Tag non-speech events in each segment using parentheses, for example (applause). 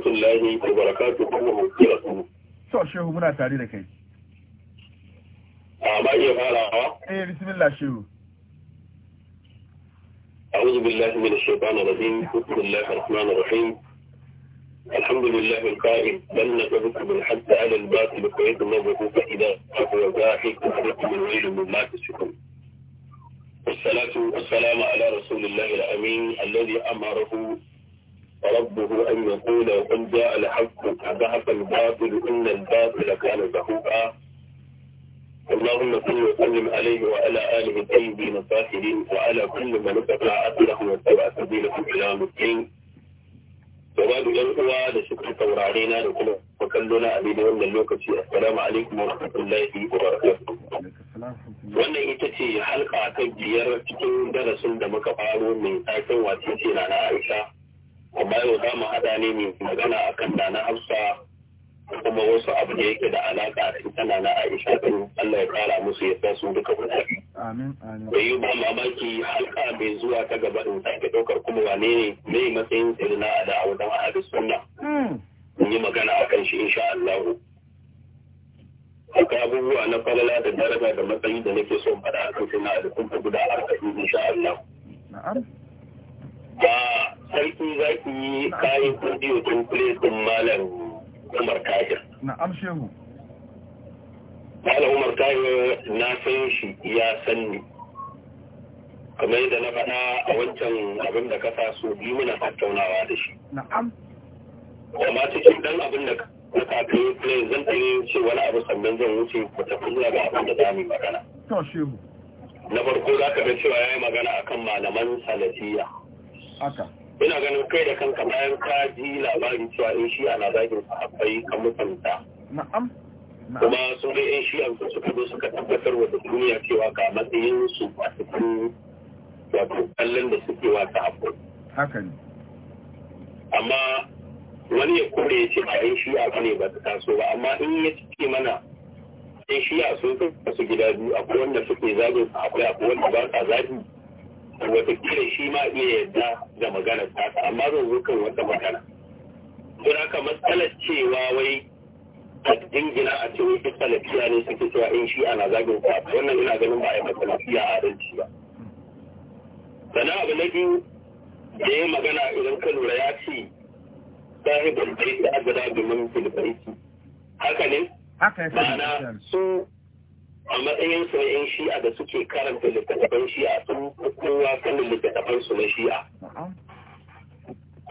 rahmatullahi wa barakatuhu أعوذ بالله من الشيطان الرجيم بسم الله الرحمن الرحيم الحمد لله القائل بل نتبك من حتى على الباطل قيد نظره فإذا هو ذاحك عليكم الويل مما تسكن والصلاة والسلام على رسول الله الأمين الذي أمره ربه أن يقول وقد جاء الحق أذهب الباطل إن الباطل كان زهوقا اللهم صل وسلم عليه وعلى آله الطيبين الطاهرين وعلى كل من اتبع أثره واتبع سبيله إلى الدين Sauwadu ‘yan uwa da shukar taurari na da kuma kwakallo na abin da lokaci, Assalamu alaikum wa rahmatullahi wa barakatuhu. Wannan ita ce halka kan biyar cikin darasin da muka mai tsakin wasu ce na na Aisha. amma yau za mu haɗa ne mai magana a kan Nana Hafsa kuma wasu abu da yake da alaƙa da ita na Aisha yi. Allah ya kara musu ya sa su duka guda. Amin. Bai yi ba mamaki halka mai zuwa ta gaba in sake ɗaukar kuma wane ne mai matsayin sirna a da'awa don a sunna. In hmm. yi magana a kan shi insha Allah. Akwai abubuwa na falala da daraja da matsayi da nake son faɗa a kan sirna da kuma guda arba'in insha Allah. Na'am. ba sarki za ki yi kayan kudi wa tunkule din malam umar kajir na'am shehu malam umar kajir na san shi ya san ni kamar yadda na faɗa a wancan abin da kasa so biyu muna tattaunawa da shi na'am amma cikin dan abin da na kafin play zan ɗanyi ce wani abu sannan zan wuce ku tafi zuwa ga abin da za mu magana na farko za ka ga cewa ya yi magana akan malaman salafiya ina ganin kai da kanka bayan ka ji labarin cewa in shi ana zagin sa akwai ka mutunta na'am kuma sun ga yan shi su suka zo suka tabbatar wa da duniya cewa ga matsayin su a cikin wato kallon da suke wa sahabbai haka ne amma wani ya kore ya ce a yan shi ba ne ba ta taso ba amma in ya cike mana yan a sun su gida biyu akwai wanda suke zagin akwai akwai wanda ba sa zagi wataƙila shi ma iya yadda da maganar ta amma zan zo kan wata magana don haka matsalar cewa wai a jingina a ce wai salafiya ne suke cewa in shi ana zagin ta wannan ina ganin ba a yi masalafiya a adalci ba sana abu na biyu da ya magana idan ka lura ya ce sahibin baiti a gada domin filibaiti haka ne haka ya su a matsayin su na 'yan shi'a da suke karanta littattafan shi'a sun kowa sanin littattafan su na shi'a.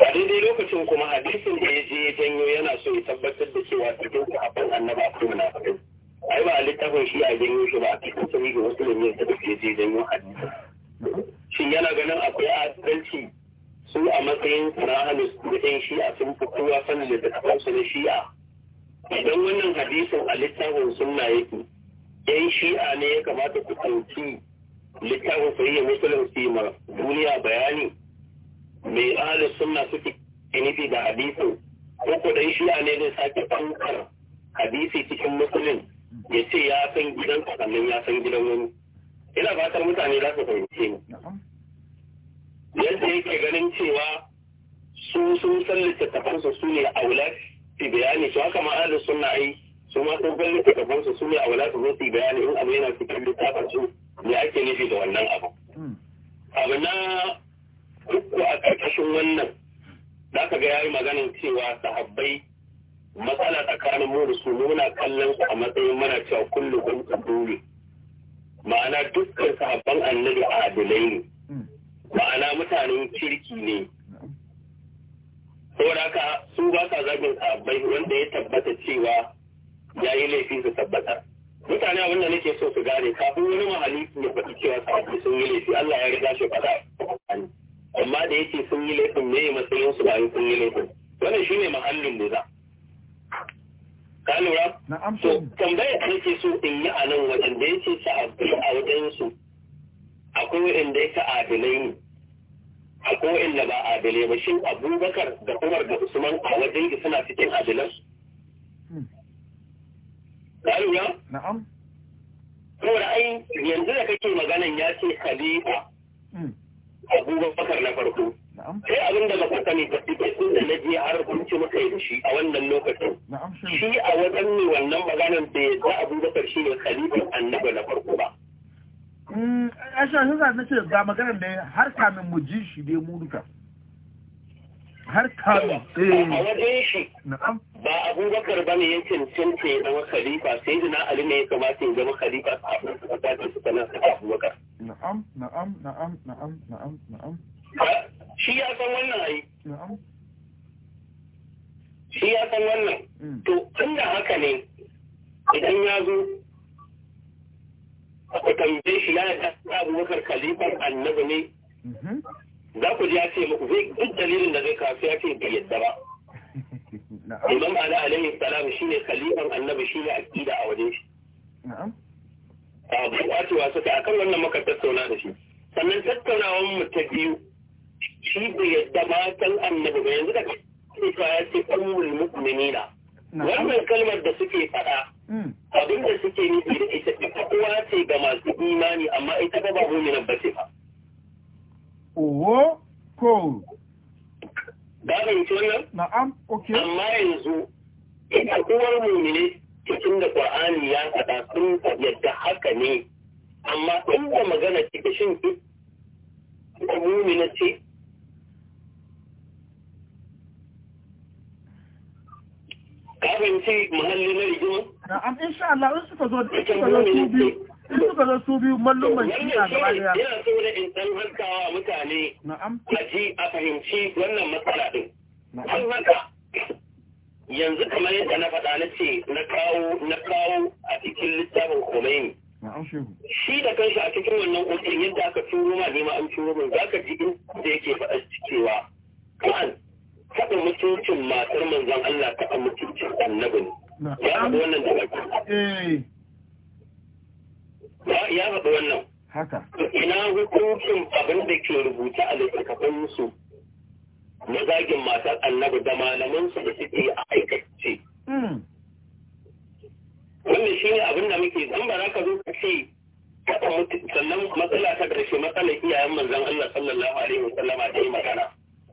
A daidai lokacin kuma hadisin da ya je ya janyo yana so ya tabbatar da cewa cikin sahabban annaba akwai munafikai. Ai ba a littafin shi a janyo shi ba a cikin sahihi wasu ne da ya je janyo hadisin. Shin yana ganin akwai adalci su a matsayin sarahanus da 'yan shi'a sun fi kowa sanin littattafan su na shi'a. Idan wannan hadisin a littafin sunna yake yan shi'a ne ya kamata ku ɗauki littafin sahihin musulun su ma duniya bayani mai ahalin sunna suke nufi da hadisin ko ko dan shi'a ne zai sake ɗaukar hadisi cikin musulun ya ce ya san gidan sannan ya san gidan wani ina fatar mutane za su fahimce ni yadda yake ganin cewa su sun san littattafansa su ne a wula su bayani su haka ma ahalin sunna ai su ma tsofaffin kafin su su ne a wala su zo su bayani in abu yana cikin littafin su me ake nufi da wannan abu. Hmm. Abu na uku a ƙarƙashin wannan za ka ga yayi maganin cewa sahabbai matsala tsakanin mu da su muna kallon su a matsayin mana cewa kullum kun kaduri ma'ana dukkan sahabban annabi adilai ne hmm. ma'ana mutanen kirki ne da ka su ba sa zagin sahabbai wanda ya tabbata cewa ya yi laifi su tabbatar mutane abin da nake so su gane kafin wani mahali ya faɗi cewa sahabbai sun yi laifi Allah ya riga shi faɗa amma da yake sun yi laifin ne matsayin su bayan sun yi laifin wannan ne mahallin za. ka lura to tambaya da nake so in yi a nan wajen da yake sahabbai a wajen su akwai da yake adilai ne akwai da ba adilai ba shin Abubakar da Umar da Usman a wajen suna cikin adilan hmm. Laluya? Na'am. Saboda ai yanzu da kake maganan ya ce Khalifa. Abubakar na farko. Sai abin da baka sani ba duk sun da na je har kunci muka yi shi a wannan lokacin. Shi a wajen ne wannan maganan da ya sa Abubakar shi ne Khalifa annabi na farko ba. Asha, shi za na ce ga maganar da har kamin mu ji shi dai mu duka. har kaɗu eh. a wajen shi ba abubakar ba ne ya cancanta ya zama khalifa sai da ali ne ya kamata ya zama khalifa a abubakar ta ce suka nan saka abubakar na'am na'am na'am na'am na'am na'am shi ya san wannan ai na'am shi ya san wannan mm. to inda haka ne idan ya zo a tambaye shi ya yi abubakar khalifar annabi ne mm-hmm. za ku ji ya ce muku zai duk dalilin da zai kasu ya ce bai yadda ba (laughs) imam ala alaihi salam shine khalifan annabi Shi ne aqida a wajen shi a bu wacewa a kan wannan muka tattauna da shi sannan tattaunawan mu ta biyu shi bai yadda matan annabi ba yanzu da kuma ya ce ummul mu'minina wannan kalmar da suke faɗa mm. abin da suke nufi da ita ita kowa ce ga masu imani amma ita ba ba mu'minan ba ce ba owo ko ba fahimci na'am amma yanzu ita uwar ne cikin da qur'ani ya faɗa sun yadda haka ne amma inda magana cikin shin ita na ce ka fahimci muhalli na rigima na'am insha Allah in suka zo suka zo in suka zo su biyu malluman shi a gaba daya yana so da in san mutane a ji a fahimci wannan matsala yanzu kamar yadda na faɗa na ce na kawo na kawo a cikin littafin komai shi da kanshi a cikin wannan ƙoƙin yadda aka turo ma nema an turo min za ka ji in da yake faɗa cewa kan taɓa mutuncin matar manzon Allah taɓa mutuncin annabin. ya faɗi wannan da eh, ya faɗi wannan haka ina hukuncin abin da ke rubuta a littattafan su na zagin matar annabi da malaman su da suke a aikace hmm. wannan shi ne abin da muke zan ba ka zo ka ce sannan matsala ta ƙarshe matsalar iyayen manzon Allah sallallahu alaihi wasallama da yi magana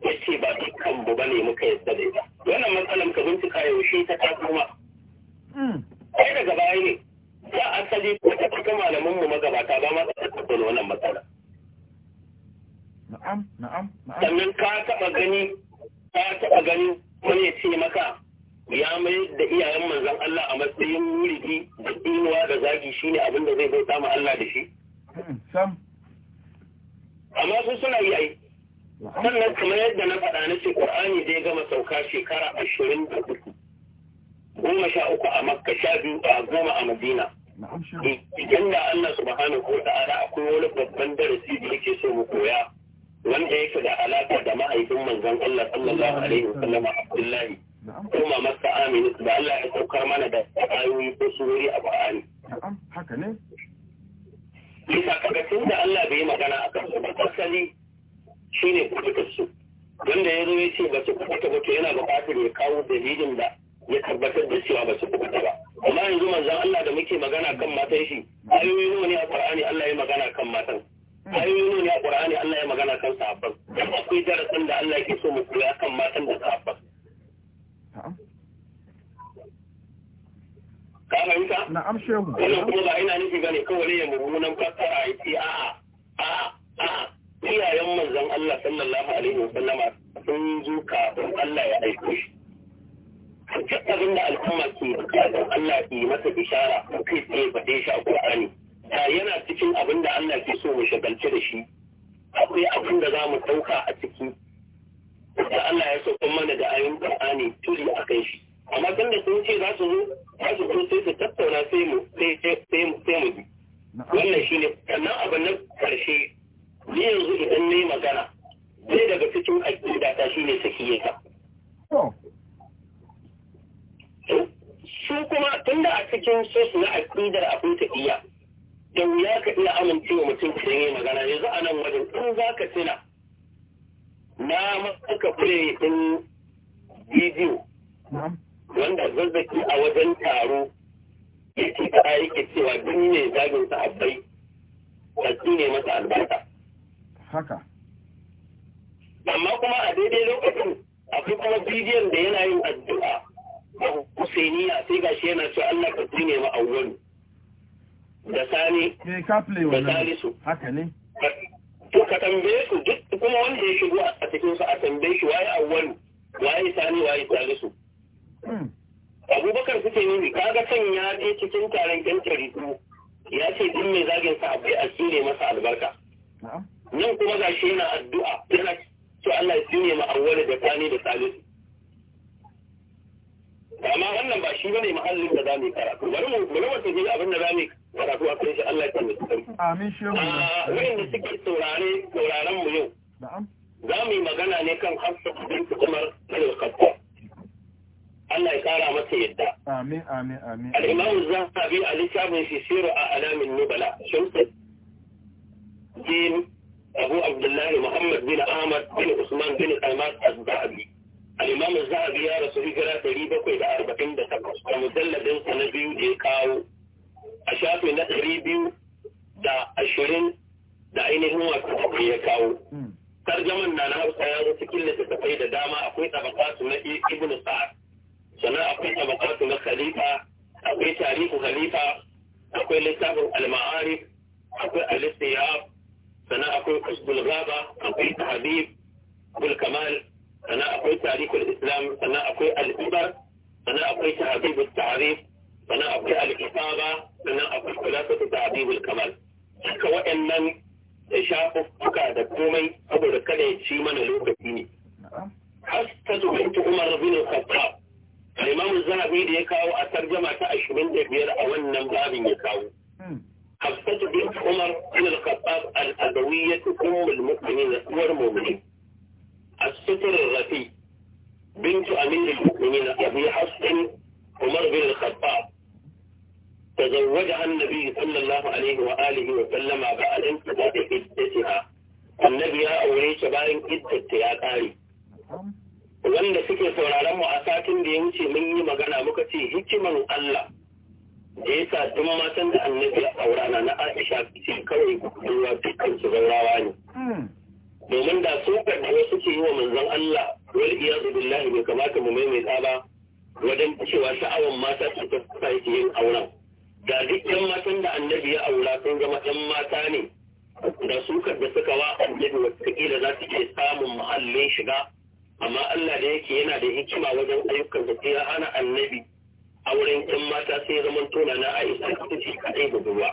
ya ce ba dukkan bu bane muka yadda da ita wannan matsalar ka bincika yaushe ta ta kuma Kai hmm. daga baya ne da asali ko ta malamin mu magabata ba ma ta tattauna wannan matsala na'am na'am na'am sannan ka taba gani ka gani wani ya ce maka ya mai da iyayen manzon Allah a matsayin wuridi da inuwa da zagi shine abin da zai bauta ma Allah da shi sam amma su suna yi sannan kamar yadda na faɗa na ce Qur'ani zai gama sauka shekara ashirin da uku goma sha uku a makka sha biyu a goma a madina idan da allah subhanahu wa ta'ala akwai wani babban darasi da yake so mu koya wanda yake da alaka da mahaifin manzon allah sallallahu alaihi wa sallama abdullahi kuma masa aminu da allah ya saukar mana da ayoyi ko surori a ba'ani haka ne bisa kaga tun da allah bai yi magana a kan su ba asali shine kuɗi su wanda ya zo ya ce ba su kuɗi ba to yana buƙatar ya kawo dalilin da ya tabbatar da cewa ba su kubuta ba amma yanzu manzon Allah da muke magana kan matan shi ayoyi nawa ne a Qur'ani Allah ya magana kan matan ayoyi nawa ne a Qur'ani Allah ya magana kan sahabban dan akwai darasin da Allah yake so mu koya kan matan da sahabban ka fahimta na'am shehu kuma ba ina nufi bane kawai ya mummunan fassara a yi a'a a'a a'a iyayen manzon Allah sallallahu alaihi sallama sun zo kafin Allah ya aiko shi duk abin da al'umma ke bukatar Allah ke masa ishara ko kai tsaye dai shi a ƙur'ani. ta yana cikin abin da Allah ke so mu shagalce da shi akwai abin da za mu ɗauka a ciki da Allah ya so mana da ayoyin ƙur'ani turi a kai shi amma kan da sun ce za su zo za su zo sai su tattauna sai mu sai mu sai mu bi wannan shi ne, sannan abin na ƙarshe, ni yanzu idan nayi magana sai daga cikin aƙida ta shine sakiyeta su kuma tunda a cikin sos na aƙidar abin tafiya da wuya ka iya amincewa mutum ka yi magana yanzu a nan wajen in za ka tuna na maka fure din bidiyo wanda zazzaki a wajen taro ya ce da yake cewa duk ne zagin sa abai da ne masa albarka haka amma kuma a daidai lokacin akwai kuma bidiyon da yana yin addu'a Husainiya sai gashi yana cewa Allah ka tsine ma awwalu da sani eh, da salisu haka ne to ka tambaye su duk kuma wanda ya shigo a cikin su a tambaye shi waye awwalu waye sani waye salisu hmm. abubakar suke ka ga kan ya je cikin taron yan tariku ya ce duk mai zagin sa akwai a tsine masa albarka nan kuma gashi yana addu'a yana cewa Allah ya tsine ma awwalu da sani da salisu amma wannan ba shi bane mahallin da zamu karatu bari mu bari mu tafi abin da zamu karatu a kai shi Allah ya tsare amin shi shehu ah, wanda suke saurare sauraron mu yau za mu yi magana ne kan hafsa bin Umar bin Khattab Allah ya kara masa yadda amin amin amin al-Imam Zahabi a littafin shi siru a alamin nubala shimsa jin Abu Abdullahi Muhammad bin Ahmad bin Usman bin Ahmad az-Zahabi الإمام الزهبي يا رسول الله تقريبا كوي ده أربعين ده تكوس المدلل ده سنبيو ده كاو أشاف من تقريبيو ده أشرين ده أين هو أكوي كاو ترجمة من أنا هو سيارة كل اللي تتفيد داما أكوي تبقات من ابن سعد سنا أكوي تبقات من خليفة أكوي تاريخ خليفة أكوي لسه المعارف أكوي الاستياب سنا أكوي كسب الغابة أكوي تحبيب بالكمال sannan akwai tarihul islam sannan akwai al'ubar sannan akwai tahabibul ta'arif sannan akwai al'isaba sannan akwai kulasatu tahabibul kamar. duka waɗannan da shafuffuka da komai saboda kada ya ci mana lokaci ne har ta zubanci umar bin khattab imamu zahabi da ya kawo a tarjama ta ashirin da biyar a wannan babin ya kawo hmm. hafsatu bin umar bin al-khattab al-adawiyya ummul mu'minin uwar mu'minin الستر الرفيع بنت أمير المؤمنين أبي حفص عمر بن الخطاب تزوجها النبي صلى الله عليه وآله وسلم بعد انقضاء عدتها النبي يا أولي شباب عدة يا قاري wanda suke sauraron mu a satin da ya wuce mun yi magana muka ce hikiman Allah da ya sa tun matan da annabi a aurana na Aisha ce kawai kuɗin dukkan su zaurawa ne domin da sukar da wasu ke yi wa manzon Allah wani iya zubin lahi bai kamata mu maimaita ba wajen cewa sha'awan mata su ta sa yake yin auren da duk yan matan da annabi ya aura sun zama yan mata ne da sukar da suka wa annabi wataƙila za su ke samun muhallin shiga amma Allah da yake yana da hikima wajen ayyukan da ya hana annabi auren yan mata sai zaman tona na Aisha ta ce kaɗai da ruwa.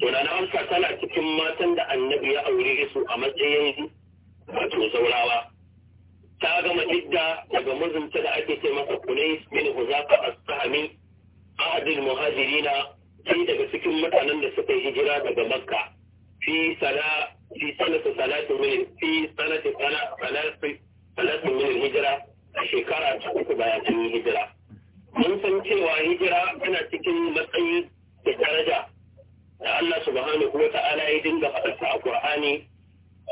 Tona na Amsa tana cikin matan da annabi ya aure su a matsayin wato zaurawa ta gama idda daga mijinta da ake ce masa kunais bin huzafa a sahmi ahadul muhajirina sai daga cikin mutanen da suka yi hijira daga makka fi sala fi sanata salatu min fi salatu salatu min hijira a shekara ta uku bayan yi hijira mun san cewa hijira tana cikin matsayi da daraja da Allah subhanahu wa ta'ala ya dinga faɗarsa a Qur'ani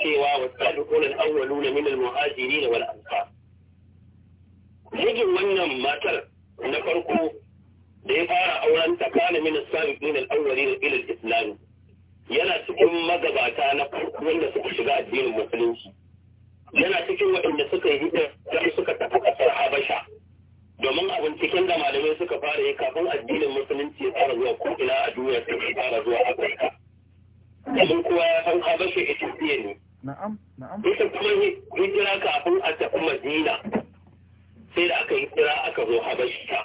cewa wasabiqun al-awwalun min al-muhajirin wal ansar mijin wannan matar na farko da ya fara auren ta kana min as-sabiqin al-awwalin ila al-islam yana cikin magabata na farko wanda suka shiga addinin musulunci yana cikin waɗanda suka yi hijira suka tafi ƙasar Habasha domin abin cikin da malamai suka fara yi kafin addinin musulunci ya fara zuwa ko ina a duniya sai ya fara zuwa Afirka domin kowa ya san Habasha Ethiopia ne na'am na'am Duk kuma hijira kafin a tafi madina sai da aka yi hijira aka zo habasha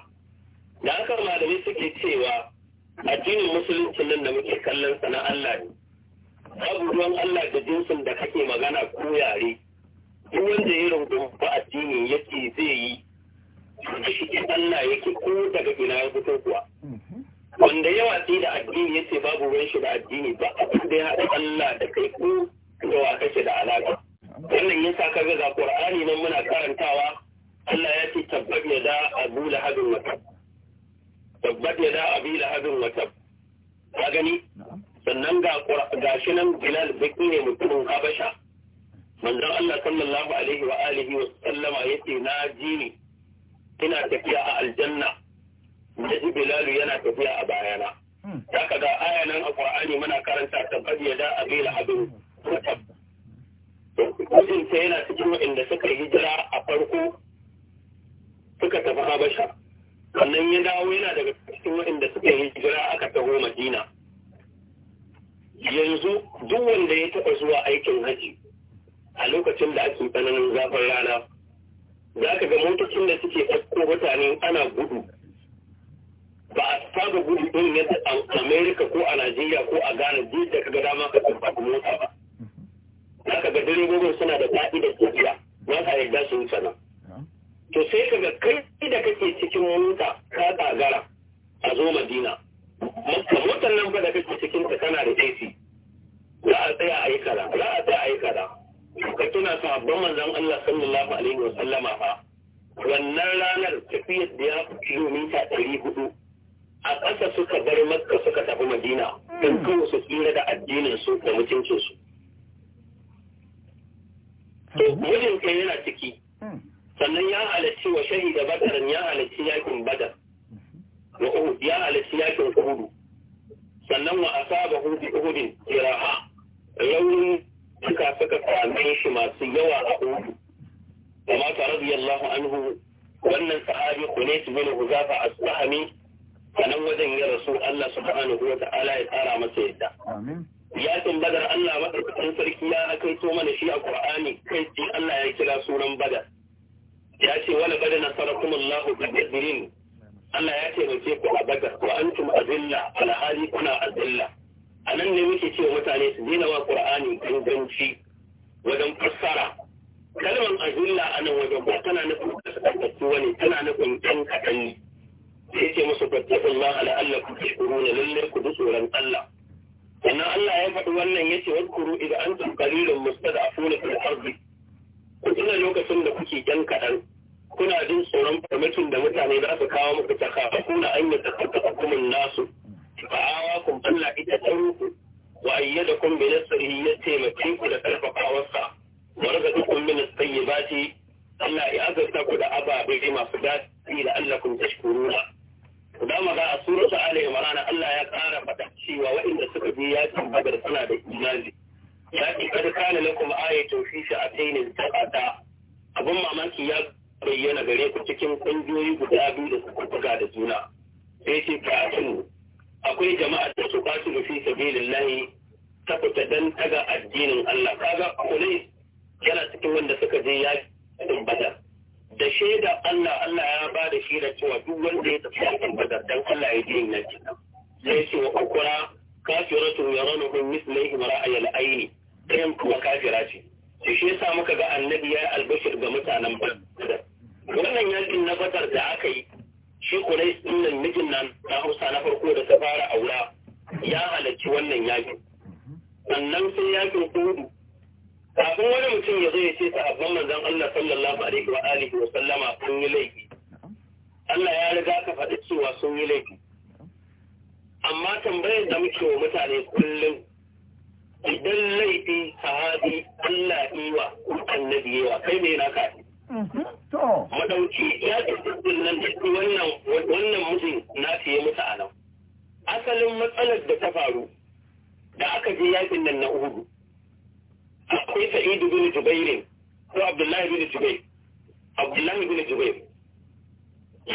da aka malamai suke cewa addinin musulunci nan da muke kallon sa na Allah ne babu ruwan Allah da jinsin da kake magana ko yare duk wanda ya rungumfa addini yake zai yi da shi Allah yake ko daga ina ya fito kuwa mhm. wanda yawa sai da addini yace babu ruwan shi da addini ba abin da ya haɗa Allah da kai ko cewa kake da alaƙa wannan ya sa kaga ga qur'ani nan muna karantawa Allah ya ce tabbat ya da abu lahabin wa tab tabbat ya da abu lahabin wa tab ka gani sannan ga gashi nan bilal baki ne mutumin habasha manzon Allah sallallahu alaihi wa alihi wa sallama yace na ji ni ina tafiya a aljanna na ji bilalu yana tafiya a bayana hmm. zaka ga aya nan a qur'ani muna karanta tabbat ya da abu lahabin Mijinta yana cikin waɗanda suka yi hijira a farko suka tafi Habasha. wannan ya dawo yana daga cikin waɗanda suka yi hijira aka taho Madina. Yanzu duk wanda ya taɓa zuwa aikin haji a lokacin da ake tsananin zafin rana za ka ga motocin da suke ɗauko mutane ana gudu ba a saba gudu ɗin yadda a Amerika ko a Najeriya ko a Ghana duk da ka ga dama ka tabbata mota ba. zaka ka ga direbobin suna da ka'idar tafiya ba ka yarda su wuce nan to sai ka kai da kake cikin mota ka gagara a zo madina motar nan da kake cikin ta tana da AC za a tsaya a yi kaza za a tsaya a yi kaza ka tuna sahabban manzon Allah sallallahu alaihi wa sallama fa wannan ranar tafiyar da ya fi kilomita ɗari hudu a ƙasa suka bar makka suka tafi madina don kawo su tsira da addinin su da mutuncin su mijin ka yana ciki hmm. sannan ya halarci wa shahida badaran ya halarci yakin badar wa uhud ya halarci yakin uhud sannan wa asaba hudu bi jira jiraha Raunin suka suka same shi masu yawa a uhud kama ta radiyallahu anhu wannan sahabi kunayt bin huzafa as-sahmi sanan wajen ya rasu Allah subhanahu wa ta'ala ya tsara masa yadda amin yakin badar Allah madaukakin sarki ya na akanto mana shi a Qur'ani kai tsaye Allah ya kira sunan badar ya ce wala bada nasarakumullahu bi badrin Allah ya ce taimake ku a badar ku wa antum azilla alhali kuna azilla nan ne muke cewa mutane su dina wa Qur'ani ganganci wajen fassara kalmar azilla a nan wajen ba tana nufin kaskantattu wani tana nufin ɗan kaɗan ne sai ce musu Allah fattakullah la'allakum tashkuruna lallai ku bi tsoron Allah sannan Allah ya faɗi wannan yace kuru idan an antum qalilun mustad'afuna fil ardi ku tuna lokacin da kuke jan kaɗan kuna jin tsoron farmakin da mutane za su kawo muku ta kuna an yi hukumin nasu fa'awa kun Allah ita ta ku wa ayyadakum bi nasrihi ya taimake ku da karfafawarsa wa razaqakum min at-tayyibati Allah ya azurta ku da ababe masu daɗi da Allah kun tashkuruna da maga a suratu ali imran Allah ya kara faɗa cewa waɗanda suka je yakin badar suna da imani ya ki kada kana lakum ayatu fi sha'atayn taqata abun mamaki ya bayyana gare ku cikin kungiyoyi guda biyu da suka buga da juna sai ce kafin akwai jama'a da su da fi sabilillahi ta fita dan daga addinin Allah kaga kulai yana cikin wanda suka je yakin badar da shaida Allah Allah ya ba da shi da cewa duk wanda ya tafi yakin badar dan Allah ya je yana kenan sai ce wa ukura kafiratun yaranuhum mislaihim ra'ayal aini kayan kuma kafira ce da shi yasa muka ga annabi ya albashir ga mutanen badar wannan yakin na badar da aka yi shi kurai sunan mijin nan na hausa na farko da ta fara aura ya halarci wannan yakin sannan sai yakin kudu kafin wani mutum ya zo ya ce sahabban manzon Allah sallallahu alaihi wa alihi wa sallama sun yi laifi Allah ya riga ka faɗi cewa sun yi laifi amma tambayar da muke wa mutane kullum idan laifi sahabi Allah yi wa annabi wa kai ne na kai mhm, madauki ya ce cikin nan da wannan wannan mutum na fiye mutu a nan asalin matsalar da ta faru da aka je yakin nan na uhudu akwai sa'idu bin jubairin ko abdullahi bin jubair abdullahi bin jubair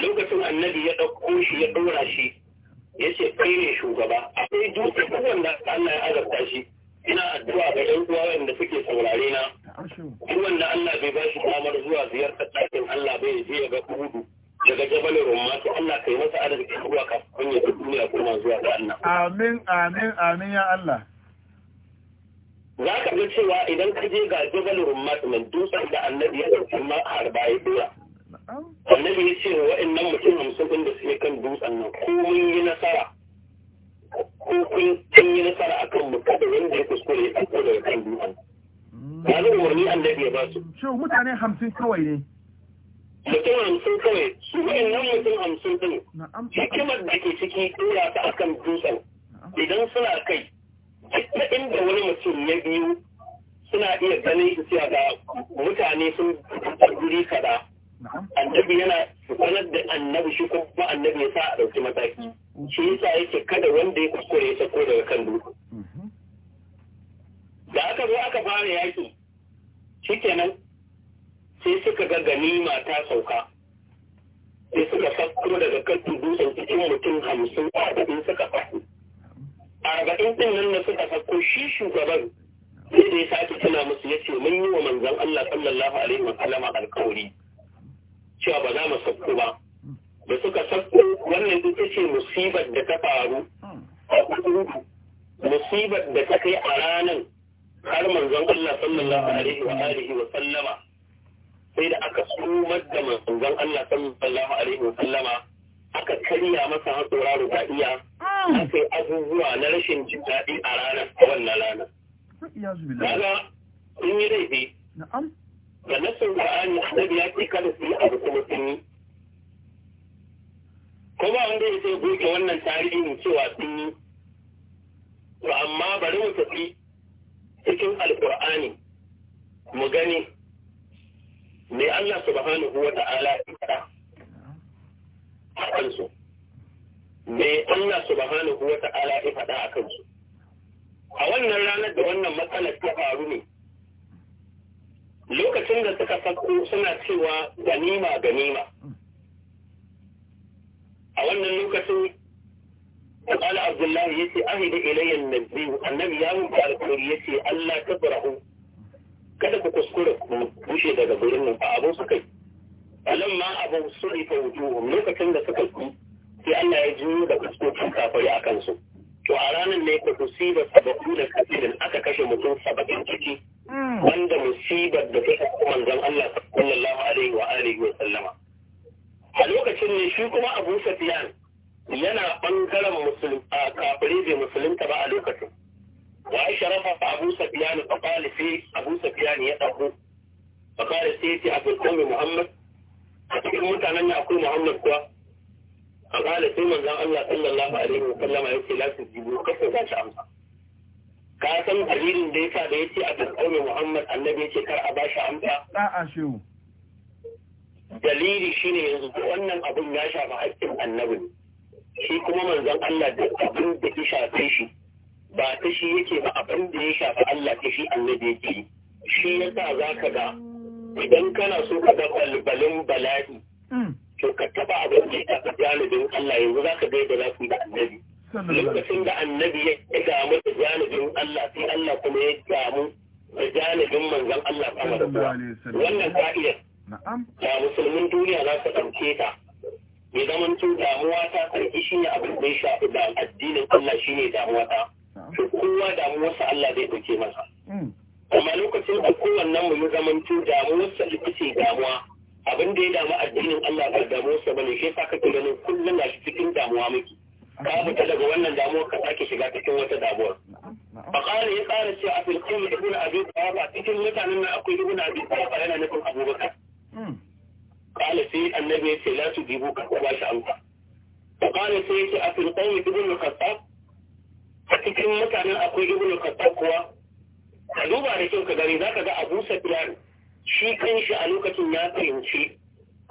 lokacin annabi ya dauko shi ya ɗora shi ya ce kai ne shugaba akwai dutse duk wanda Allah ya azabta shi ina addu'a ga ɗan uwa wanda suke saurare na duk wanda Allah bai ba shi damar zuwa ziyartar ɗakin Allah bai je ya ga kudu daga jabalin rumma to Allah kai masa arziki zuwa kafin ya duniya kuma zuwa ga Allah amin amin amin ya Allah za ka ga cewa idan ka je ga jabal rummat min dutsen da annabi ya ɗauki ma harba ya dora annabi ya ce wa'annan mutum hamsin ɗin da suke kan dutsen nan ko mun yi nasara ko kun kun yi nasara akan mu kada wanda ya kuskure ya ɗauko daga kan dutsen ya mm. zo wani annabi ya ba su shin mutane hamsin kawai ne mutum hamsin kawai su nan mutum hamsin ɗin hikimar da ke ciki ɗora ta akan dutsen idan suna kai duk inda wani mutum na biyu suna iya ganin su cewa mutane sun fitar guri kada annabi yana sanar da annabi shi kuma annabi ya sa a ɗauki mataki mm. shi yasa yake kada wanda ya kuskure ya sako daga kan dutse mm-hmm. da aka zo aka fara yaki shikenan sai suka ga ganima ta sauka sai suka sako daga kan dutsen cikin mutum hamsin a suka fasu arba'in ɗin nan da suka sako shi shugaban sai da ya sake tuna musu ya ce mun yi wa manzan Allah sallallahu alaihi wa sallam alƙawari cewa ba za mu sauko ba da suka sauko wannan ita ce musibar da ta faru a kudu musibar da ta kai a ranar har manzan Allah sallallahu alaihi wa alihi wa sallama sai da aka sumar da manzan Allah sallallahu alaihi wa sallama aka karya masa haƙora ruba'iya ah. aka yi abubuwa na rashin jin daɗi a ranar a wannan ranar. Kaga in yi laifi. Da nasin Qur'ani annabi ya ce kada su yi abu kuma sun yi. Kuma an ya sai goge wannan tarihin cewa sun yi. To amma bari mu tafi cikin Alƙur'ani mu gani me Allah subhanahu wa ta'ala ya a kansu me Allah subhanahu wa ta'ala ya faɗa a kansu a wannan ranar da wannan matsalar ta faru ne lokacin da suka sako suna cewa ganima ganima a wannan lokacin Abdullahi قال Ahi da يتي nabi, annabi ya mun يا من بارك Allah ta barahu. kada ku kuskura ku bushe daga gurin nan ba abin su kai alam ma abu suri ta wujuhum lokacin da suka ku sai Allah ya juyo da fuskokin kafari a kansu to a ranar ne ku musibar saba'u da kafirin aka kashe mutum saba'in ciki wanda musibar da ta kuma manzon Allah sallallahu alaihi wa alihi wa sallama a lokacin ne shi kuma Abu Sufyan yana bangaren musulun a kafirai bai musulunta ba a lokacin abu وعشرة أبو سفيان فقال فيه أبو سفيان يأخو فقال سيتي أبو القوم muhammad. a cikin mutanen da akwai muhammad kuwa a ƙala sai manzan allah sallallahu alaihi wa sallama ya ce lasu jibu kasa za shi amsa ka san dalilin da yasa da yace a tsakanin Muhammad annabi yace kar a bashi amsa a'a shehu dalili shine yanzu wannan abun ya shafa haƙƙin annabi shi kuma manzon Allah da abin da ya shafe shi ba ta shi yake ba abin da ya shafa Allah ta shi annabi yake shi yasa zaka ga idan kana so ka ga balbalin bala'i mm. to ka taba abin da ya taɓa janibin Allah yanzu za ka ga yadda za su da annabi lokacin da annabi ya damu da janibin Allah sai Allah kuma ya damu da janibin manzon Allah sama da kuwa wannan ka'idar da musulmin duniya za ta ɗauke ta ya zaman tun damuwa ta karki shi ne abin da ya shafi da addinin Allah shi ne damuwa ta kowa damuwarsa Allah zai ɗauke masa mm. amma lokacin da kowannen mu ya zamanto damuwarsa ita ce damuwa abin da ya damu addinin Allah ba damuwarsa bane shi yasa kake ganin kullum na cikin damuwa miki. ka fita daga wannan damuwar ka sake shiga cikin wata damuwar fa qala ya qala ce a fil qawm ibn abi talib cikin mutanen nan akwai ibn abi talib yana nufin abubakar hmm. qala sai annabi ya ce la tudibu ka ba shi amsa فقال "A أفي القوم ابن الخطاب فتكلم متعنا أقول ابن الخطاب kuwa ka duba da kyau ka gani za ka ga abu safiyan shi kanshi a lokacin ya fahimci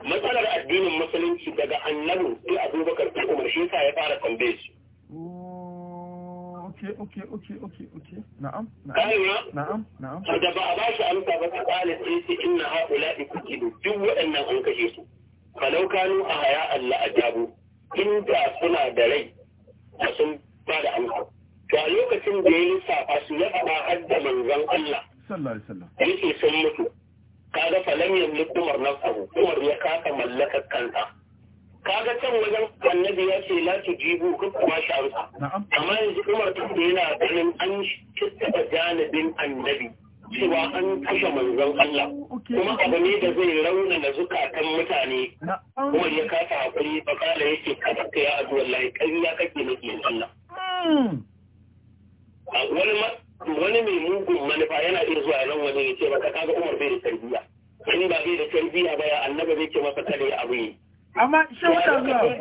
matsalar addinin musulunci daga annabi sai abubakar ko umar shi ya fara tambaye su oh, okay okay okay okay okay na'am na'am na'am na'am da ba a ba shi amsa ba ta kala sai sai inna haula ikidu duk waɗannan an kashe su falau kanu a haya Allah jabu inda suna da rai sun ba da amsa ga lokacin da ya yi safa su ya faɗa har da manzon Allah yake sun mutu kaga falon yanzu kumar nan abu kumar ya kasa mallakar kanta kaga can wajen annabi ya ce la jibu ku kuma shi amma yanzu umar tun da yana ganin an kitta janibin annabi cewa an kashe manzon Allah kuma abu ne da zai raunana zukatan mutane kuma ya kasa hakuri fa kala yake kada ka ya addu'a Allah ya kake Allah wani mai mugun manufa yana iya zuwa nan wajen ya ce maka kaga Umar bai da tarbiyya in ba bai da tarbiyya ba ya annaba zai ce masa kare abu yi amma shawara zuwa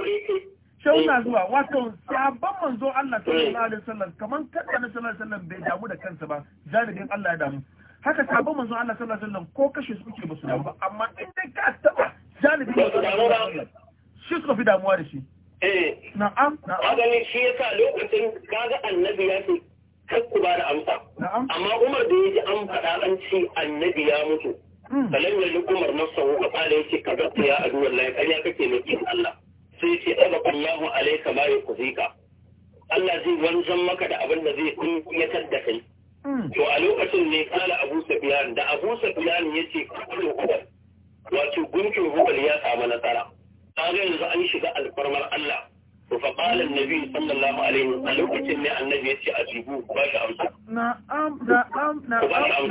shawara eh. zuwa wato sabon manzo Allah sallallahu eh. alaihi wasallam kamar kada na sallallahu alaihi wasallam bai damu da kansa ba jaribin Allah ya damu haka sabon manzo Allah sallallahu alaihi wasallam ko kashe su ke basu damu ba amma in dai ka taba jaribin Allah shi suka fi damuwa da shi eh na'am na'am shi yasa lokacin kaga annabi ya ce kar ku ba da amsa amma Umar da yaji an faɗa an ce annabi ya mutu falan hmm. yalli Umar nafsahu ka kala yace ka gatta ya adu wallahi ƙarya kake makin Allah sai yace tabaqallahu alayka ma ka. Allah zai wanzan maka da abin da zai kunyatar da kai hmm. to a lokacin ne kala Abu Sufyan da Abu Sufyan ce kullu Umar wato gunkin Hubal ya samu nasara kaga yanzu an shiga alfarmar Allah فقال النبي صلى الله عليه وسلم كتن النبي يتي أجيبوه باش أمسا نعم نعم نعم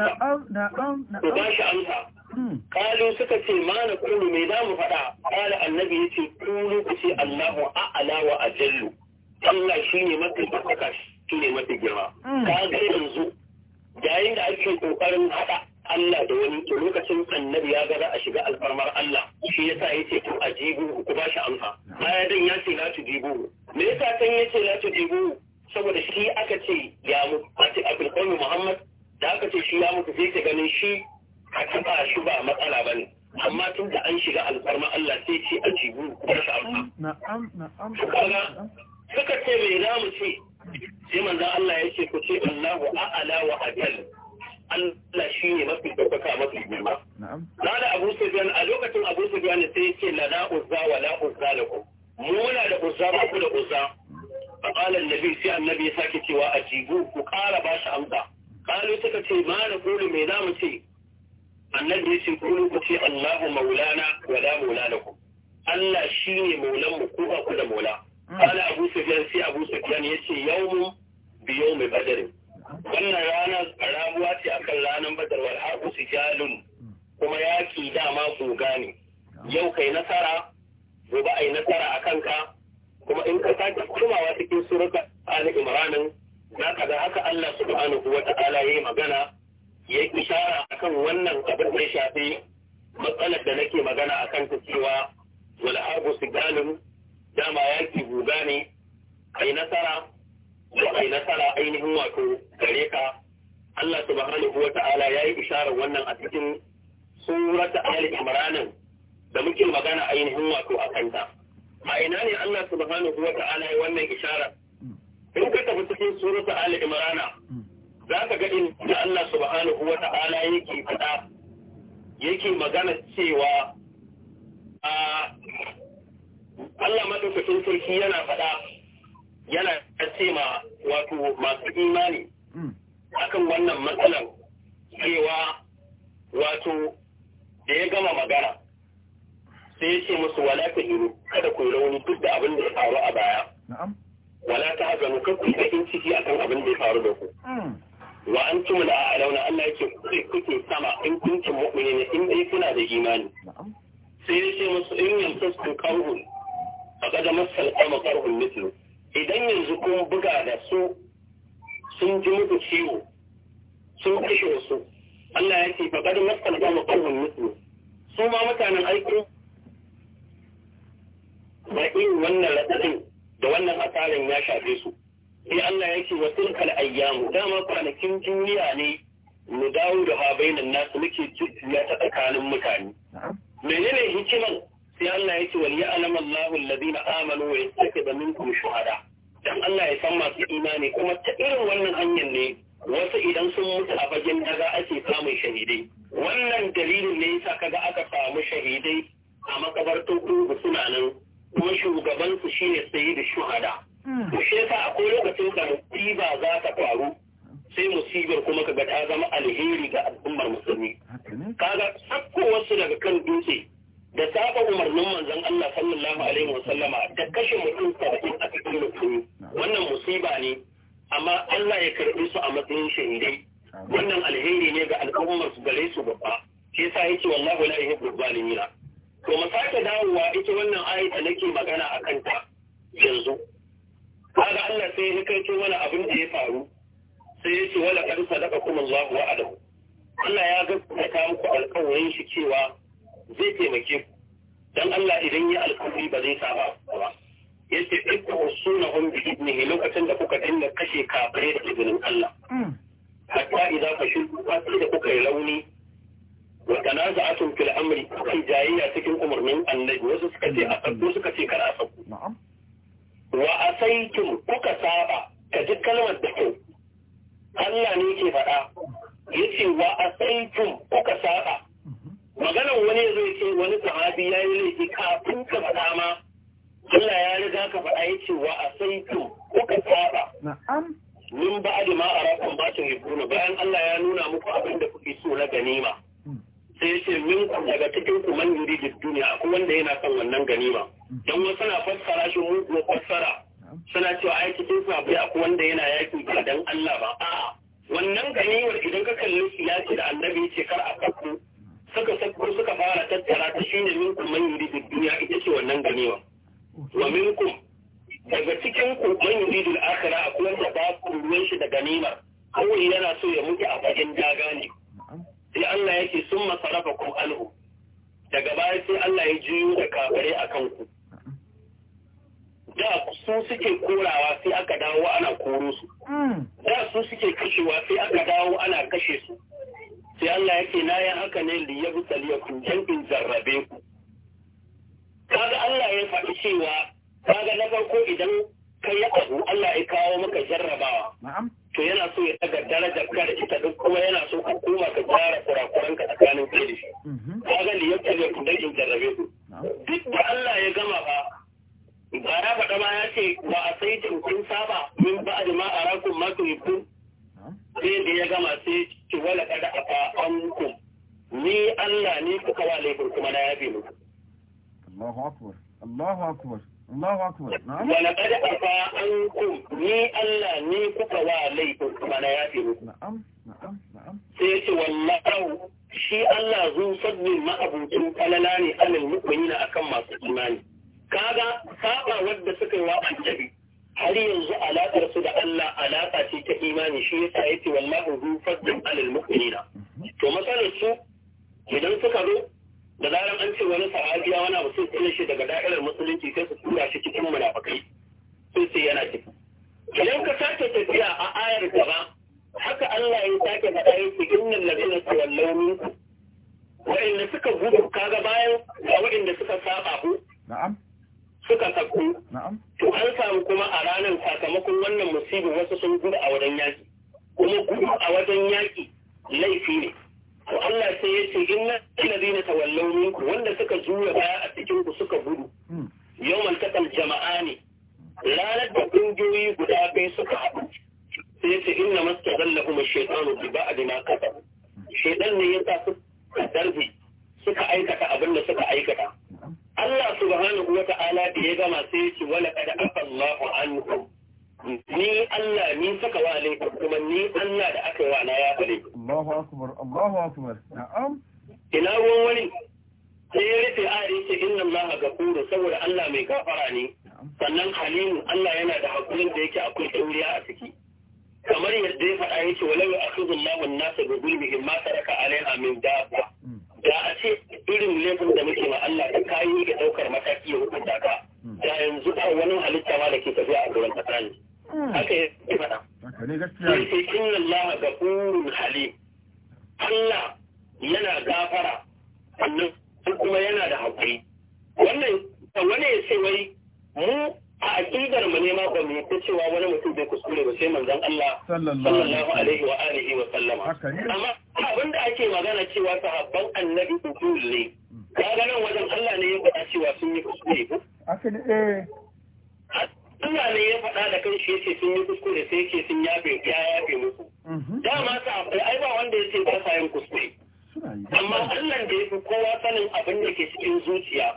نعم نعم باش أمسا قالوا سكتي ما نقول ميدام فدا قال النبي يتي قولوا كتي الله أعلى وأجل الله شيني مكي بكتش شيني مكي جماعة كاغير نزو جاين أكي قرن هذا Allah da wani lokacin annabi ya ga a shiga alfarmar Allah shi ya sa yasa yace ku ajibu ku ba shi amsa baya dan ya ce la tujibu me yasa kan yace la tujibu saboda shi aka ce ya mutu, ati abul qayyim Muhammad da aka ce shi ya mutu sai ka ganin shi ka ba shi ba matsala bane amma tun da an shiga alfarmar Allah sai ce ajibu ku ba shi amsa na'am na'am suka ce me za mu ce sai manzon Allah ya ce ku ce Allahu a'ala wa ajal Allah shi ne mafi ɗaukaka mafi girma. da Abu Sufyan a lokacin Abu Sufyan sai ce lana uzza wa la uzza lakum. Muna da uzza ba ku da uzza. Faqala nabi sai annabi ya sake cewa ajibu ku ƙara ba shi amsa. Kalu suka ce ma na kulu me za mu ce? Annabi ya ce kulu ku ce Allahu maulana wa la maula lakum. Allah shi ne maulan mu ku ba ku da maula. Kala mm. Abu Sufyan sai Abu Sufyan ya ce yawmu bi yawmi badrin. wannan ranar rabuwa ce akan ranar badar wal su jalun kuma yaki dama goga ne yau kai nasara gobe ai nasara a kanka kuma in ka sake komawa cikin surata ali imranin na ka ga haka Allah subhanahu wa ta'ala yayi magana ya ishara akan wannan abin da ya shafi matsalar da nake magana akan ta cewa wal harbu jalun dama yaki goga ne kai nasara da ai nasara ainihin wato gare ka Allah subhanahu wa ta'ala ya yi isharar wannan a cikin surata Ali Imran da muke magana ainihin wato a kanta ma ina ne Allah subhanahu wa ta'ala ya wannan isharar in ka tafi cikin surata Ali Imran za ka ga in da Allah subhanahu wa ta'ala yake fada yake magana cewa a ah, Allah madaukakin sarki yana faɗa yana ce ma wato masu imani hmm. akan wannan matsalan cewa wato da ya gama magana sai ya ce musu wala ta hiru kada ku yi rauni duk da abin da ya faru a baya wala ta hazanu kan ku bakin ciki akan abin da ya faru da ku hmm. wa an tumu da alauna Allah yake kuke sama in mu'mini ne in dai kuna da imani sai ya ce musu in yamsasku qarhun faqad massal qawma qarhun mithlu idan yanzu kun buga da su sun ji muku ciwo sun kashe wasu Allah ya ce ba maƙalmin su ma mutanen aiki ba wannan raɗaɗin da wannan asarin ya shafe su sai Allah ya ce wasu kal ayyamu dama kwanakin duniya ne mu dawo da ha bainan nasu muke jujjuya ta tsakanin mutane menene hikiman sai Allah yake wal ya'lamu Allahu alladhina amanu wa yattakhidha minkum shuhada dan Allah ya san masu imani kuma ta irin wannan hanyar ne wasu idan sun mutu a bagen daga ake samun shahidai wannan dalilin ne yasa kaga aka samu shahidai a makabartar kungu suna nan kuma shugaban su shine sayi da shuhada hmm. to shi yasa akwai lokacin da musiba za ta faru sai musibar kuma kaga ta zama alheri ga al'ummar musulmi kaga sakko wasu daga kan dutse da saba umarnin manzon Allah sallallahu alaihi wa sallama da kashe mutum saba'in a cikin mutum wannan musiba ne amma Allah ya karɓi su a matsayin shahidai wannan alheri ne ga al'ummar su gare su babba shi yasa yake wallahi la yuhibbu zalimina to masaka dawowa ita wannan ayata nake magana a kanta yanzu kaga Allah sai ya kai mana abin da ya faru sai ya ce wala kan sadaqakum Allahu wa'adahu Allah ya gaskata muku alƙawarin shi cewa zai taimake ku dan Allah idan ya alkawari ba zai saba ba yace ikku sunnahum bi idnihi lokacin da kuka dinga kashe kafare da izinin Allah hmm. hatta idan ka shirku sai da kuka yi rauni wa tanaza'atum fil amri kai jayayya cikin umarnin annabi wasu suka ce a sabbu suka ce kar a sabbu wa asaitum kuka saba ka ji kalmar da kyau Allah ne ke faɗa yace wa asaitum kuka saba maganar wani ya zai ce wani sahabi ya yi laifi kafin ka faɗa ma Allah ya riga ka faɗa ya ce wa a sai to kuka saba min ba da ma a rakon bacin yukuna bayan Allah ya nuna muku abin da kuke so na ganima hmm. sai ya ce min ku daga cikin ku man yuri da duniya akwai wanda yana son wannan ganima hmm. don wasu na fassara shi mu kuma fassara suna cewa ai cikin sabai akwai wanda yana yaki ba dan Allah ba a'a wannan ganimar idan ka kalli siyasi da annabi ce kar a kakku suka sako suka fara tattara ta shine minkum man yuridu dunya ita ce wannan ganewa wa minkum daga cikin ku man yuridu al-akhirah akwai wanda ba ruwan shi da ganima kawai yana so ya mutu a bakin daga ne sai Allah yake sun masarafa kun alhu daga baya sai Allah ya juyo da kafare a kanku da su suke korawa sai aka dawo ana koro su mm. da su suke kashewa sai aka dawo ana kashe su sai Allah yake na yi haka ne da ya ya kunjan in zarrabe ku kaga Allah ya faɗi cewa kaga na farko idan kai ya abu Allah ya kawo maka jarrabawa to yana so ya daga darajar ka ita duk kuma yana so ka koma ka gyara kurakuran ka tsakanin kai da shi mhm. kaga li ya ya kunjan in zarrabe ku duk da Allah ya gama ba ba ya faɗa ba ya ce ba a sai kun saba min ba a jama'a ma sai da ya gama sai ki wala kada afa ankum ni Allah ni kuka wa laifin kuma na yabe muku Allahu akbar Allahu akbar Allahu akbar na'am wala kada afa ankum ni Allah ni kuka wa laifin kuma na yabe muku na'am na'am na'am sai ce wallahu shi Allah zu sabbi ma'abucin kalala ne alal mu'minina akan masu imani kaga saba wadda suka yi wa annabi har yanzu alaƙar su da Allah alaƙa ce ta imani shi yasa yace wallahu hu fadlun alal mu'minina to matsalar su idan suka zo da zaran an ce wani sahabiya wani abu sun tsare shi daga da'irar musulunci sai su tura shi cikin munafikai sai sai yana ciki idan ka sake tafiya a ayar gaba haka Allah ya sake faɗa yake innal ladina tawallaw minkum wa'inda suka gudu kaga bayan ga wa'inda suka saba ku na'am suka sako to an samu kuma a ranar sakamakon wannan musibin wasu sun gudu a wajen yaƙi kuma gudu a wajen yaƙi laifi ne to Allah sai ya ce na inna na tawallaw minku wanda suka juya baya a cikin ku suka gudu hmm. yawan takal jama'a ne ranar da ƙungiyoyi guda biyu suka haɗu sai ya ce inna na kuma shekaru bi a ma kasabu Shekaru ne ya sa suka suka aikata abin da suka aikata Allah subhanahu wa ta'ala da ya gama sai ya ce wala kada afallahu ankum ni Allah ni saka wa alaikum kuma ni Allah da aka wa na ya fare Allahu akbar Allahu akbar na'am ina ruwan wani sai ya rufe a ce inna Allah gafuru saboda Allah mai gafara ne sannan halimu Allah yana da hakurin da yake akwai tauriya a ciki kamar yadda ya faɗa yake walau ya akhudhu Allahu an-nasa bi dhulmihim ma taraka amin da ba mm. da a ce irin laifin da muke ma Allah da kayi da daukar mataki ya hukunta ka mm. da yanzu ba wani halitta ma da ke tafiya a gurin kasa ne mm. haka ya faɗa sai sai inna ga ghafurun hali Allah yana gafara sannan kuma yana da haƙuri wannan wani ya ce wai mu a aƙidar mu ne ma ba mu ta cewa wani mutum bai kuskure ba sai manzon Allah sallallahu alaihi wa alihi wa sallama amma abin da ake magana cewa sahabban annabi usul ne kaga nan wajen Allah ne ya faɗa cewa sun yi kuskure ko asali eh Allah ne ya faɗa da kanshi yace sun yi kuskure sai yace sun yafe ya yafe musu mhm. dama sahabbai ai ba wanda yace ba sa yin kuskure amma Allah da ya kowa sanin abin da ke cikin zuciya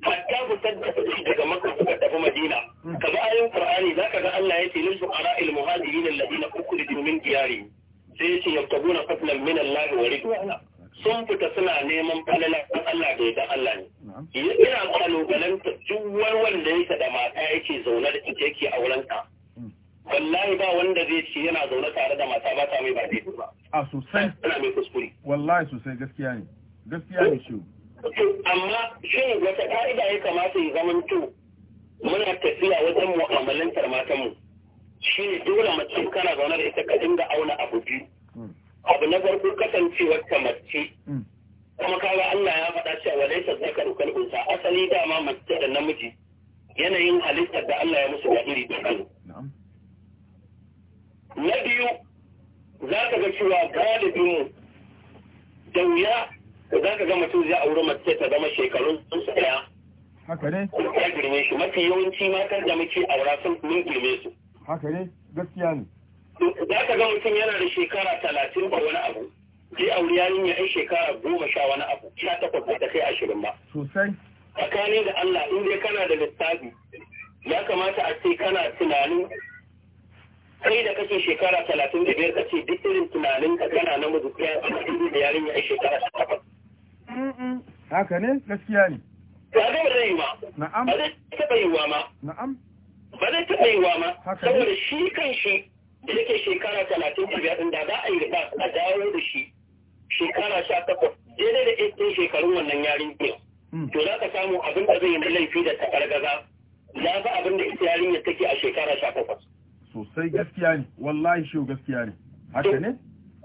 hatta ku da kuɗi daga maka suka tafi madina hmm. ka ga ayin qur'ani za ka ga Allah ya ce lil fuqara al muhajirin alladina ukhrijuu min diyari sai ya ce yabtaguna fadlan min Allah wa ridwana sun fita suna neman falala kan Allah da ya Allah ne ina kalubalanta duk wanda yake da mata yake zaune da ita yake aurenta. wallahi ba wanda zai ce yana zaune tare da mata ba ta mai ba ba a sosai tana mai kuskure wallahi sosai gaskiya ne gaskiya ne shi amma shin wata ka'ida ya kamata ya zama to muna tafiya wajen mu'amalantar mu. shi ne dole mace kana zaune da ita ka dinga auna abu biyu hmm. abu na farko kasancewar ta mace hmm. kuma kaga Allah ya faɗa cewa walaisa zakaru kal unsa asali dama mace da namiji yanayin halittar da Allah ya musu da iri da kanu na biyu za ka ga cewa galibinmu da wuya za ka ga mutum zai auri mace ta zama shekarun sun tsaya haka ne ya girme shi mafi yawanci matan da muke aura sun mun girme su haka ne gaskiya ne za ka ga mutum yana da shekara talatin ba wani abu zai auri yarin ya yi shekara goma sha wani abu sha takwas ba ta kai ashirin ba sosai tsakanin da Allah in dai kana da lissafi ya kamata a ce kana tunanin kai da kake shekara talatin da biyar kace duk irin tunanin ka kana na mazuki a cikin da yarin ya shekara takwas. Haka ne gaskiya ne. Ba zai zai yi ma. Na'am. Ba zai taɓa yi wa ma. Na'am. Ba zai taɓa yi wa ma. Saboda shi kan shi da yake shekara talatin da biyar da za a yi ba a dawo da shi shekara sha takwas daidai da ɗin shekarun wannan yarinyar. Mm. To za ka samu abin da zai yi laifi da takargaza. Na fi abin da ita yarinyar take a shekara sha takwas. sosai gaskiya ne wallahi shi gaskiya ne haka ne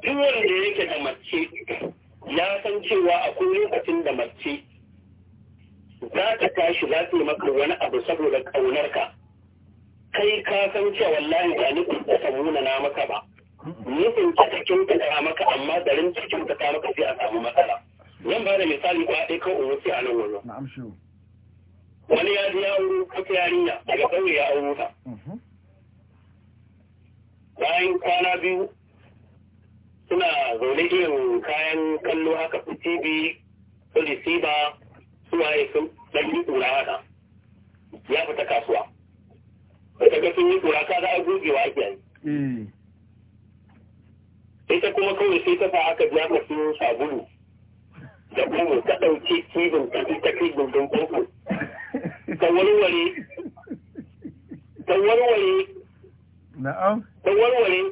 duk wanda yake da mace ya san cewa akwai lokacin da mace za ta tashi za ta yi maka wani abu saboda ka kai ka san cewa wallahi ba ni ta samu na maka ba nufin ta cikin ta maka amma garin cikin ta ta maka sai a samu matsala zan ba da misali ba ɗaya kan umarci a nan wurin wani ya ji ya wuri kasa yarinya daga ƙauye ya auro ta mhm. bayan kwana biyu suna zaune irin kayan kallo haka su tv su receiver su waye sun dan yi kura haka ya fita kasuwa da ga sun yi kura ka za a wa ake yi hmm. ita kuma kawai sai ta fa aka biya ka su sabulu da kuma ta ɗauki kibin ta ita kai gungun koko ta warware ta warware na'am ta warware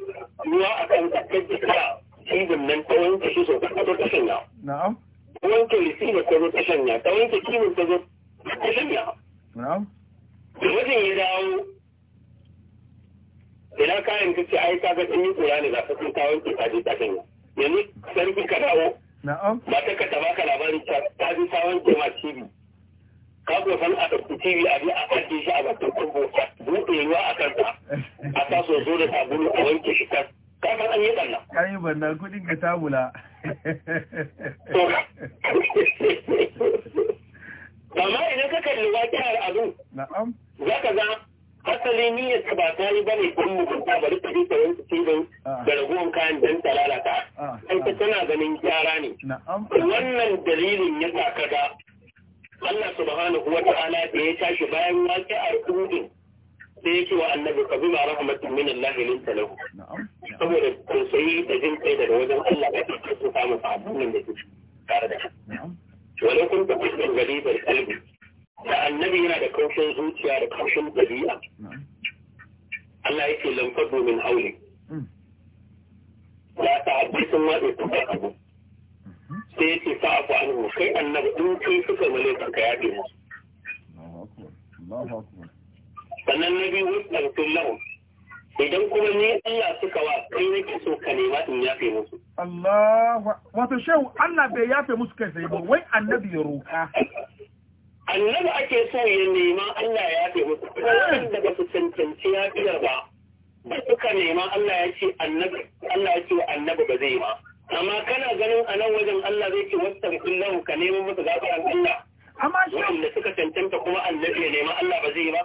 ruwa a kan kakar sun cibin nan ta wanke shi sau ta ta shanya. Na'am. Ta wanke receiver ta zo ta shanya, ta wanke cibin ta zo ta shanya. Na'am. Da wajen ya dawo ina kayan ta ce ai kaga sun yi kura ne za sun kawo ta kaje ta shanya. Yanzu sarki ka dawo. Na'am. Ba ta ka taba ka labarin ta ta ji ta wanke ma cibi. kago san a ɗauki tv a bi a ajiye shi a bakin kurbo buɗe ruwa a kanta a sa soso da sabulu a wanke shi kan kasan an yi ɓanna. an yi ɓanna kuɗin ka tabula. amma idan ka kalli waƙiyar abin za ka za asali niyyar ta ba ta yi ba ne kun mugunta bari ta rika yanzu cibin ah. da ragowar kayan don ta lalata. Ah. Ita tana ganin gyara ne. Wannan dalilin ya sa ka ga Allah subhanahu wa ta'ala da ya tashi bayan waƙi a rubutun sai ya ce wa annabi ka bi ma rahmatin min Allah lin talahu saboda sai da jin kai daga wajen Allah ba ta ka samu abun da ke tare da shi wala kun ta kusan gari da kalbi da annabi yana da kaushin zuciya da kaushin dabi'a Allah yake lamfado min hauli ya ta abin sun watsa tuka abu sai yake fa abu an kai annabi in kai suka male ka ka yaɗe mu. Sannan na biyu wasu lahu idan kuma ni Allah suka wa kai nake so ka nema in yafe musu. Allah wato shehu Allah bai yafe musu kai sai ba wai annabi ya roka. Annabi ake so ya nema Allah ya yafe musu. Eh. Wanda ba su cancanci yafiyar ba. Ba suka nema Allah ya ce annabi Allah ya ce annabi ba zai ba. amma kana ganin a nan wajen Allah zai ce wasu tamkin lahu ka neman musu gafaran Allah amma shi wanda suka cancanta kuma annabi ya nema Allah ba zai yi ba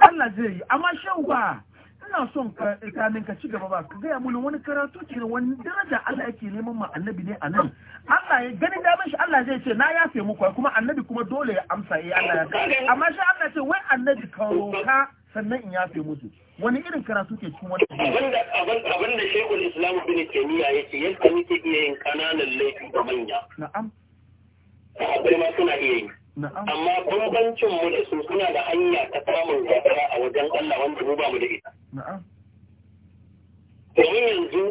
Allah zai yi amma shan ba ina son ka kamin ka ci gaba ba ka gaya mun wani karatu ke wani daraja Allah yake neman ma annabi ne a nan Allah ya ganin damin shi Allah zai ce na yafe muku kuma annabi kuma dole ya amsa eh Allah ya amma shi Allah ce wai annabi ka roka sannan in yafe musu wani irin karatu ke cikin wani abin da shekul islam bin taymiya yace yadda muke iya yin kananan laifi da manya na'am akwai ma suna iya yi amma bambancin mu da su suna da hanya ta samun gafara a wajen Allah wanda mu ba mu da ita na'am domin yanzu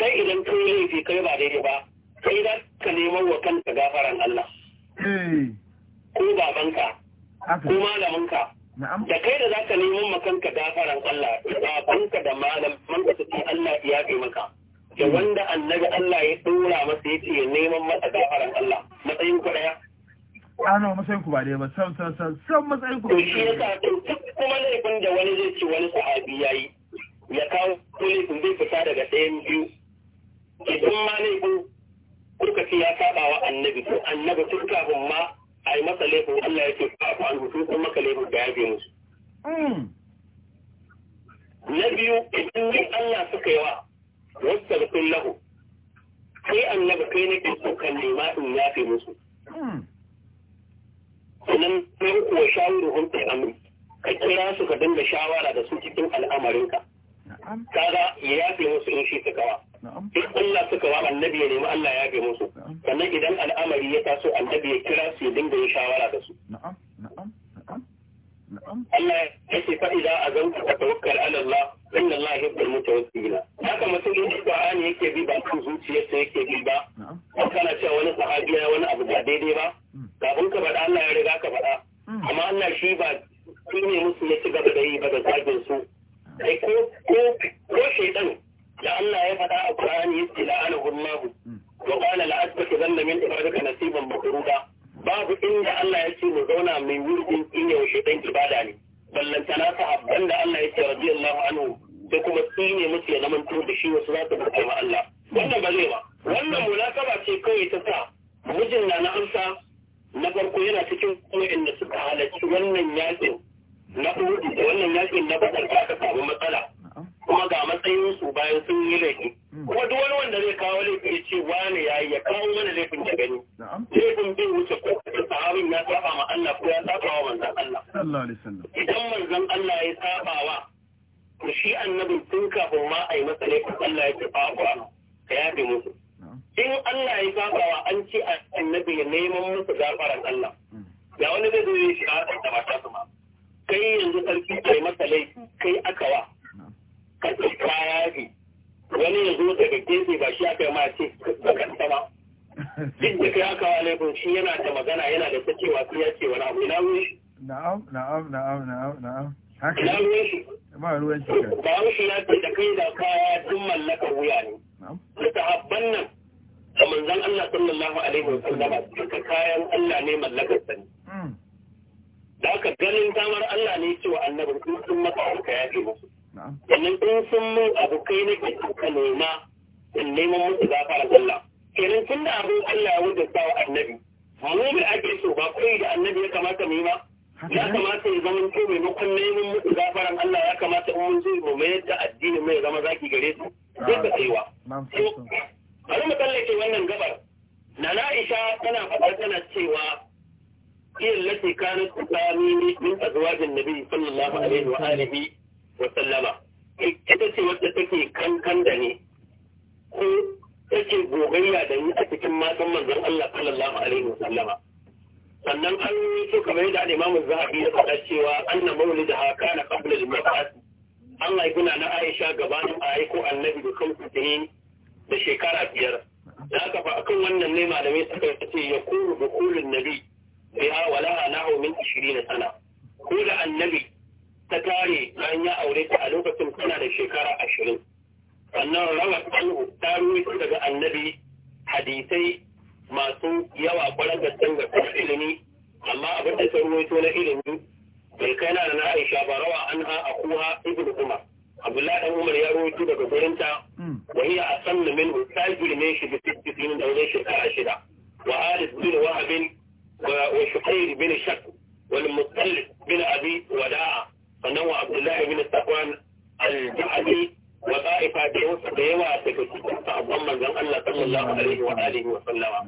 kai idan kai laifi kai ba daidai ba kai za ka neman wa kanka gafaran Allah eh. ko babanka ko malaminka da kai da zaka nemo makanka gafaran Allah babanka da man ka su ce Allah ya yi maka da hmm. wanda annabi Allah ya dora masa yace ya neman masa gafaran Allah matsayin ku daya ano matsayin ku ba dai ba san san san san matsayin ku shi yasa duk kuma laifin da wani zai ci wani sahabi yayi ya kawo laifin zai fita daga ɗayan biyu idan ma laifin kuka ci ya saba wa annabi to annabi tun kafin ma a yi masa laifin Allah ya ce ba ku an hutu sun maka laifin da ya bi musu. Hmm. Na biyu idan ni Allah suka yi wa wasu da lahu sai annabi kai nake so kan nema in yafe musu. Hmm. Sannan na uku wa shawarar ta amin ka kira su ka dinga shawara da su cikin al'amarinka. Kaga ya yafe musu in shi suka wa. in Allah suka wa annabi ya nemi Allah ya bi musu sannan idan al'amari ya taso annabi ya kira su ya dinga yin shawara da su Allah ya ce fa idza azamta fa tawakkal ala Allah inna Allah yuhibbul mutawakkilin haka mutum in Qur'ani yake bi ba kan zuciyarsa yake bi ba ko kana cewa wani sahabi ya wani abu da daidai ba kafin hmm. ka faɗa Allah ya riga ka faɗa hmm. amma Allah shi ba shi ne musu ya ci gaba da yi ba da zagin su ko ko ko shaidan da Allah ya faɗa a Qur'ani yace la'anahu Allah wa qala la'attakhidanna min ibadika nasiban mafruda babu inda Allah ya ce mu zauna mai wurin in yaushe dan ibada ne ballantana sahabban da Allah ya ce radiyallahu anhu da kuma tsine musu ya zama da shi wasu za su bauta ma Allah wannan ba zai ba wannan munasaba ce kawai ta sa mijin na amsa na farko yana cikin wa'anda suka halarci wannan yakin na uku da wannan yakin na ba ka samu matsala kuma ga matsayin su bayan sun yi laifi hmm. kuma duk wani wanda zai kawo laifi ya ce wani ya yi ya kawo mana laifin ya gani laifin bin wuce ko kuma sahabin ya saba ma Allah ko ya saba wa manzon Allah idan manzon Allah ya saba wa to shi annabin tun kafin ma a yi masa laifin Allah ya ce fa ka yafe musu in Allah ya saba wa an ce annabi ya neman musu gafaran Allah ya hmm. wani zai zo ya a harkar da ba ta kai yanzu sarki kai masa laifi kai aka wa kai kaya ne wani ya zo daga gefe ba shi ya kai mace ce bakanta ba duk da kai aka wa laifin shi yana da magana yana da sakewa sai ya ce wani abu ina ruwan shi na'am na'am na'am na'am na'am haka ina ruwan shi ba ruwan shi ba shi ya ce da kai da kaya duk mallakar wuya ne da habban nan a manzan Allah sallallahu alaihi wa sallam duka kayan Allah ne mallakar sa ne hmm. da aka ganin damar Allah ne cewa annabin kuma sun maka haka ya ce musu sannan in sun mun abu kai ne ke suka nema in neman musu gafarar Allah kenan tun da abin Allah ya wajasta wa annabi mu da ake so ba koyi da annabi ya kamata mu yi ba ya kamata ya zama ko maimakon neman musu gafaran Allah ya kamata in mun mu mayar da addini mai zama zaki gare su Zai ka kaiwa bari mu tsallake wannan gabar Nana Aisha tana faɗa tana cewa iyan lati kanat tsakani min azwajin nabi sallallahu alaihi wa alihi wasallama ita ce wadda take kankan da ni ko take gogayya da ni a cikin matan manzon Allah sallallahu alaihi wa sallama sannan an yi so kamar yadda al-Imam Zahabi ya faɗa cewa anna mawlidaha kana qabla al-mab'ath an haifuna na Aisha gabanin a aiko annabi da kanku da shekara biyar da haka fa akan wannan ne malamai suka ce ya kuru dukulun nabi biha wala nahu min 20 sana ko da annabi ta tare bayan ya aure ta a lokacin tana da shekara ashirin sannan rawar anhu ta ruwaito daga annabi hadisai masu yawa kwarar da can ga ilimi amma abin da ta ruwaito na ilimi bai kai na da na aisha ba rawa an ha a kuha ibn umar abdullahi dan umar ya ruwaito daga gurinta hmm. wa hiya asanna min ta girme shi da sittin da wajen shekara shida wa halis bin wahabin wa shuhair bin shak wal mutallib bin abi wada'a sannan wa abdullahi bin safwan al-ja'ali wa ta'ifa da yawa da yawa daga cikin sahabban manzon Allah sallallahu alaihi wa alihi wa sallama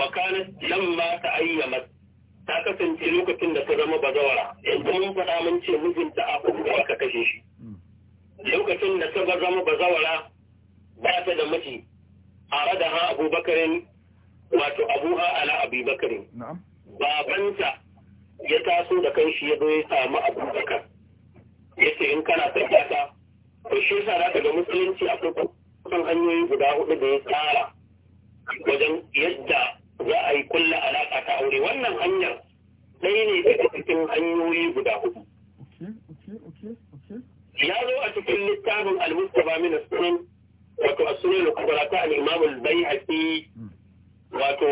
wa kana lamma ta'ayyama ta kasance lokacin da ta zama bazawara yanzu mun faɗa mun ce mijinta a kuma aka kashe shi lokacin da ta zama bazawara ba ta da miji a rada ha abubakarin wato abuha ala abubakarin babanta ya taso da kanshi ya zo ya samu abubakar ya ce in kana tafiya ta to shi yasa za ka ga musulunci a kusan hanyoyi guda hudu da ya tsara wajen yadda za a yi kulla alaƙa ta aure wannan hanyar ɗaya ne daga cikin hanyoyi guda hudu ya zo a cikin littafin al-mustafa min sunan wato as-sunan al-kubra ta al-imam al wato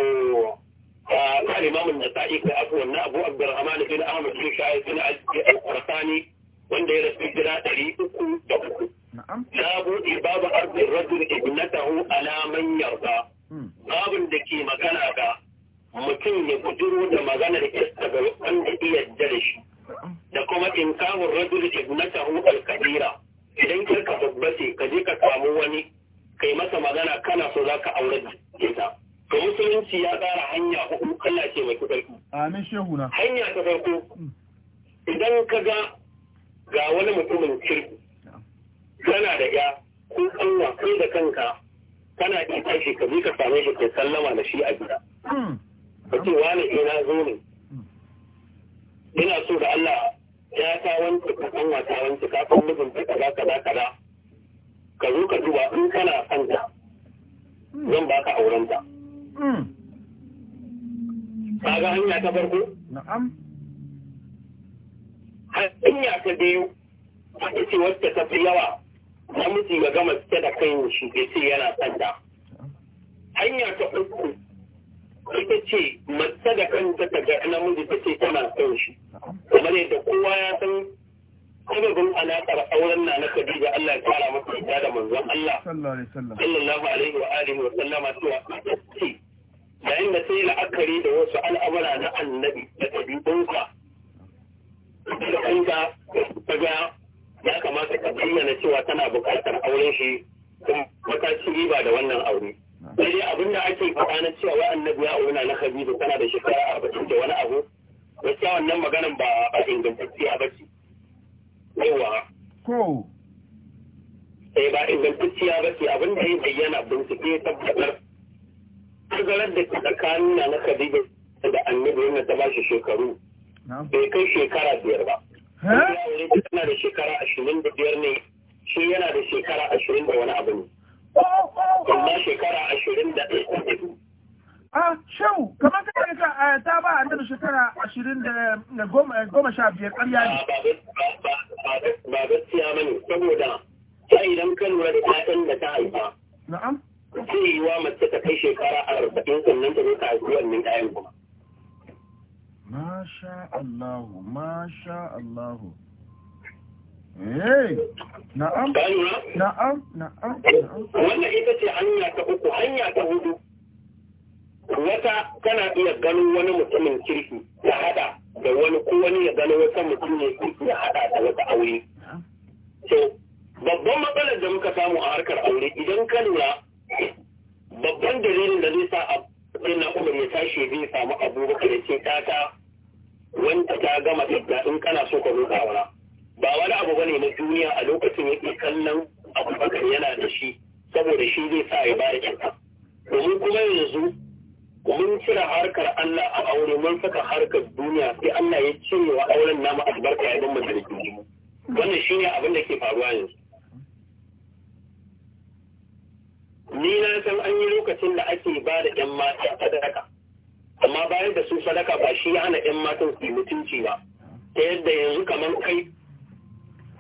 الإمام النسائي كأبو النأبو عبد الرحمن بن أحمد بن شايف بن القرطاني wanda ya rasu jira ɗari uku da uku. Na buɗe babu arzin rajul ibnatahu ala man yarda. da ke magana ga mutum ya buduro da maganar kista ga wanda iya yarda da shi. Da kuma in kamun rajul ibnatahu al-kabira. Idan kar ka babbace ka je ka samu wani kai masa magana kana so za ka aure da ka musulunci ya tsara hanya hudu Allah ce mai kuɗarku. Amin shehuna. Hanya ta farko idan ka ga ga wani mutumin kirki kana da ya ko kanwa kai da kanka kana iya tashi ka ka same shi kai sallama da shi a gida. Ka ce wani ina eh, zo ne. Ina so da Allah ya ta wanke ka san wata wanke ka san mijinta kaza kaza kaza. Ka zo ka duba in kana son ta. Zan baka aurenta. Mm. kaga hanya ta farko? Na'am. Hanya ta biyu, wata ce wacce ta fi yawa, namiji ga gama cike da kai shi ke ce yana sanda. Hanya ta uku, ita ce mace da kanta ta ga namiji ta ce tana son shi. Kamar yadda kowa ya san sababin alaƙar auren na na Khadija Allah ya kara masa da manzon Allah. Sallallahu alaihi wa alihi wa sallama cewa ce yayin da sai la'akari da wasu al'amura na annabi da ɗabi'unsa da kanka daga ya kamata ka bayyana cewa tana buƙatar auren shi kuma ta ci riba da wannan aure sai dai abin da ake faɗa na cewa wa annabi ya auna na Habibu tana da shekara arba'in da wani abu gaskiya wannan maganan ba a ingantacciya ba ce yawa sai eh, ba ingantacciya ba ce abin da ya bayyana bincike tabbatar tazarar da tsakanin na na Khadija da annabi yana ta bashi shekaru bai kai shekara biyar ba. Tana da shekara ashirin da biyar ne shi yana da shekara ashirin da wani abu ne. Amma shekara ashirin da ɗaya. A shehu, kamar kai yi ta ba a nan shekara ashirin da goma sha biyar ƙarya ne. Ba gaskiya ba ne saboda ta idan ka lura da ta da ta haifa. Na'am. zai yi wa mace ta kai shekara arba'in sannan ta zo ta haifi wannan ƴaƴan kuma. Masha Allahu, Masha Allahu. Hey, na'am, na'am, na'am, na'am. Wannan ita ce hanya ta uku, hanya ta hudu. Wata tana iya gano wani mutumin kirki ya hada da wani ko wani ya gano wata mutum ne kirki ya hada da wata aure. So, babban matsalar da muka samu a harkar aure idan ka lura babban dalilin da zai sa a na umar ya tashi zai samu abu abubakar ya ce tata wanda ta gama tafiya in kana so ka roƙa wa ba wani abu ba ne na duniya a lokacin ya ke kallon bakar yana da shi saboda shi zai sa ya bada kyauta domin kuma yanzu mun cire harkar Allah a aure mun saka harkar duniya sai Allah ya cire wa auren namu albarka ya dan mu wannan shine abin da ke faruwa yanzu ni na san an yi lokacin da ake ba da yan mata sadaka amma bayan da su sadaka ba shi ya hana yan matan su mutunci ba ta yadda yanzu kamar kai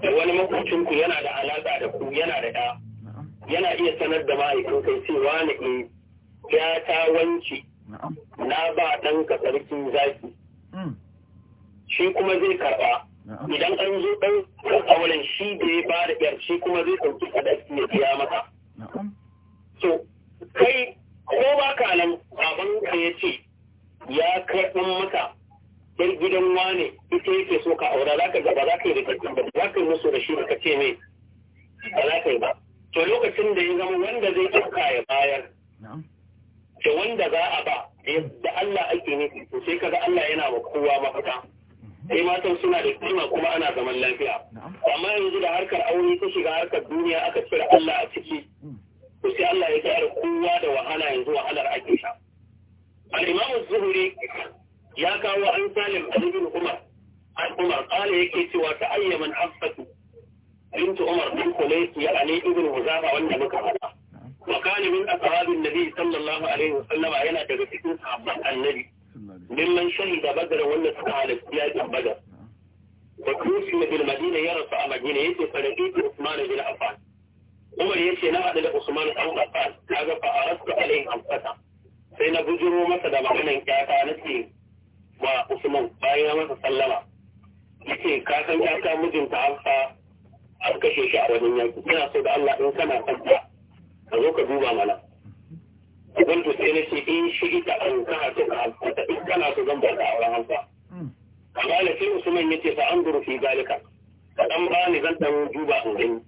da wani ku yana da alaƙa da ku yana da ɗa yana iya sanar da ma'aikin kai cewa na e ya ta wanci na ba ɗanka sarki zaki mm. shi kuma zai karɓa idan an zo ɗan auren shi da ya ba da ƴar shi kuma zai ɗauki sadaki ya biya maka. so kai ko ba ka nan abin ka ya ce ya karɓin mata yar gidan wane ita yake so ka aura za ka gaba za ka yi da karɓin ba za ka yi musu da shi da ka ce ne ba za ka yi ba to lokacin da ya zama wanda zai ɗauka ya bayar da wanda za a ba da Allah ake ne sai ka kaga Allah yana wa kowa mafita mhm. sai matan suna da kima kuma ana zaman lafiya amma yanzu da harkar aure ta shiga harkar duniya aka cire Allah a ciki kawo an salim alibin umar an umar kala yake cewa ta ayyaman hafsatu bintu umar bin kulais ya ali ibn huzafa wanda muka faɗa wa kana min ashabin nabi sallallahu alaihi wasallam yana daga cikin sahabban annabi Min mimman shahida badar wanda suka halarci yakin badar wa tusiya bil madina ya rasu a madina yace fa laqitu usman bin affan umar yace na hada da usman dan affan kaga fa arastu alaihi amsata sai na bujiro masa da maganan kyata na ce wa Usman bayan ya masa sallama yake ka san ya ka mijinta amsa an kashe shi a wajen yanki ina so da Allah in kana kanta ka zo ka duba mana wani to sai na ce in eh, shi ita an kana so ka Hafsa in kana so zan ba ka auren hausa mm. amma da sai Usman ce fa an duru fi zalika ka dan ba ni zan dan duba in gani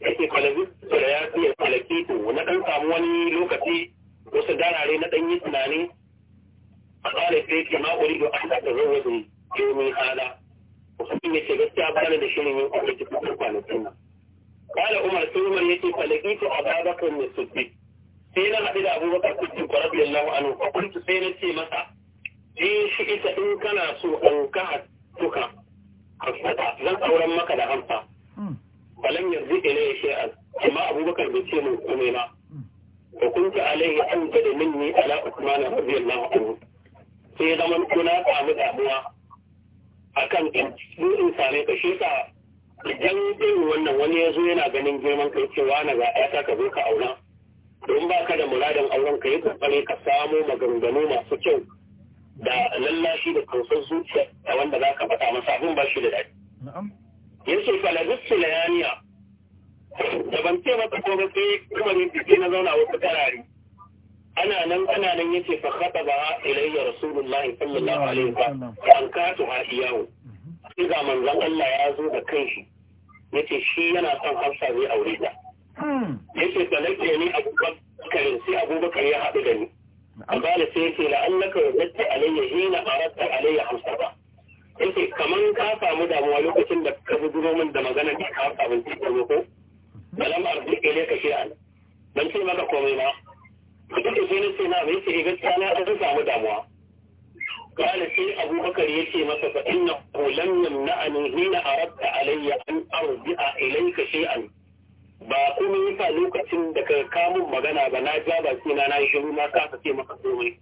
yake kwalabi da ya fiye to na dan samu wani lokaci wasu darare na dan yi tunani فقال فيك ما أريد أن أتزوج يومي هذا وكان يتبتع قال لشيء من أهل تفكر السنة قال عمر سومر يتي فلقيت أبا بكر من الصديق سينا إلى أبو بكر الصديق رضي الله عنه فقلت سينا تي مسا إن شئت إن كان سوء أنكحت تكا حفظتها لن أورا مكة لهمتا فلم يرضي إليه شيئا أما أبو بكر بيتي من أمينا وكنت عليه أوجد مني على عثمان رضي الله عنه sai zama kuna samu damuwa a kan in sami ka shi sa idan irin wannan wani ya zo yana ganin girman kai cewa na ga ya ka zo ka aura don ba ka da muradin auren ka yi kokari ka samo maganganu masu kyau da lallashi da kansar zuciya da wanda za ka faɗa masa abin ba shi da daɗi. Yace falagussu layaniya da ban ce masa ko ba sai kuma ne na zauna wasu karare ana nan ana nan yace fa khataba ilayya rasulullah sallallahu alaihi wasallam an katu hadiyahu sai ga manzon Allah ya zo da kai kanshi yace shi yana son Hafsa zai aure ta hmm. yace talake ni Abubakar sai Abubakar ya haɗu da ni sai قال سيتي لأنك وجدت علي حين أردت علي حمصة yace kaman ka samu damuwa lokacin da ka bujuro min da magana da ka samu cikin ko hmm. balam arzi ile ka shi'a ban ce maka komai ba kuka da sai na ce na bai ce eh, gaskiya na ta samu damuwa قال سي أبو بكر يتي مسا فإنه لم يمنعني حين أردت علي أن أرجع a شيئا ba kuma yasa lokacin da ka kamun magana ba na ja ba na na shiru na kasa ce maka komai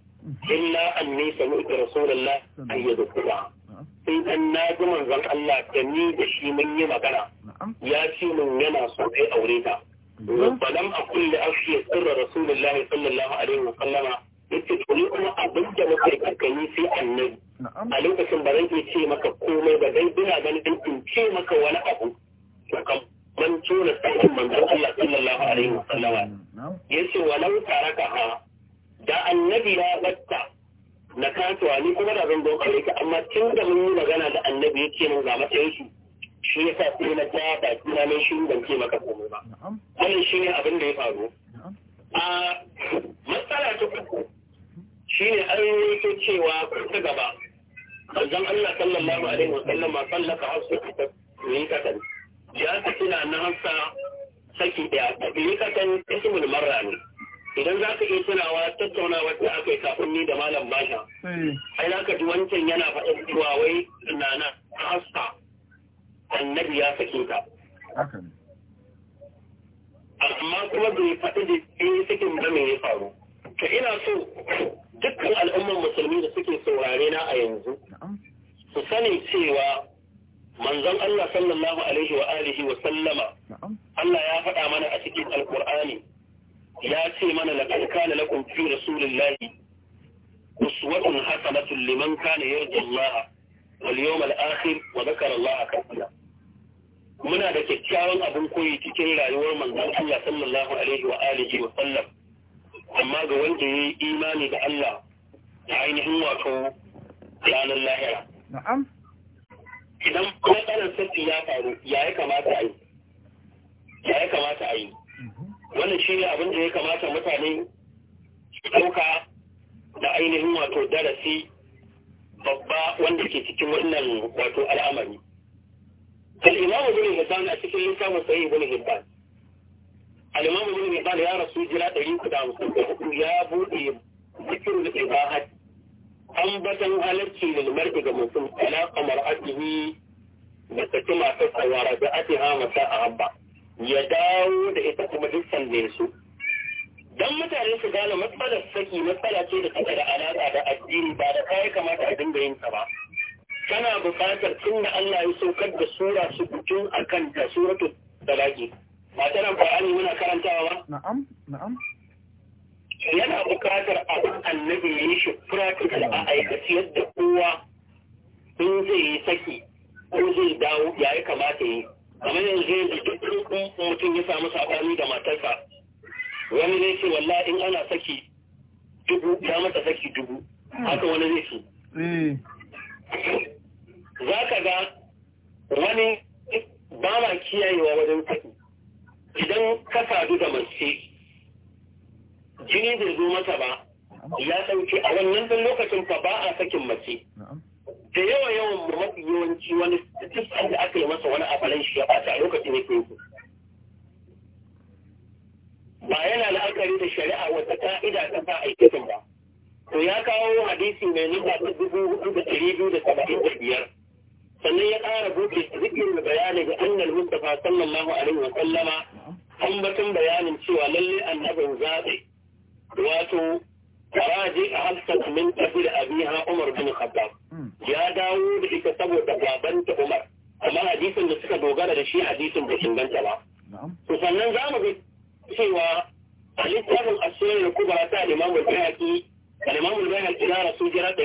illa anni sami'tu rasulullah ayyadu kuma sai dan na ji manzon Allah da ni da shi mun yi magana ya ce mun yana so aure ta falam akun da ashi ya tsirra rasulullahi sallallahu alaihi wa sallama yace to ni kuma abin da muke kankani sai annabi a lokacin ba zan iya ce maka komai ba zan ina ganin in ce maka wani abu to kam man tona sakin manzon Allah sallallahu alaihi wa sallama yace walau taraka ha da annabi ya batta na kasuwa ni kuma da zan zo kare ka amma tun da mun yi magana da annabi yace mun ga matsayin shi shi ya sa sai na ta baki na nan shi ban ce maka komai ba wannan shi ne abin da ya faru a matsala ta uku shi ne an yi cewa ta gaba manzon Allah sallallahu alaihi wa sallam ma sallaka hasu ta miƙatan ya ta tuna na hasa saki daya ta miƙatan ismul marra ne idan za ka iya tunawa tattaunawa da aka yi kafin ni da malam basha eh. ai za ka ji wancan yana faɗin cewa wai na na hasa annabi ya sake ta amma kuma bai faɗi da ɗaya sakin ba ya faru to ina so dukkan al'ummar musulmi da suke saurare na a yanzu su sani cewa manzon Allah sallallahu alaihi wa alihi wa sallama Allah ya faɗa mana a cikin alkur'ani ya ce mana laqad kana lakum fi rasulillahi uswatun hasanatun liman kana yarju Allah wal yawmal akhir wa dhakara Allah kathira muna da kyakkyawan abin koyi cikin rayuwar manzon Allah sallallahu alaihi wa alihi wa sallam amma ga wanda ya yi imani da Allah da ainihin wato ranar lahira na'am idan matsalar sirri ya faru ya ya kamata a yi ya ya kamata a yi mhm. wannan shi ne abin da ya kamata mutane su ɗauka da ainihin wato darasi babba wanda ke cikin wannan wato al'amari الإمام ابن هبان أتكلم كما صحيح ابن هبان الإمام ابن هبان يا رسول الله تريك دام يا بودي ذكر الإباحة أنبتا هلتي للمرء كمسلم طلاق مرأته بتتمع فسا ورجعتها مساء أبا يداو da ita kuma duk sande su dan mutane su gane matsalar saki matsala ce da take da alaka da addini ba da kai kamata a dinga yin ta ba kana buƙatar tunda Allah ya saukar da sura su bikin akan da suratul da ba ta muna karantawa ba na'am na'am yana buƙatar abin annabi ya yi shi practical a aikace yadda kowa in zai yi saki ko zai dawo ya yi kamata yi kamar yanzu yanzu duk mutum ya samu sabani da matarsa wani zai ce wallahi in ana saki dubu ya mata saki dubu haka wani zai ce eh. za ka ga wani ba ma kiyayewa wajen kaɗi idan ka sadu da mace jini bai zo mata ba ya sauke a wannan ɗan lokacin fa ba a sakin mace da yawa yawan mafi yawanci wani duk da aka yi masa wani abalan shi ya ɓata a lokacin ya ku. ba yana la'akari da shari'a wata ka'ida ta sa aikatan ba to ya kawo hadisi mai nufa ta dubu hudu da ɗari biyu da saba'in da biyar sannan ya ƙara buɗe zikin da bayani ga annal mustafa sallallahu alaihi wa sallama ambatin bayanin cewa lalle annabin zaɓe wato faraji a hafsat min ƙabil abiha umar bin khattab ya dawo da ita saboda babanta umar amma hadisin da suka dogara da shi hadisin ba inganta ba to sannan za mu ga cewa a littafin asirin kubra ta imamul bayhaqi al-imamul bayhaqi ya rasu jira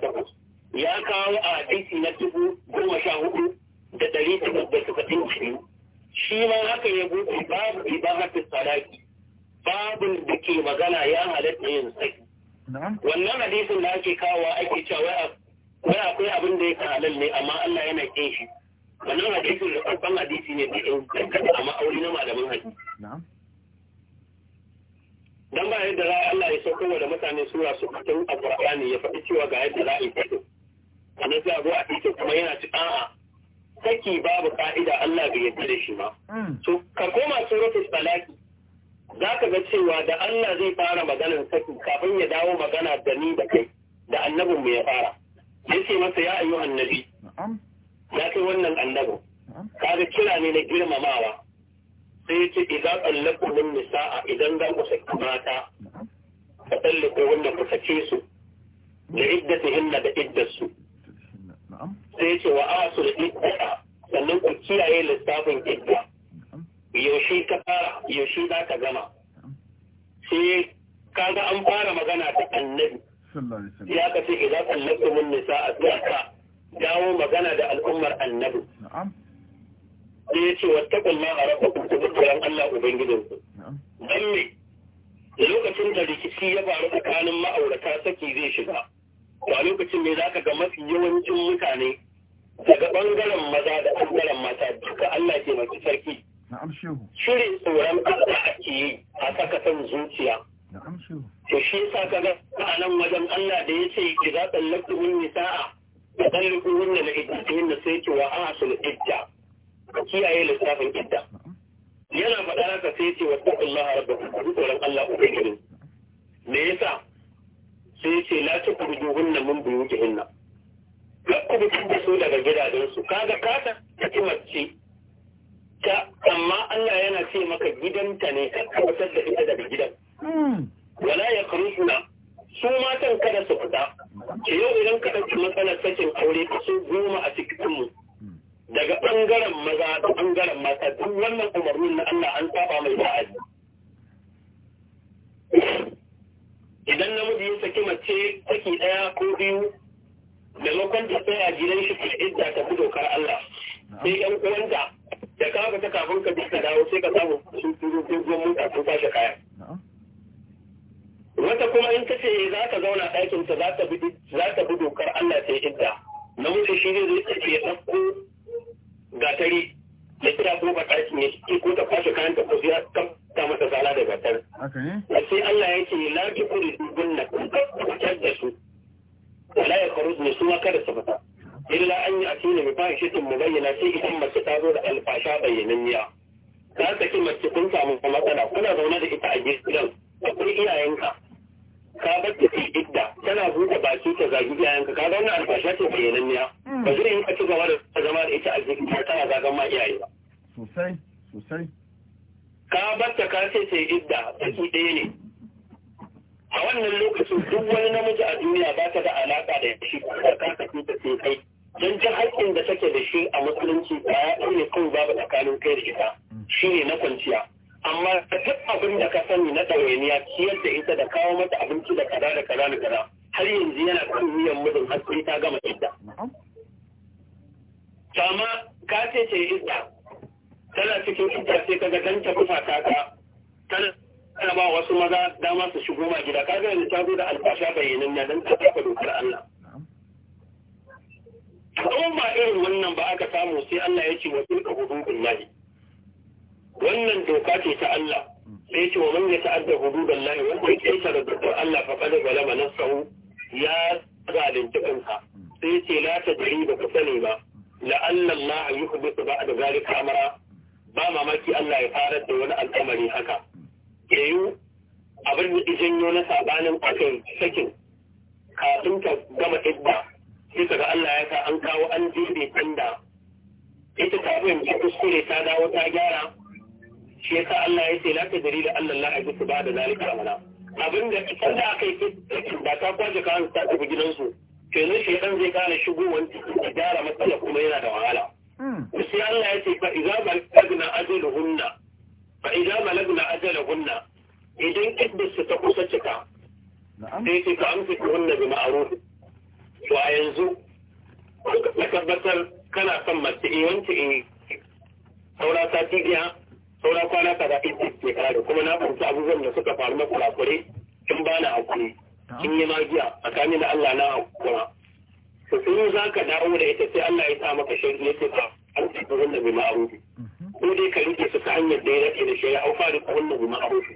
takwas. ya kawo a hadisi na dubu goma sha hudu da ɗari dubu da saba'in biyu shi ma haka ya buɗe babu ibadatu salaki Babu da ke magana ya halatta yin saki wannan hadisin da ake kawo ake cewa wai akwai abin da yake halal ne amma Allah yana kin shi wannan hadisin da farkon hadisi ne da in kankata a ma'auri na malamin haji dan ba yadda za Allah ya sauko da mutane sura su fitin a Qur'ani ya faɗi cewa ga yadda za a yi fito kamar sai a zo a kuma yana ci a'a saki babu ka'ida Allah bai yarda da shi ba to hmm. ka koma suratul talaki za ka ga cewa da Allah zai fara maganar saki kafin ya dawo magana da ni da kai da annabin mu ya fara yace masa ya ayyu annabi ya kai wannan annabin Ka ga kira ne na girmamawa sai yace idza qallaqumun nisaa idan za ku saki mata Ka fa wanda ku sake su da iddatihinna da iddatsu sai ya ce wa a su da ɗiɗɗa sannan ku kiyaye lissafin ɗiɗɗa yaushe ka fara yaushe za ka gama sai kaga an fara magana ta annabi ya ka ce idan annabi mun nisa a ka dawo magana da al'ummar annabi sai ya ce wata ma a rafa ku tsoron Allah Ubangijinku. Don me lokacin da rikici ya faru tsakanin ma'aurata saki zai shiga. a lokacin ne za ka ga mafi yawancin mutane daga ɓangaren maza da ɓangaren mata duka Allah ke mafi sarki. Shirin tsoron Allah ake yi a saka zuciya. To shi sa ka ga a wajen Allah da ya ce ki za ta lafi wunni a da ɗan lafi wani na iddatun da sai ki wa a su idda. Ka kiyaye lissafin idda. Yana faɗa ka sai ce wa tsoron Allah rabu ku tsoron Allah ubangiji. Me yasa? sai ce la tukhrijuhunna min buyutihinna da su daga gidajensu kaga ka ta mace ta amma Allah yana ce maka gidanta ne ka fitar da ita daga gidan hmm. wala ya suna su matan kada su fita ke yau idan ka ɗauki matsalar sakin aure so goma a cikinmu daga ɓangaren maza da ɓangaren mata duk wannan umarnin na Allah an saba mai ba'adi idan namiji ya saki mace saki ɗaya ko biyu maimakon ta tsaya gidan shi ta idda ta fi dokar Allah sai yan uwanta da ka ta kafin ka duka dawo sai ka samu sun turo dogon mota tun kwashe kaya wata kuma in ta ce eh, za ta zauna ɗakin ta za ta bi dokar Allah sai idda namiji shi ne zai tafi ya ɗauko gatari ya tsaya ko ba ɗakin ya ko ta kwashe kayan ta ko sai ta masa tsala da zakar sai Allah ya ce la tukuri gunna kun fitar da su wala ya karu ne su kada su fita illa an yi asina bi fahishatin bayyana sai idan mace ta zo da alfasha bayyananniya ka saki mace kun samu matsala kuna zaune da ita a gidan akwai iyayenka ka bata ta idda tana buɗe baki ta zagi iyayenka ka ga wannan alfasha ce bayyananniya hmm. ba zai yi ka ci gaba da zama da ita a gidan tana zagan ma iyaye ba sosai sosai ka barta ka ce sai idda baki ɗaya ne a wannan lokacin duk wani namiji a duniya ba ta da alaƙa da shi ka ka ta sai kai don ta haƙƙin da take da shi a musulunci ba ya ne kawai babu tsakanin kai da ita shi ne na kwanciya amma duk abin da ka sani na ɗawainiya ciyar da ita da kawo mata abinci da kaza da kaza da kaza har yanzu yana kan wuyan mudun har ta gama idda. Sama ka ce ce idda tana cikin idda sai kaga dan ta kufa kaka tana ba wasu maza dama su shigo ma gida kaga yanzu ta zo da alfasha bayyanan na dan ta kafa dokar Allah in ba irin wannan ba aka samu sai Allah ya ce wa tilka hududullahi wannan doka ce ta Allah sai ce wa man ya ta'adda hududullahi wanda ya kaita da dukkan Allah fa qad zalama nafsahu ya zalunta kansa sai ce la tajri ba ku sani ba la'alla Allah yuhdithu ba'da zalika amara ba mamaki Allah ya farar da wani al'amari haka yayu abin da janyo na sabanin akan sakin kafin ka gama idda sai kaga Allah ya sa an kawo an jirbe tanda ita ta fahimci kuskure ta dawo ta gyara shi yasa Allah ya ce la ta dalila Allah la ajisu ba da zalika amana abin da tunda aka yi da ta kwaje kayan ta tafi gidansu to yanzu shi dan zai kara shigo wani gyara matsala kuma yana da wahala Hmm. sai Allah ya ce fa idza balagna ajaluhunna fa idza balagna hunna idan idda su ta kusa cika sai ce ka amsa hunna bi ma'ruf to a yanzu ka tabbatar kana son mace eh wance eh saura sati ɗaya saura kwana da ita ke kare kuma na fahimci abubuwan da suka faru na kurakure in ba na hakuri in yi magiya a da Allah na hakura to in za ka dawo da ita sai Allah ya sa maka shari'a yace ba an ta ko wannan bai ma'arufi ko dai ka rike su ta hanyar da ya dace da shari'a au fari ko wannan bai ma'arufi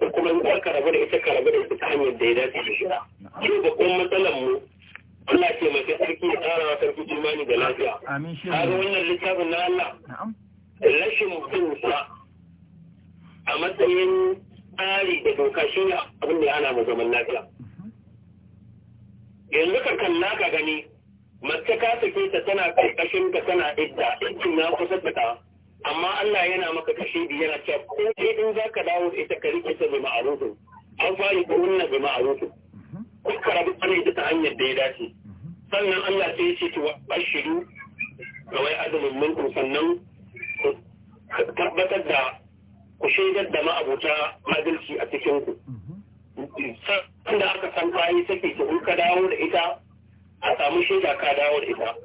ko kuma in ka rabu da ita ka rabu da ita ta hanyar da ya dace da shari'a shi da kuma matsalar mu Allah ke mace sarki ya tsara wa sarki imani da lafiya amin shi kaga wannan littafin na Allah rashin bin sa a matsayin tsari da doka shi ne abin da ya ana mu zaman lafiya yanzu ka kalla ka gani mace ka sake ta tana karkashin ka tana idda iddin na kusa da ta amma Allah yana maka kashe bi yana cewa ko dai in za ka dawo da ita ka rike ta bi ma'rufin an fari ko wannan bi ma'arufu ko ka rabu da ta hanyar da ya dace sannan Allah sai ya ce ki bashiru ga wai azumin sannan ku tabbatar da ku shaidar da ma'abuta adalci a cikin ku sanda aka san bayi take ta in ka dawo da ita a samu shaida ka dawo da ita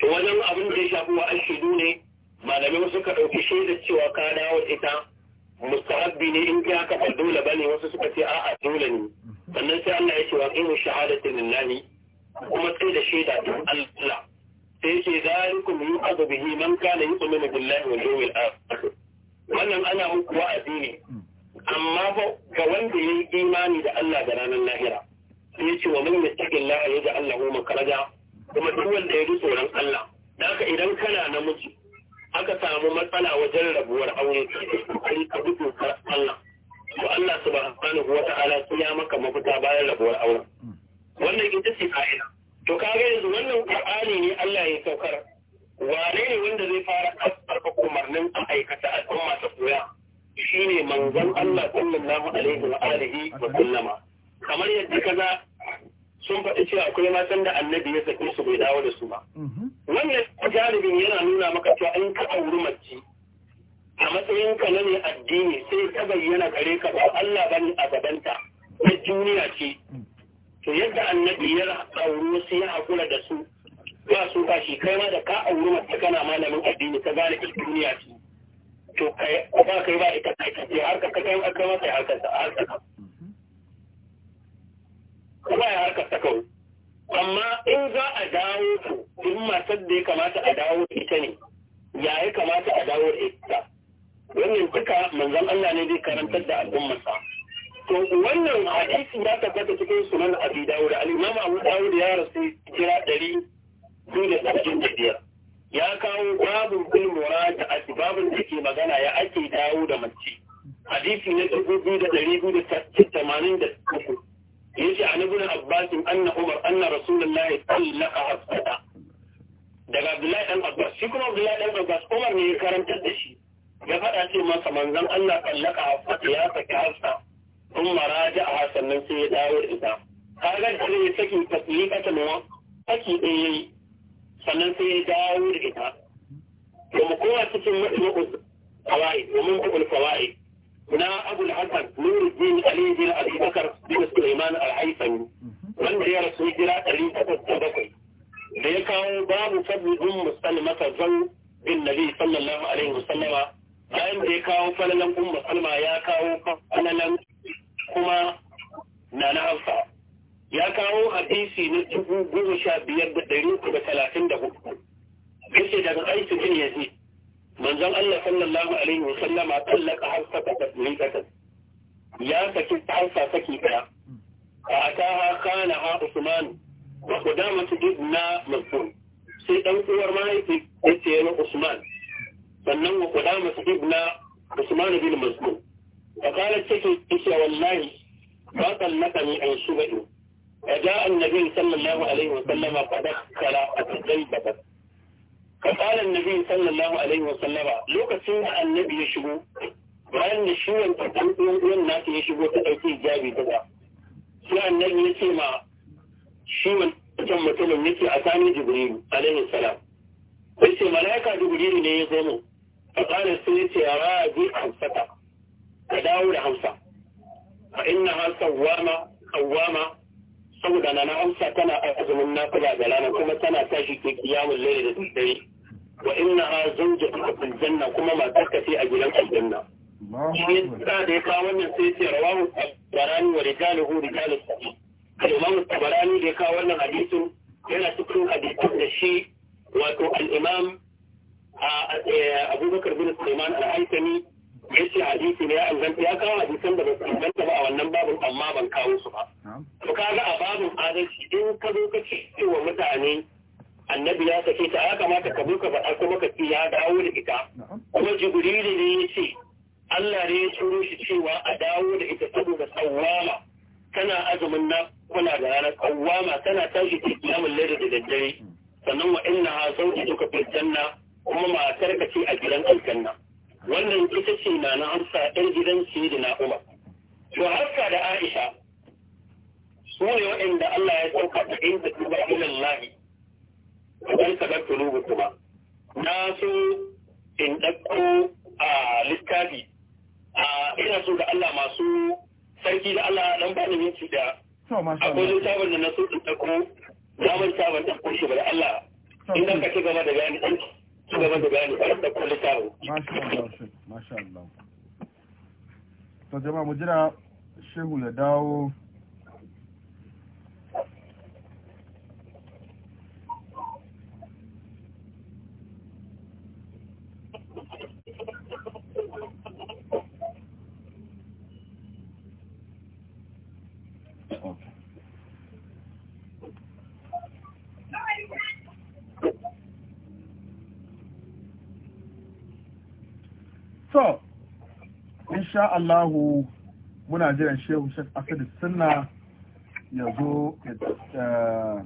to wajen abin da ya shafi wa shaidu ne malamai wasu ka ɗauki shaida cewa ka dawo da ita mustahabbi ne in ka haka ba dole bane wasu suka ce a'a dole ne mm-hmm. sannan sai Allah ya ce wa qimu shahadati lillahi kuma sai da shaida ta Allah sai yake zalikum yu'adhu bihi man kana yu'minu billahi wal yawmil akhir wannan ana muku wa'azi ne mm. amma ga wanda ya yi imani da Allah da ranar lahira sai ya ce wa man yattaqillaha yaj'al lahu makhraja kuma duk wanda ya ji tsoron Allah da haka idan kana namiji aka samu matsala wajen rabuwar aure yi kai ka bi dokar Allah to Allah subhanahu wata'ala sai ya maka mafita bayan rabuwar aure. wannan ita ce ka'ida to kaga yanzu wannan qur'ani ne Allah ya saukar wane ne wanda zai fara karfafa umarnin a aikata al'umma ta koya shi ne manzon Allah sallallahu alaihi wa alihi wa sallama kamar yadda kaza sun faɗi cewa akwai matan da annabi ya saki su bai dawo da su ba mhm. wannan jaribin yana nuna maka cewa in ka auri mace a matsayin ka na ne addini sai ta bayyana gare ka ba Allah bane a gabanta na duniya ce to yadda annabi ya auri wasu ya haƙura da su ba su ba shi kai ma da ka auri mace kana malamin addini ka gane duniya ce to eh, kai ba kai ba ita kai ta ce harkar ka kai aka masa harkar ta harkar ka kuma ya harkar ta kawai amma in za a dawo ku in matar da ya kamata a dawo ita ne ya ya kamata a dawo ita wannan duka manzon Allah ne zai karantar da al'ummarsa to wannan hadisi ya tabbata cikin sunan Abi Dawud al-Imam Abu Dawud ya rasu kira ɗari ɗari da biyar. ya kawo babu kulmura da asibabin da ke magana ya ake dawo da mace hadisi na dubu biyu da ɗari biyu da tamanin da uku ya ce an ibn abbas anna umar na rasulullahi sallaka hafsata daga abdullahi dan abbas shi kuma abdullahi dan abbas umar ne ya karanta da shi ya faɗa ce masa manzon allah sallaka hafsata ya saki hasa sun maraja a sannan sai ya dawo da ita kaga da ya saki tasliqatan nawa? saki ɗaya sannan sai ya dawo da ita to mu kowa cikin majmu'ul fawai wa mumtiqul fawaid na Abu al-Hasan Nuruddin Ali bin Abi Bakar bin Sulaiman al-Haythami wanda ya rasu jira 807 da ya kawo babu fadlun musalmata zan bin nabi sallallahu alaihi wasallama bayan da ya kawo falalan ummu salma ya kawo falalan kuma na na hausa ya kawo hadisi na dubu goma sha biyar da ɗari uku da talatin da hudu yace daga aiki bin yazi manzon Allah sallallahu alaihi wa sallama tallaka harsa ta tsirikatan ya saki harsa saki daya ta ataha kana ha usman wa su qadamatu ibna mazkur sai ɗan uwar mahaifi yace wa usman sannan wa qadamatu ibna usman bin mazkur fa qalat take yace wallahi ba tallaka ni an shubadu فجاء النبي صلى الله عليه وسلم فدخل قتيبة فقال النبي صلى الله عليه وسلم لو كسينا النبي يشبو وأن الشيء تقلقوا الناس يشبو تأتي جابي بدا سوى النبي يسمع شيء ثم تلم نسي أتاني جبريل عليه السلام فإنسي ملايكا جبريل ليزمو فقال السيسي أراضي خمسة تداول خمسة فإنها صوامة قوامة saboda na amsa tana azumin kula da rana kuma tana tashi ke kiyamun laila da dare wa inna ha zawjatuka fil janna kuma matarka ce a gidan aljanna shi da ya kawo wannan sai ce rawahu tabarani wa rijaluhu rijalus sahih imam tabarani da ya kawo wannan hadisin yana cikin hadisin da shi wato al-imam eh, abubakar bin sulaiman al-haytami ya ce hadisi ne ya inganta ya kawo hadisan da ba su inganta ba a wannan babin amma ban kawo su ba. To ka ga a babin adalci in ka zo ka ce wa mutane annabi ya sake ta ya kamata ka buka ba faɗa kuma ka ce ya dawo da ita. Kuma Jibrilu ne ya ce Allah ne ya turo shi cewa a dawo da ita saboda tsawama tana azumin na kula da ranar tsawama tana tashi ta kiyamun lera da daddare hmm. sannan wa inna ha sauki duka fi janna kuma matar ka ce a gidan aljanna. wannan ita ce na na amsa ɗan gidan ce da na umar to haska da aisha su ne waɗanda Allah ya sauka da in da tuba ilan lahi wajen sadar tulubu kuma na so in ɗakko a littafi a ina so da Allah masu sarki da Allah ɗan bani minti da akwai littafin da na so in ɗauko zaman sabon ɗauko shi ba da Allah in ka ci gaba da bayani ɗanki ci gaba masha Allah to jama'a mu jira shehu ya dawo insha Allah muna jiran shehu shek asad sunna ya zo ya eh,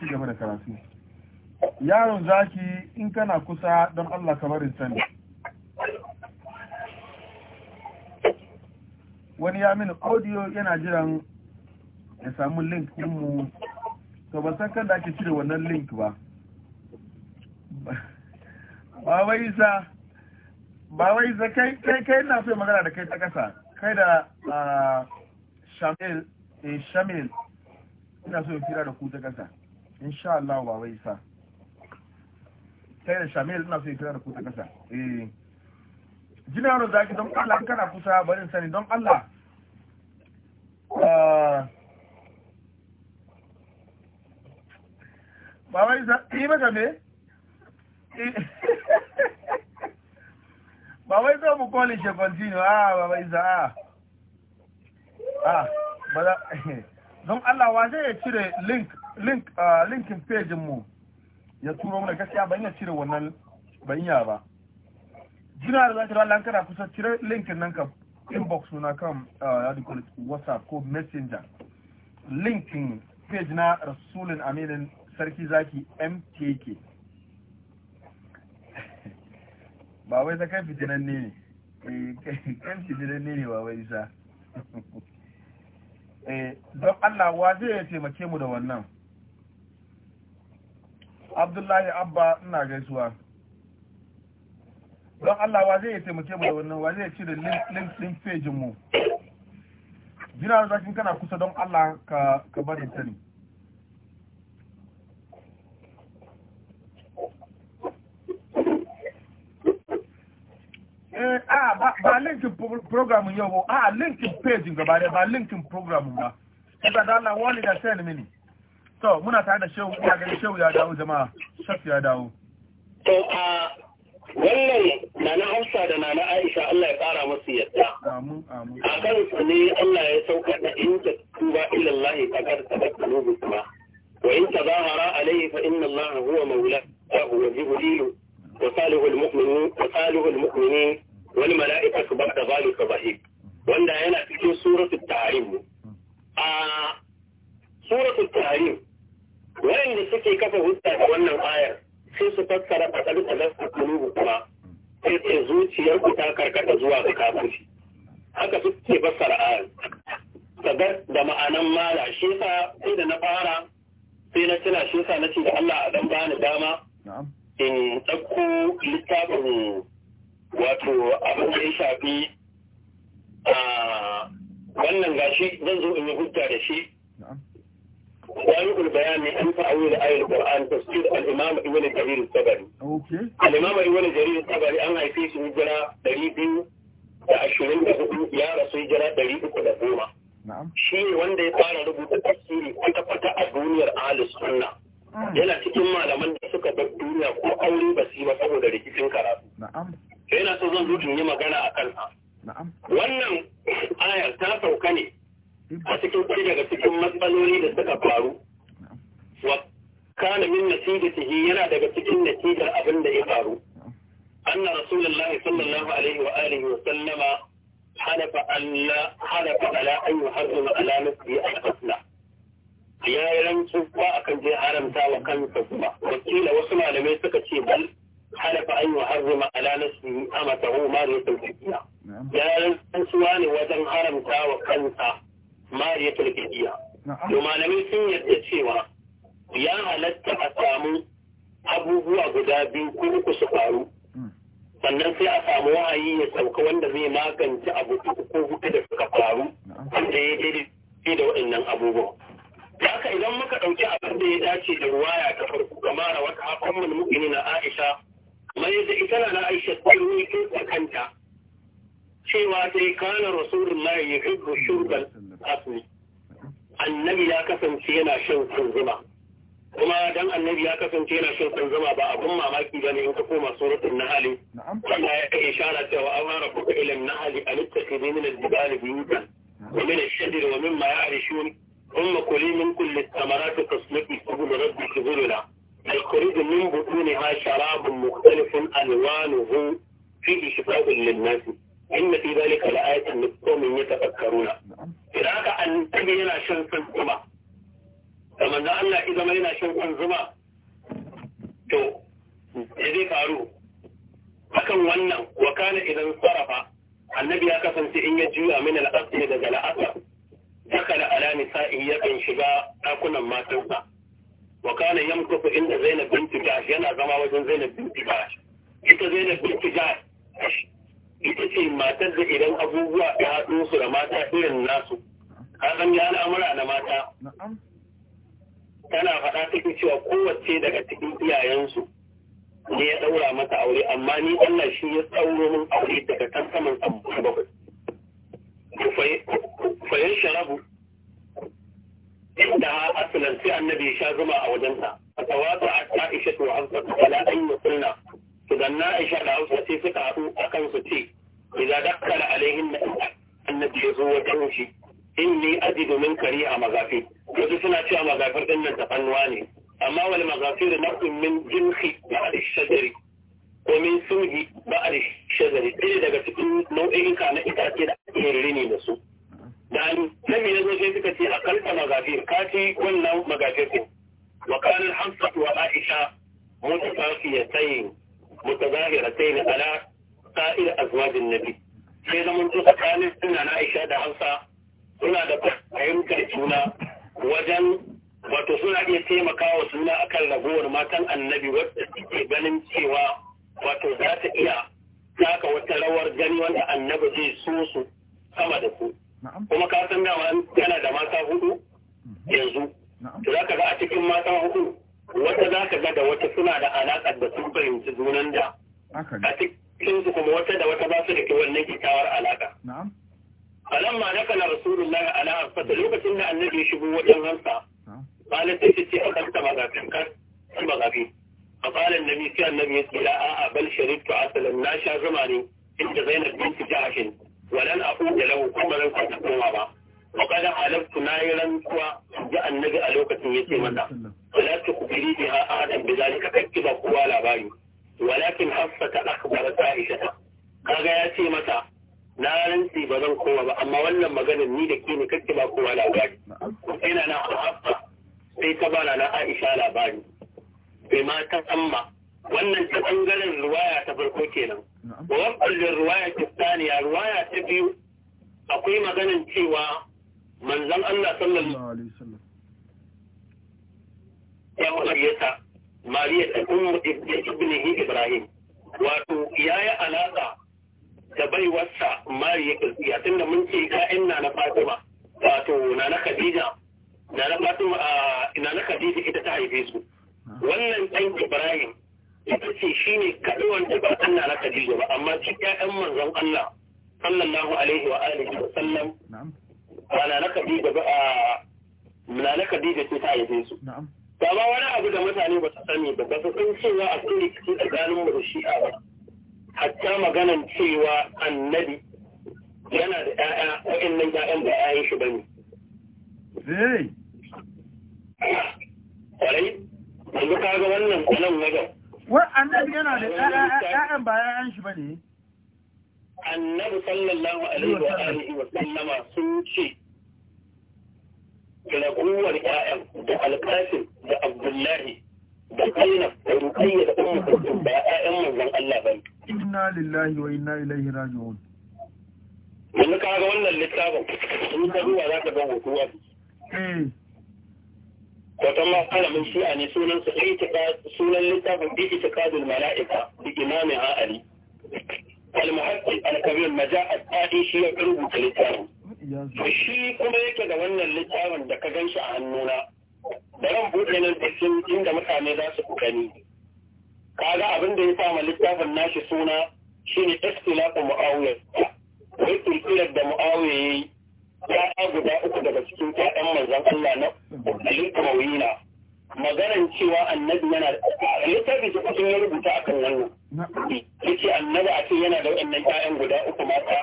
ci gaba da karatu yaron zaki in kana kusa don Allah ka barin sani wani ya mini audio yana jiran ya samu link mu to ba san kan da ake cire wannan link ba (laughs) ba isa ba wai kai kai kai na so magana da kai ta kasa kai da shamil eh shamil ina so in kira da ku ta kasa insha Allah ba wai sa kai da shamil ina so in kira da ku ta kasa eh ro zaki don Allah an kana kusa barin sani don Allah ba wai sa yi maka me eh. (laughs) ba wai za mu kone shefantino a ba bai za a a ba za (laughs) don Allah wa zai ya cire link link linkin page mu ya turo da gaskiya ba ina cire wannan ba iya ba jina da zaki Allah kana kusa cire linkin nan ka inbox na kan ya di whatsapp ko messenger linkin page na rasulun aminin sarki zaki mtk. ba wai ta kai fitinan ne eh, ne kan fitinan ne ne ba wai isa (laughs) eh, don Allah wa zai ya taimake mu da wannan Abdullahi Abba ina gaisuwa don Allah wa zai ya taimake mu da wannan wa zai ci da link din page mu jina zakin kana kusa don Allah ka ka bari ne. Eh, ah, ba linkin program yau a ah, linkin page gaba da ba linkin program ba kaga da Allah wani da sai mini to muna tare da shehu ya ga shehu ya dawo jama'a shafi ya dawo to a wannan nana Hausa da nana Aisha Allah ya kara musu yadda amin amin akan su ne Allah ya sauka da in ta tuba ila Allah ta kar ta kulubu kuma wa in tazahara alayhi fa inna Allah huwa mawlahu wa jibrilu وصالح المؤمنين وصالح المؤمنين Wani mala'ika wal mala'ikatu zalu ka bahi wanda yana cikin suratul tarim a suratul tahrim wanda suke kafa hujja da wannan ayar sai su fassara fasalu fasalu kulubu kuma sai ce zuciyar ku ta karkata zuwa ga kafirci haka suke fassara ayar kaga da ma'anan mala shi yasa sai da na fara sai na tuna shi yasa na ce da Allah a dan bani dama in ɗauko littafin wato abin da ya shafi wannan gashi zan zo in yi hujja da shi wani ulbayan ne an ta'awi da ayar Qur'an ta su imam Ibn Jarir tabari al'imama iwani jaririn an haife su hijira ɗari biyu da ashirin da hudu ya rasu hijira ɗari uku da goma shi ne wanda ya fara rubuta tafsiri kwata-kwata a duniyar alis sunna ah. yana cikin malaman da suka bar duniya ko aure ba ba saboda rikicin karatu yana so zan zo in yi magana a kansa wannan ayar ta sauka ne a cikin kwari daga cikin matsaloli da suka faru wa kana min nasibatihi yana daga cikin natijar abin da ya faru anna rasulullahi sallallahu alaihi wa alihi wa sallama حلف أن لا حلف على أن يحرم على نفسه القتلى يا لم تسوى أكن wa حرمتا kuma. تسوى wasu malamai suka ce bal. حلف أن يحرم على nafsihi أمته mariyatul fidiya ya rantsuwa وزن wajen haramta wa kansa mariyatul لم to malamai sun yarda cewa ya halatta a samu abubuwa guda biyu ko su faru sannan sai a samu wahayi ya sauka wanda zai magance abu uku ko hudu da suka faru wanda ya daidai da waɗannan abubuwa haka idan muka ɗauki abin da ya dace da ruwaya ta farko kamar wata hakan mulmukini na Aisha kamar yadda ita na na aisha kwalwi tun kanta cewa sai kana rasulullahi ya hibbu shurban asmi annabi ya kasance yana shan kunzuma kuma dan annabi ya kasance yana shan kunzuma ba abun mamaki ba ne in ka koma suratul nahl Allah ya kai ishara cewa amara rabbuka ila an-nahl an tattakhidhi min al-jibali buyutan wa min ash-shajari wa mimma ya'rishun ثم كلي من كل الثمرات فاسلكي سبل ربك ذللا يخرج من بطونها شراب مختلف ألوانه فيه شفاء للناس إن في ذلك لآية لقوم يتفكرون إذا كان النبي هنا شنفن زما كما أن الله إذا ما هنا شنفن زما تو إذا فارو akan wannan wa kana idan sarafa annabi ya kasance in ya juya min al-asli daga al-asr dakala ala nisa'i yakan shiga dakunan matansa wa kana yamkufu inda Zainab binti yana zama wajen Zainab binti Jahsh ita Zainab binti Jahsh ita ce matar da idan abubuwa ya haɗu su da mata irin nasu ka san ya al'amura na mata tana faɗa take cewa kowace daga cikin iyayensu ne ya ɗaura mata aure amma ni Allah shi ya tsauro min aure daga kan saman abu bakwai fayan sharabu ya asalin sai annabi sha zuma a wajenta a tawata a ta'isha to hamsa ta kala an yi to dan na isha da hausa suka haɗu a su ce idan dakkar alaihin na annabi ya zo wajen shi in ni aji domin kari a mazafi wasu suna cewa mazafin din nan ta ne amma wani mazafi da nau'in min jinsi ba a shajari ko min sulhi ba a shajari ɗaya daga cikin nau'in ka na itace da ake rini da su zo قالوا لم يزل ko في أقلت مغافير كاتي ولا مغافيركم وكان الحمصة وعائشة متفاقيتين متظاهرتين على سائر أزواج النبي sai da mun tuka suna na Aisha da hamsa suna da fahimtar juna wajen wato suna iya taimakawa suna akan ragowar matan annabi wadda suke ganin cewa wato za ta iya taka wata rawar gani wanda annabi zai so su sama da su kuma ka san dama yana da mata hudu mhm. yanzu to za ka ga a cikin mata hudu wata za ka ga da wata suna da alaƙar da sun fahimci junan da a cikin su kuma wata da wata ba su da ke wannan kyakkyawar alaƙa ma na kana rasulullahi ala fata lokacin da annabi ya shigo wajen hansa قالت تجد أكلت مغافين كان المغافين فقال النبي كان النبي يسأل آآ بل شربت عسلا لا شاء زماني انت زينب بنت جعش walan aqulu lahu kuma ran ku koma ba wa qad halaftu nayi rantsuwa ga annabi a lokacin yace mata wala tukbiri biha ahadan bidalika kakki ba kowa labari walakin hafsata akhbarat aisha kaga ya ce mata na rantsi ba zan koma ba amma wannan maganar ni da ke ne kakki ba kowa labari sai na na hafsa sai ta bana na aisha labari ta wannan ta bangaren ruwaya ta farko kenan da wakwallin ruwaya ta saniya ruwaya ta biyu akwai maganin cewa manzan Allah sallallahu alaihi wasallam ya mariyata mariya ta ummu ibnihi ibrahim wato ya yi alaƙa da bai wasa mariya kirkiya tunda mun ce ƴaƴan na na fatima wato na na khadija na na fatima na na khadija ita ta haife su wannan ɗan ibrahim ita ce shi ne kaɗai wanda ba Allah na Khadija ba amma shi ƴaƴan manzon Allah sallallahu alaihi wa alihi wa sallam ba na Khadija ba na na Khadija ce ta haife su ba ba wani abu da mutane ba su sani ba ba su san cewa a cikin tsakanin mu da shi'a ba hatta maganan cewa annabi yana da ƴaƴa waɗannan ƴaƴan ba ƴaƴan shi bane Kwarai, yanzu kaga wannan kwanan wajen annabi yana da ƴaƴan ba ƴaƴan shi bane annabi sallallahu alaihi wa alihi wa sallama sun ce raguwar ƴaƴan da alƙashin da abdullahi da zainab da ruqayya da ummu kulsum ba ƴaƴan manzon Allah bane inna lillahi wa inna ilaihi raji'un wani ka wannan littafin in ka zuwa za ka ga hotuwa eh wata malamin shi'a ne sunan su sunan littafin bi itiqadul mala'ika bi imami ali al-muhaddith al-kabir maja al-qadi shi ya rubuta littafin to shi kuma yake da wannan littafin da ka ganshi a hannuna da ran buɗe nan cikin inda mutane za su gani kaga abin da ya sa ma littafin nashi suna shine ikhtilafu muawiya wai kulkular da muawiya yayi ya'ya guda uku daga cikin ƴaƴan manzon Allah na Ali Kawina maganar cewa annabi yana da littafi su kusan ya rubuta akan wannan ce annabi a ce yana da waɗannan ƴaƴan guda uku mata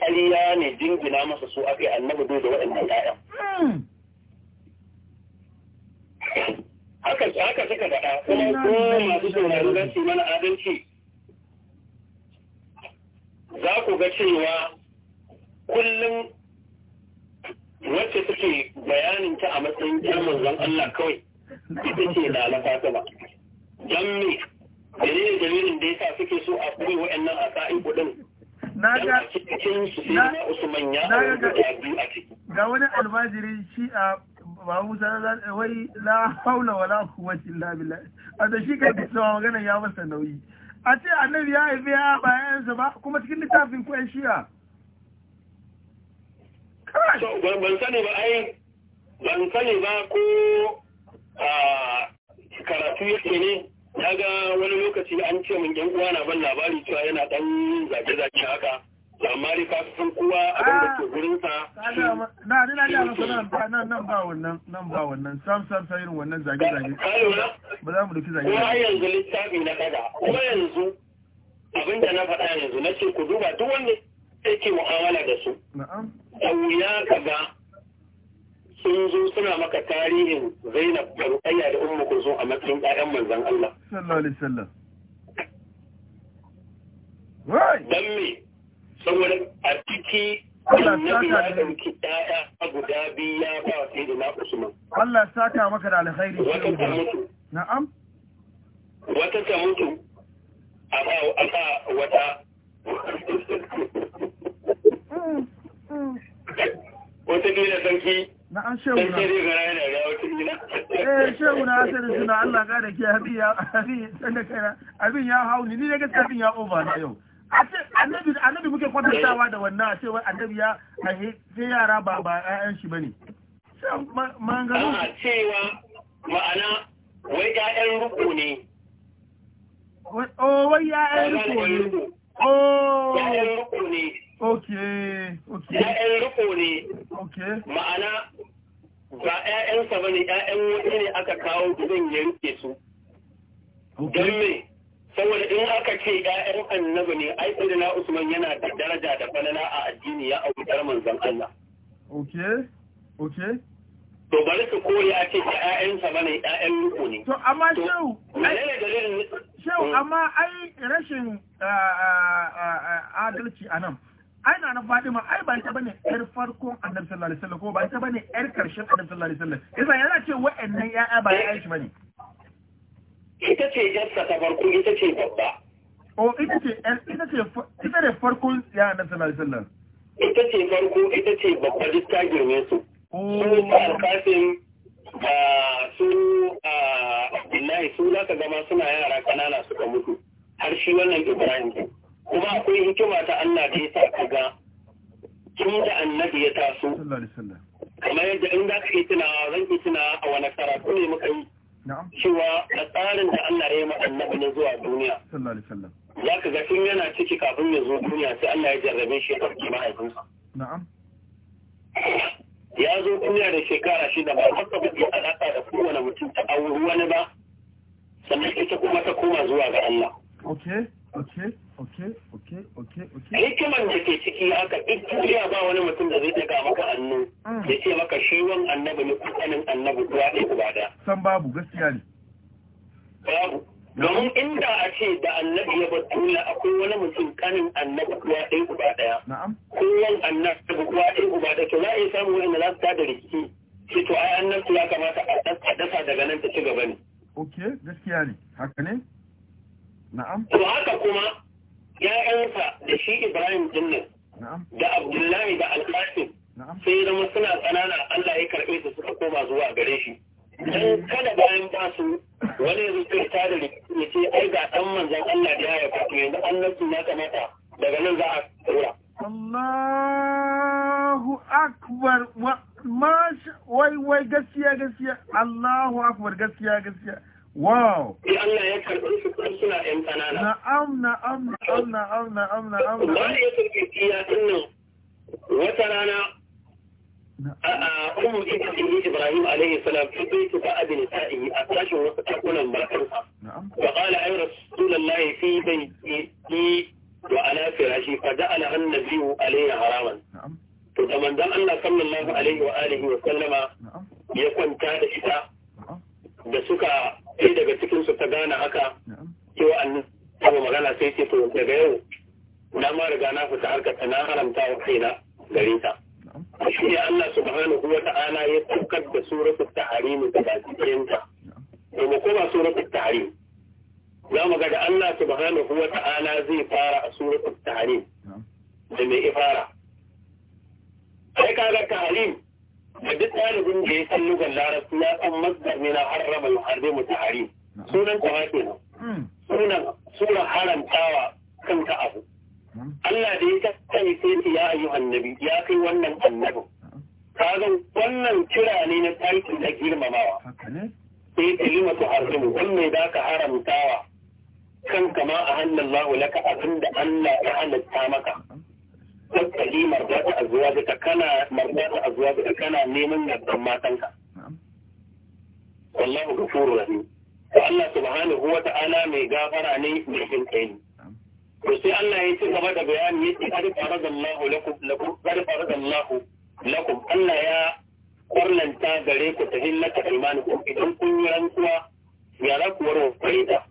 ƙarya ne jingina masa su ake annabi dole da waɗannan ƴaƴan haka haka suka faɗa kuma ko masu sauraro za su mana adalci za ku ga cewa kullum wacce take bayanin ta a matsayin jar manzon Allah kawai ita ce na ta ba dan me da dalilin da yasa suke so a koyi wa'annan asa'i kudin naga cikin su sai na Usman ya ga ga wani albajiri shi a ba Musa wai la haula wala quwwata illa billah a da shi kai tsawa magana ya masa nauyi a ce annabi ya haife ya bayansa ba kuma cikin littafin ku shi'a ban sani ba ai ban sani ba ko karatu yake ne na ga wani lokaci an ce min yan uwa na ban labari cewa yana dan zage-zage haka amma dai ka san kowa abin da ke gurin sa na ni na ji masa nan ba nan ba wannan nan ba wannan sam sam sai irin wannan zage-zage ba za mu duki zage kuma yanzu littafi na kaza kuma yanzu abin da na faɗa yanzu na ce ku duba duk wanda yake mu'amala da su na'am da wuya ka ga sun zo suna maka tarihin Zainab da Ruqayya da Ummu Kulsum a matsayin ƴaƴan manzan Allah sallallahu alaihi dan me saboda a ciki annabi ya dauki ƴaƴa guda biyu ya ba wa sayyidina Usman Allah saka maka da alkhairi wata ta mutu na'am wata ta mutu a ba wata wata gida sarki na'an shehu na sarki zai gara yana ga wata gida eh shehu na asali suna Allah ka da ke abi ya abi sanda kana abin ya hau ni ne gaskiya abin ya over na yau annabi annabi muke kwatantawa da wannan a cewa annabi ya sai yara ba ba ƴaƴan shi bane sai A cewa ma'ana wai 'ya'yan ruku ne wai 'ya'yan oh, ruku ne oh ƴaƴan ruku ne Ok ok ‘Ya'yan riko ne, ma'ana ba ‘ya'yansa ba ne, ‘ya'yan wani ne aka kawo gidan ya su. Don me, saboda in aka ce ‘ya'yan annabi ne, ai na Usman yana da daraja da falala a addini ya abubuwar manzan Allah. Ok, ok. to bari su a ce adalci a ai na Fatima ai ba ita bane yar farkon Annabi sallallahu alaihi wasallam ko ba ita bane yar karshen Annabi sallallahu alaihi wasallam yasa yana ce wa'annan ya'ya ba ya aishi bane ita ce jarsa ta farko ita ce babba o ita ce ita ce ita ne farkon ya Annabi sallallahu alaihi wasallam ita ce farko ita ce babba duk ta girme su sun ta alkasin su Abdullahi su za ka zama suna yara kanana suka mutu har shi wannan Ibrahim kuma akwai hikima ta Allah da ya sa ka ga tun da annabi ya taso kamar yadda in za ka yi tunawa zan yi tunawa a wani karatu ne muka yi cewa a tsarin da Allah ya yi ma annabi na zuwa duniya za ka ga tun yana ciki kafin ya zo duniya sai Allah ya jarrabe shi ya ɗauki mahaifinsa ya zo duniya da shekara shida ba haka ba ke alaƙa da kowane mutum ta auri wani ba sannan ita kuma ta koma zuwa ga Allah. Okay, okay. hikiman da ke ciki haka duk duniya ba wani mutum da zai daga maka hannu ah. ya ce maka shi wan annabi ne kusanin annabi ruwa ne uba da san babu gaskiya ne babu domin inda a ce da annabi ya batula akwai wani mutum kanin annabi ruwa ɗaya uba ɗaya kowan annabi ruwa ɗaya uba ɗaya to za a iya samun wani za su tada rikici sai to ai annabi ya kamata a dasa daga nan ta ci gaba ne ok gaskiya ne haka ne na'am to haka kuma ‘ya'yansa da shi Ibrahim dinnan da Abdullahi da Alƙasim sai zama suna tsanana Allah ya karɓe su suka koma zuwa gare shi. Dan kada bayan ba su wani yanzu kai ta da ya ce ai ga ɗan manzan Allah da ya haifa to yanzu annabci ya kamata daga nan za a tura. Allahu akbar wai wai gaskiya gaskiya Allahu akbar gaskiya gaskiya. Wow. Sai Allah ya karɓi su kun suna ‘yan ƙanana. Na'am, na'am, na'am, na'am, na'am, na'am. Ba ya turke iya dinnan wata rana a ummu ita ce Ibrahim Alayhi salam ta bai ta abin ta'i a tashin wasu takunan barkarsa. Wa qala ay rasulullahi fi baiti wa ala firashi fa ja'ala an-nabiyyu alayhi haraman. To da manzon Allah sallallahu alaihi wa alihi wa sallama ya kwanta da ita da suka sai daga cikinsu ta gane haka cewa an taba magana sai ce to daga yau na ma riga na fita harkar ta na haramta wa kaina gare ta shi ne Allah subhanahu wa ta'ala ya tukar da suratul tahrim da bakin ta to mu koma suratul tahrim za mu ga da Allah subhanahu wa ta'ala zai fara a suratul tahrim da mai ifara sai kaga tahrim da duk ɗalibin da ya san lugar larabci ya san masdar ne na harrama yuharbe mutahari sunan ta ma kenan hmm. sunan sura haramtawa kanka abu hmm. Allah da ya kai sai ya ayyu annabi ya kai wannan annabi kaga wannan kira ne na tarihi da girmamawa sai kalimatu harramu wanne da ka haramtawa kanka ma a hannun Allah laka abinda Allah ya halatta maka tsakali mardata a zuwa duka kana mardata a zuwa duka kana neman yardan matanka wallahu ghafurur rahim to Allah subhanahu wa ta'ala mai gafara ne mai jin kai ne to sai Allah ya ci gaba da bayani yace qad faradallahu lakum lakum qad faradallahu lakum Allah ya kwarlanta gare ku ta hillata imanukum idan kun yi rantsuwa ya rakuwar wa faida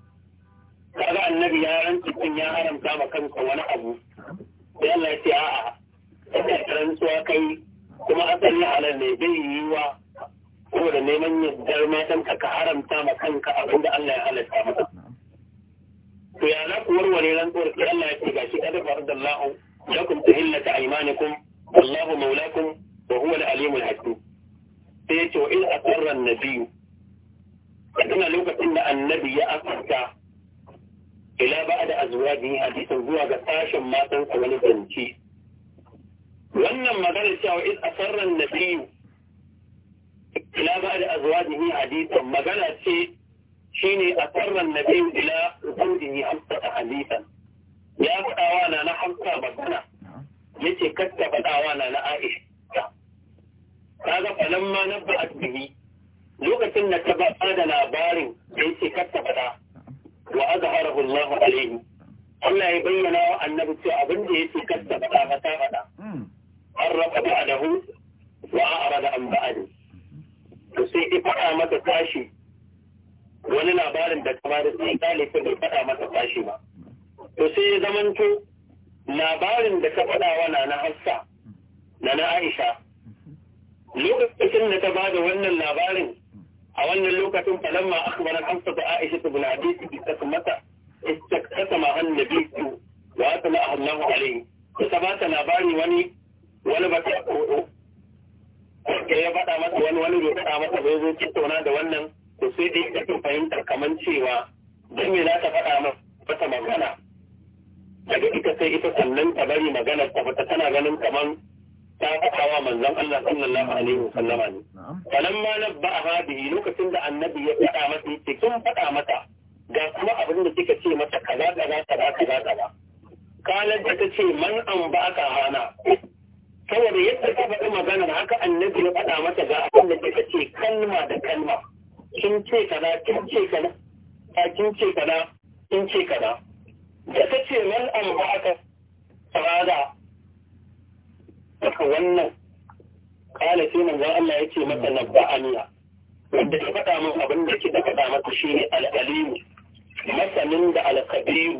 kaga annabi ya rantsi kun ya haramta ma kanka wani abu sai Allah ce a kada rantsuwa kai kuma asali halar ne bai Ko saboda neman yardar matan ka ka haramta ma kanka abinda Allah ya halatta maka to ya za ku warware rantsuwar sai Allah ya ce gashi kada faradallahu lakum tahillata aymanikum wallahu maulakum wa huwa al-alimul hakim sai ya ce wa in asarra an-nabiy kana lokacin da annabi ya asarta ila ba da azwaji hadisin zuwa ga sashen matan ka wani zance wannan magana cewa is asarran nabiyyu ila ba da azwaji hadisin magana ce shine asarran nabiyyu ila zawjihi hamsata hadisan ya faɗawa na na hamsa magana yace katta faɗawa na na aisha kaga falamma nabba bihi lokacin da ta ba da labarin da yace katta faɗa wa azharahu Allah alaihi Allah ya bayyana wa annabi cewa abin da yake kasta fada fata fada an raba ba'dahu wa a'rada an ba'du to sai ya fada masa tashi wani labarin da kama da sai dalilin bai fada masa tashi ba to sai ya zamanto labarin da ka fada wa na Hafsa na na Aisha hmm. lokacin da ta bada wannan labarin a wannan lokacin falamma akhbarat hamsa da aisha ibn abi istakmata istakasama annabi wa atala Allah alaihi ta ta bata labari wani wani ba ta ko ya faɗa masa wani wani bai faɗa masa bai zo tattauna da wannan ko sai dai ka fi fahimtar kaman cewa don me za ta faɗa masa magana daga ita sai ita sannan ta bari maganar ta tana ganin kaman ta faɗa wa manzon Allah sallallahu alaihi wa sallama ne falamma nabba'aha bihi lokacin da annabi ya fada mata yace kin faɗa mata ga kuma abin da kika ce mata kaza kaza kaza kaza kaza kalar da ta ce man an ba'aka hana saboda yadda ka faɗi maganar haka annabi ya fada mata ga abin da kika ce kalma da kalma kin ce kaza kin ce kaza kin ce kaza kin ce kaza da ta ce man an ba'aka hana haka wannan kala sai manzon Allah ya ce masa na ba'aniya wanda ya faɗa min abin da ke da faɗa masa shine al'alimu masanin da alkabiru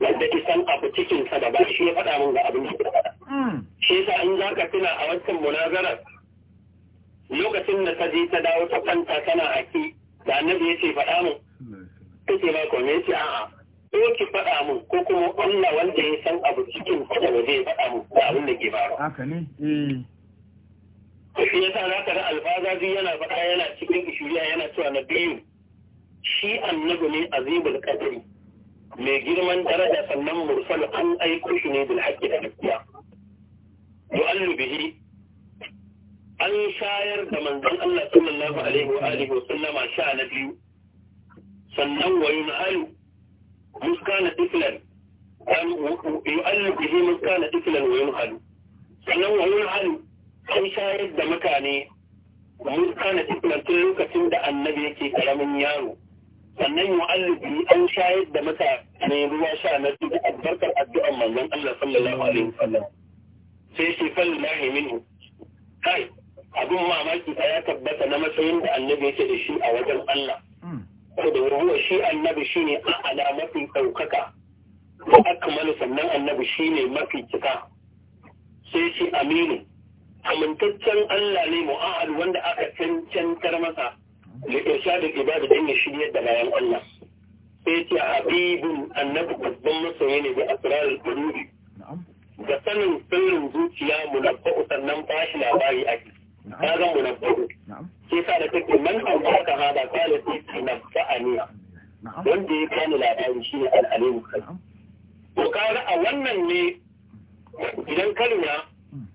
wanda san abu cikinsa da ba shi ya faɗa min ga abin da faɗa hmm. shi yasa in za ka tuna a wancan munazarar lokacin da ta je ta dawo ta kwanta tana aki da annabi ya ce faɗa min hmm. kace ma ko me yace a'a ko ki faɗa min ko kuma Allah wanda ya san abu cikin kuma waje ya faɗa min da abin da ke faru. Haka ne. Eh. Shi yasa za ka ga alfazazi yana faɗa yana cikin ishuriya yana cewa na biyu shi annabi ne azibul qadri mai girman daraja sannan mursal an aiko shi ne bil haqqi da gaskiya. Yu'allu bihi an shayar da manzon Allah sallallahu alaihi wa alihi wa sallama sha na biyu sannan wa yunhalu من كان طفلا يؤلف به من كان طفلا halu sannan wa halu an shayar da mutane mun kana tun lokacin da annabi yake karamin yaro sannan yu'allibi an shayar da mutane ruwa sha na duk albarkar addu'an manzon Allah sallallahu alaihi wasallam sai shi fallahi minhu kai abin mamaki ta ya tabbata na matsayin da annabi yake da shi a wajen Allah saboda ruwa shi annabi shine a'ala mafi ɗaukaka wa akmalu sannan annabi ne mafi cika sai shi aminu amintaccen Allah ne mu'ahad wanda aka cancantar masa da irshadin ibada da ya shirya da bayan Allah sai ce habibun annabi babban masoyi ne da asrarin qulubi da sanin sirrin zuciya munaffa'u sannan bashi labari ake mu munaffa'u shi sa da take man an ba ka hada kala sai na fa'ani wanda ya kani labari shi ne al'alimu to kaga a wannan ne idan kalma ya hmm.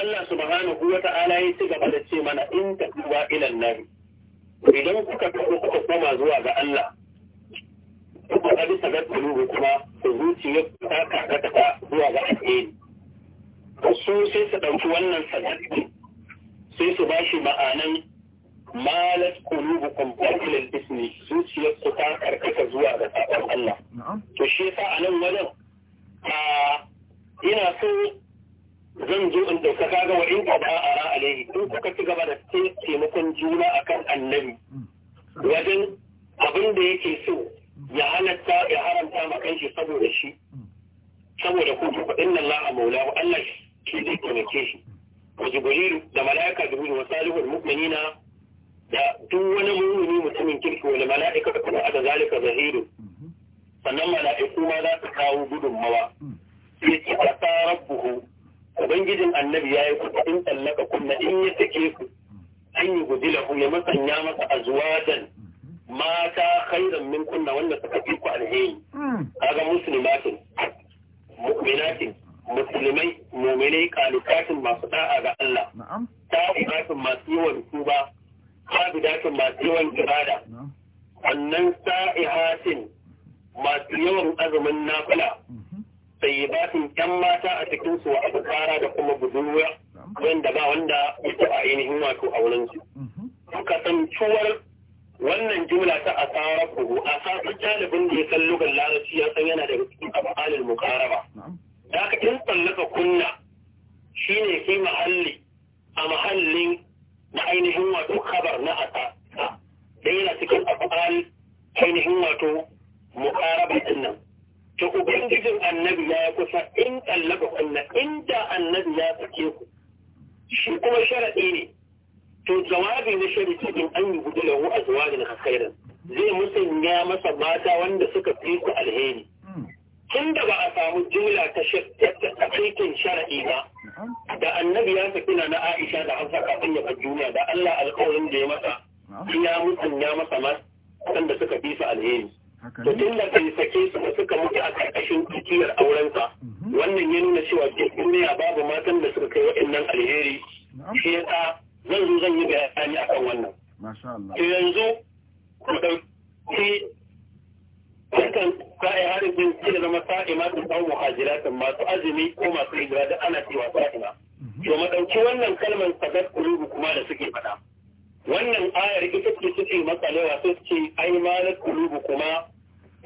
Allah subhanahu wa ta'ala ya ci gaba da ce mana in ta tuwa ilan nari idan kuka tuba kuka koma zuwa ga Allah kuka ga bisa ga kulubu kuma ku zuciya ta karkata zuwa ga alheri su sai su ɗauki wannan sadaki sai su ba shi ma'anan malat qulubukum ila al-ismi zuciyarku ta karkata zuwa ga sabon Allah to shi yasa a nan wajen a ina so zan zo in dauka kaga wa in qada ara in kuka ci gaba da taimakon juna akan annabi mm. wajen abin da yake so ya halatta ya haramta ma kanshi saboda shi mm. saboda ku ku inna Allah maula wa Allah shi da taimake shi wa jibril da malaika jibril wa salihul mu'minina da duk wani mumini mutumin kirki wani mala'ika da kuma aka zalika zahiru sannan mala'iku ma za su kawo gudunmawa Ya ce a tsarar buhu ubangijin annabi ya yi kuka in tsallaka kunna in ya sake ku an yi guji lahu ya masanya masa azwajan mata khairan min kunna wanda suka fi ku alheri kaga musulmatin? mu'minatin musulmai mu'minai kalifatin masu da'a ga Allah ta'ibatin masu yawan ba dakin masu yawan ibada sannan sa'ihatin masu yawan azumin nafila mm-hmm. sai bakin yan mata a cikin su abu bukara da kuma budurwa wanda ba wanda yake a ainihin wato a wurin su mm-hmm. kasancuwar wannan jumla ta asara kuhu a sassan ɗalibin da ya san lugar larabci ya san yana daga cikin afalin mukaraba da aka in tsallaka kunna shine kai mahalli a mahallin na ainihin wato kabar na asa da yana cikin afal ainihin wato mukarabatin nan to ubangijin annabi ya kusa in tsallaka kunna inda annabi ya sake ku shi kuma sharaɗi ne to jawabi na sharaɗi in an yi gudu lahu a jawabin khairan zai musanya masa mata wanda suka fi ku alheri tun da ba a samu jumla ta aikin shara'i ba da annabi ya saki na na Aisha da Hafsa kafin ya bar duniya da Allah alkawarin da ya masa ya ya masa ma wanda suka fisa su alheri to tun da bai sake su suka mutu a karkashin tukiyar aurensa mhm. wannan ya nuna cewa duniya babu matan da suka kai waɗannan alheri shi yasa zan zo zan yi bayani akan wannan to yanzu ku ɗauki harkar sa'i harajin da zama sa'ima da tsawon muhajiratin masu azumi ko masu hijira da ana cewa sa'ima. Mhm. To mu wannan kalman sadar kulubu kuma da suke faɗa. Wannan ayar ita ce suke matsalewa sai ce ai malar kulubu kuma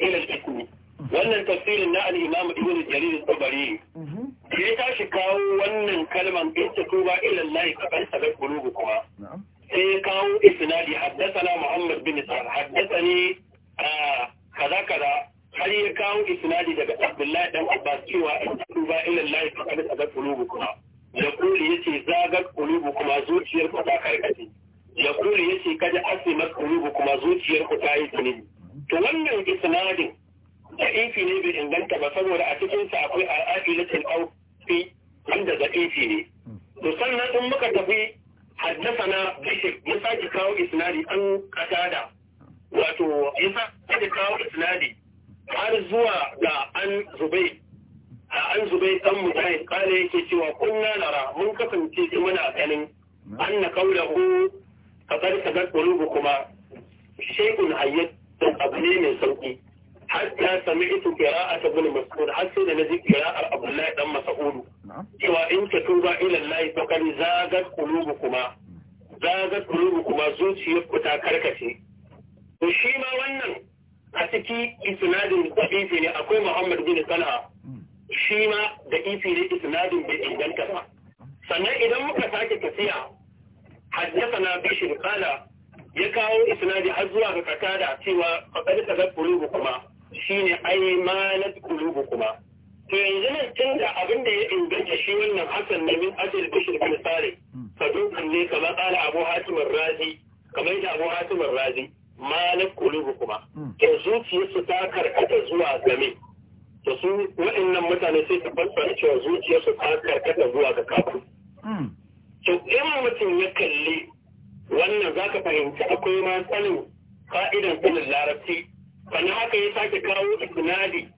ilal ismi. Mhm. Wannan tafsirin na al'imamu Ibn Jarir Tabari. Mhm. Ya tashi kawo wannan kalman ita tuba ilal lahi kaɗan sadar kulubu kuma. Sai kawo isnadi haddasa na Muhammad bin Sa'ad haddasa ne ah, kaza kaza har ya kawo isnadi daga Abdullahi dan Abbas cewa in tuba ila Allah fa kad zagat kuma ya kuli yace zagat kuma zuciyar ku ta karkace ya kuli yace kad asimat kuma zuciyar ku ta yi tunani to wannan da ifi ne bai inganta ba saboda a cikin sa akwai fi inda da ifi ne to sannan in muka tafi haddasa na bishik mun sake kawo isnadi an kasada. wato isa da kawo isnadi har zuwa ga an zubai a an zubai dan mujahid kale yake cewa kunna nara mun kasance muna ganin anna na kaulahu kadar kadar qulubu kuma shay'un hayyat abu ne mai sauki hatta sami'tu qira'at ibn mas'ud har sai da naji qira'ar abdullahi dan mas'ud cewa in ka tuba ila allah fa kan zagat qulubu kuma zagat qulubu kuma ta karkace to shi ma wannan a ciki isnadin da'ifi ne akwai Muhammad bin sana'a shi ma da'ifi ne isnadin bai inganta ba sannan idan muka sake tafiya na bishir qala ya kawo isnadi har zuwa ga da cewa faqad kazab qulubu kuma shine aymanat kulubu kuma to yanzu nan tun da abin da ya inganta shi wannan hasan na min ajal bishir bin sare sadukan ne kamar qala abu hatim razi kamar da abu hatim razi malik kulubu kuma ke zuciyarsu ta karkata zuwa game to su wa'annan mutane sai ta fassara cewa zuciyarsu ta karkata zuwa ga kafin to in mutum ya kalli wannan za ka fahimci akwai ma tsanin fa'idan sanin larabci sannan haka ya sake kawo isnadi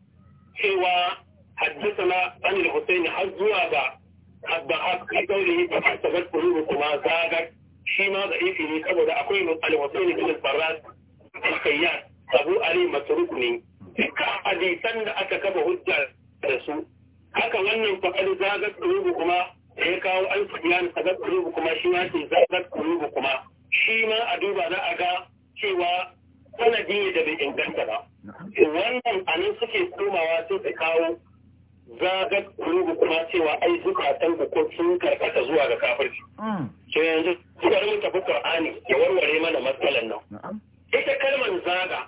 cewa har zuwa ga abba haka kai ذا حد ba a فحسبت kuma zagar shi ma da ifi ne saboda akwai al-wasil ibn al-farras al abu ali matruk ne duka hadisan da aka kafa hujja da su haka wannan faqad zagat qulubu kuma ya kawo an sufyan zagat qulubu kuma shi ma ce zagat qulubu kuma shi ma a duba za a ga cewa sanadi da bai inganta ba wannan anan suke komawa sai su kawo ga kulubu kuma cewa ai zukatan ku ko sun karkata zuwa ga kafirci. Hmm. So yanzu suka rubuta bu Qur'ani ya warware mana matsalan nan. Ita kalmar zaga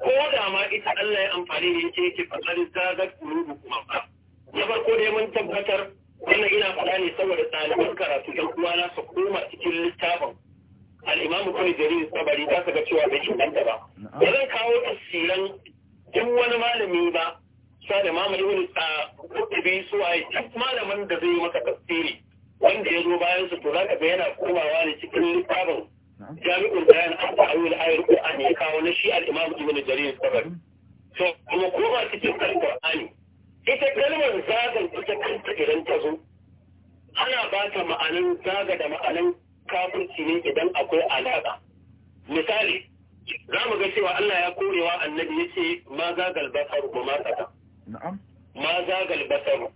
ko da ma ita Allah ya amfani da yake yake fasari zaga kulubu kuma Na farko dai mun tabbatar wannan ina faɗa ne saboda ɗaliban karatu ɗan uwana su koma cikin littafin al'imamu jari jarir sabari za su ga cewa bai inganta ba. Ba zan kawo tasirin duk wani malami ba sa da mamaye wani a kuɗi suwa ya duk malamin da zai maka tafsiri wanda ya zo bayan su to za ka ga yana komawa ne cikin littafin jami'ul bayan an ta'awil ayar qur'ani ya kawo na shi al-imam ibn jarir sabari to kuma koma cikin al-qur'ani ita kalmar zagan ita kanta idan ta zo ana ba ta ma'anin zaga da ma'anin kafirci ne idan akwai alaƙa misali za mu ga cewa Allah ya korewa annabi ya ce ma zagal basar ko ma tsaka na'am ma zagal basaru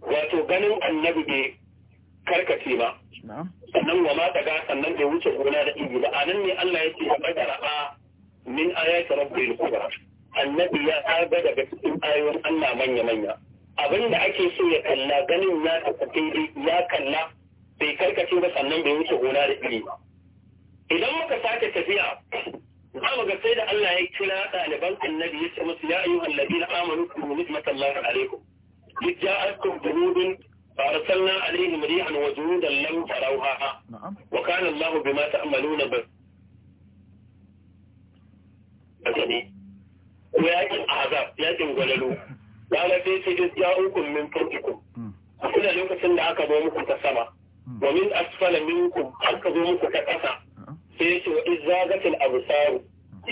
wato ganin annabi bai karkace ba sannan wa ma daga sannan bai wuce gona da inji ba anan ne Allah ya ce ya bada a min ayati rabbil kubra annabi ya zaga daga cikin ayoyin Allah manya manya abin da ake so ya kalla ganin ya tafi ya kalla bai karkace ba sannan bai wuce gona da iri ba idan muka sake tafiya za mu sai da Allah ya kira ɗaliban annabi ya ce musu ya ayyuhu alladina amanu kullu nikmatan Allah alaikum ya ja'akum dunubin arsalna alaihim rihan wa junudan lam tarawha wa kana Allah bima ta'maluna ba ne ko ya ki azab ya ki gwalalo ya la fi fi ja'ukum min fawqikum hmm. akwai lokacin da aka zo muku ta sama hmm. wa min asfala minkum aka zo muku ta kasa sai ce wa abu absaru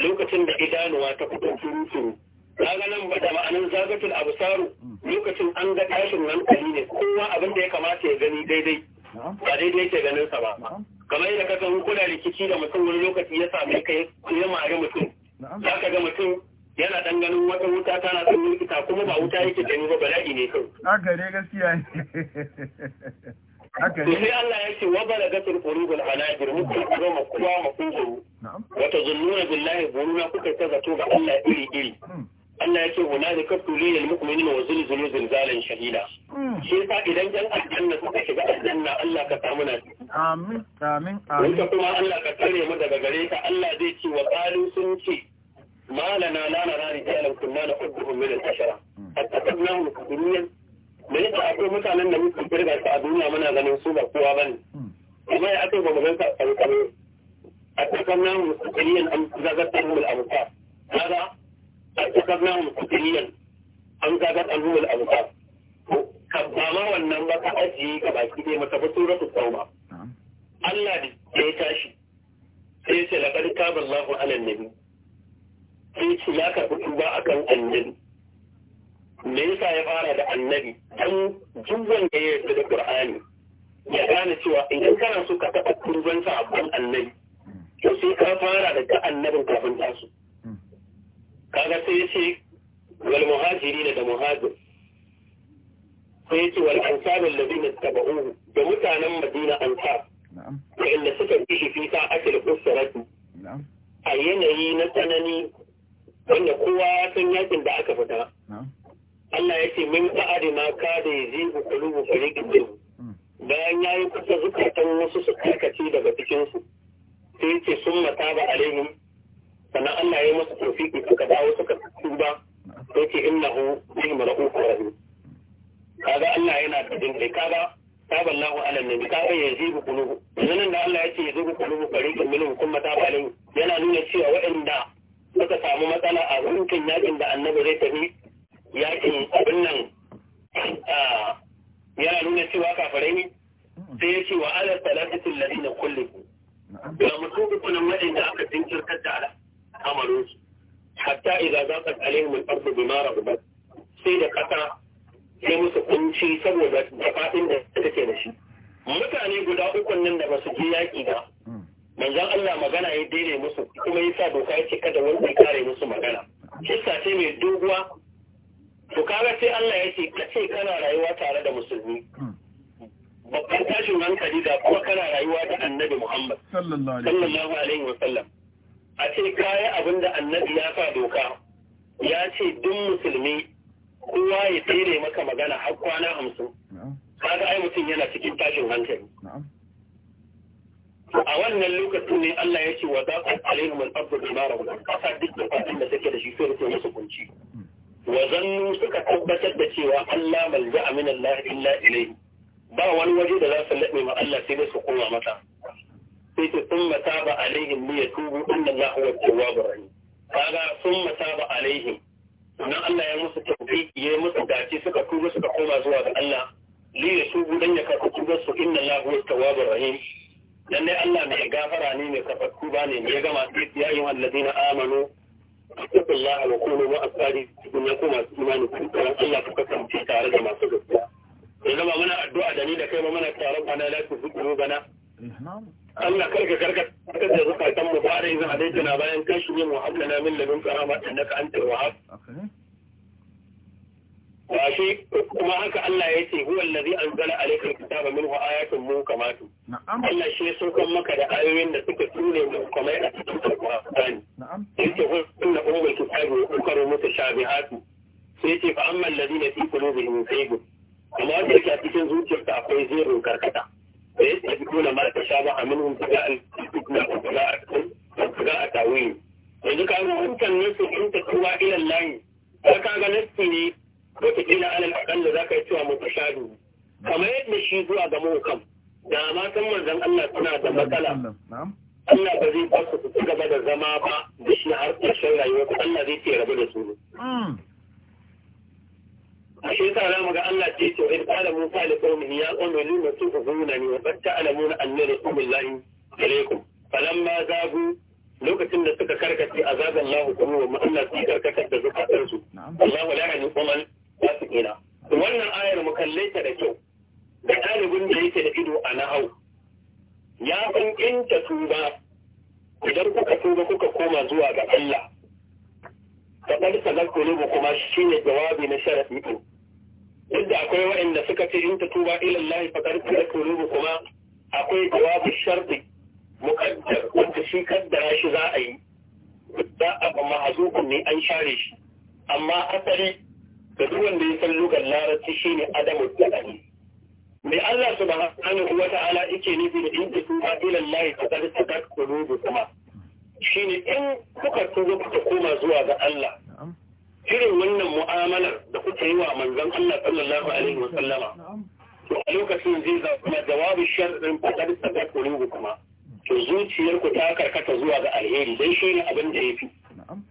lokacin da idanuwa ta fito turuturu kaga nan ba da ma'anin zagatul absaru lokacin an ga tashin hankali ne kowa abin da ya kamata ya gani daidai ba daidai yake ganin sa ba kamar yadda ka san kuna rikici da mutum wani lokaci ya same ka ya mare mutum zaka ga mutum yana dan ganin wata wuta tana son likita kuma ba wuta yake gani ba bala'i ne kawai haka ne gaskiya (laughs) haka sai Allah ya ce wa balagatul qulubul anajir muku kuma makuwa makuguru wa tazunnuna billahi buruna kuka ta zato ga Allah iri iri hmm. Allah ya ce hunalika tuliyal mu'minina wa zulzilu zilzalan shahida? Hmm. shi yasa idan yan aljanna suka shiga aljanna Allah ka samu na amin amin amin kuma Allah ka tsare mu daga gare ka Allah zai ce wa qalu sun ce ma lana la nara rijalan kunna nahubbuhum min al-ashara hmm. hatta tabnahum kuduyan da yadda akwai mutanen da muka firga su a duniya muna ganin su ba kowa ba ne hmm. amma ya gwamnatin sa a kankanin a cikin namun musulmiyan an zagartar mul abuka kaga a cikin namun musulmiyan an zagartar mul abuka ka ba ma wannan ba ka ajiye ka baki ɗaya maka ba suratul tauba Allah da ya tashi sai ya ce laqad taba Allahu 'alan nabi sai ya ce ya karɓi tuba akan annabi me yasa ya fara da annabi dan duk wanda ya yarda da qur'ani ya gane cewa idan kana so ka taɓa kurban ban annabi to sai ka fara da ka annabin kafin tasu kaga sai ya ce wal muhajiri da muhajir sai ya ce wal ansarin ladina tabauhu da mutanen madina ansar inda suka bi fi sa'atil usrati a yanayi na tsanani wanda kowa ya san yakin da aka fita Allah ya ce min ba'adi ma ka da ya zi ukulubu fariqin minhu bayan ya yi kusa zukatan wasu su karkace daga cikinsu sai ya ce sun mata ba alaihim sannan Allah ya yi musu tofiki suka dawo suka tuba sai ya ce innahu bihim ra'ufur rahim kaga Allah yana da jin kai kaga taballahu ala annabi kaga yazibu qulubu nan da Allah ya ce ya zi yazibu qulubu fariqin kun kuma taba alaihim yana nuna cewa waɗanda suka samu matsala a wancan yakin da annabi zai tafi yakin abin nan yana nuna cewa kafarai ne sai ya ce wa ala na kulle ku. ga mutum kunan waɗanda aka jinkirtar da ala amarin idan za ka zaqat alaihim al-ardu mara rahabat sai da kasa ya musu kunci saboda faɗin da take da shi mutane guda uku nan da ba su je yaƙi ba manzon Allah magana ya daina musu kuma yasa doka yake kada wani ya kare musu magana kissa ce mai doguwa to kaga sai Allah ya ce ce kana rayuwa tare da musulmi hmm. babban tashin hankali da kuma kana rayuwa da annabi Muhammad sallallahu alaihi wa sallam a ce kayi abin da annabi ya sa doka ya ce duk musulmi kowa ya tsere maka magana har kwana hamsin kaga ai mutum yana cikin tashin hankali a wannan lokacin ne Allah ya ce wa za ku alaihim al-abdu bima rabbul kasa duk da da take da shi sai ta musu kunci wa zannu suka tabbatar da cewa Allah malja min Allah illa ilai ba wani waje da za su laɓe ma Allah sai dai su koma mata sai ta sun mata ba alaihim ne ya tubu inna Allah huwa tawwabur rahim kaga sun mata ba alaihim sannan Allah ya musu tawfiq ya musu dace suka tuba suka koma zuwa ga Allah li ya tubu dan ya karɓi tubar su inna Allah huwa tawwabur rahim dan ne Allah mai gafara ne mai karɓar tuba ne mai gama sai ya yi wallazina amanu cikin billa a wakono ma a tsari cikin ya koma su imani su tsaron Allah ka kasance tare da masu gaskiya. Ya zama muna addu'a da ni da kai ma muna tsaron bana ya lafi su kuma bana. Allah karka karka ka da zuka kan mu ba da yin zama dai tuna bayan kashi ne mu haɗa na min labin karama ta na ka an ta wa haɗu. gashi kuma haka Allah ya ce huwa allazi anzala alaykal kitaba minhu ayatun muhkamatun na'am Allah shi sun kan maka da ayoyin da suka tsune mu kamar a cikin Qur'ani na'am yace hunna ummul kitabi wa ukaru mutashabihatu sai ce fa amma allazina fi qulubihim zaygun amma wanda yake a cikin zuciyarta akwai zirin karkata da yake kuna ma ta shaba a minhum tiga al-fitna wa tiga a tawili yanzu ka ga wancan nasu in ta tuba ila Allah ka ga nasi ne wataƙila alal aƙalla za ka yi cewa mutashabi kamar yadda shi zuwa ga kam da matan manzon Allah suna da matsala Allah ba zai ba su ci gaba da zama ba da shi har ƙarshen rayuwa Allah zai ce rabu da su ne. Hmm. A shi yasa za mu ga Allah ce to in ƙara mun fa da ƙaumin ya ƙaumin lima su ku zuna ne wa ɓatta alamuna annar ƙaumin lahi alaikum. Falan ma zagu lokacin da suka karkace azaban lahu kuma wa Allah su karkatar da zukatarsu. Allah ya la'ani ƙaumin fasikina wannan ayar mu kalle ta da kyau da ɗalibin da yake da ido a nahau ya san in ta tuba idan kuka tuba kuka koma zuwa ga Allah faɗar sanar ba kuma shi ne jawabi na sharafi ɗin duk da akwai waɗanda suka ce in ta tuba ilallahi faɗar sanar ba kuma akwai jawabi sharfi mukaddar wanda shi kaddara shi za a yi za a ba mahazukun ne an share shi amma asali da duk wanda ya san lugar larabci ne adamu dalali mai Allah subhanahu wa ta'ala yake nufi da layi tuba ila Allah fa qad sadat qulubukum shine in kuka tuba kuka koma zuwa ga Allah irin wannan mu'amalar da kuka yi wa manzon Allah sallallahu alaihi wa sallama to a lokacin zai zama jawabi sharrin fa qad sadat qulubukum to zuciyarku ta karkata zuwa ga alheri dan ne abin da fi.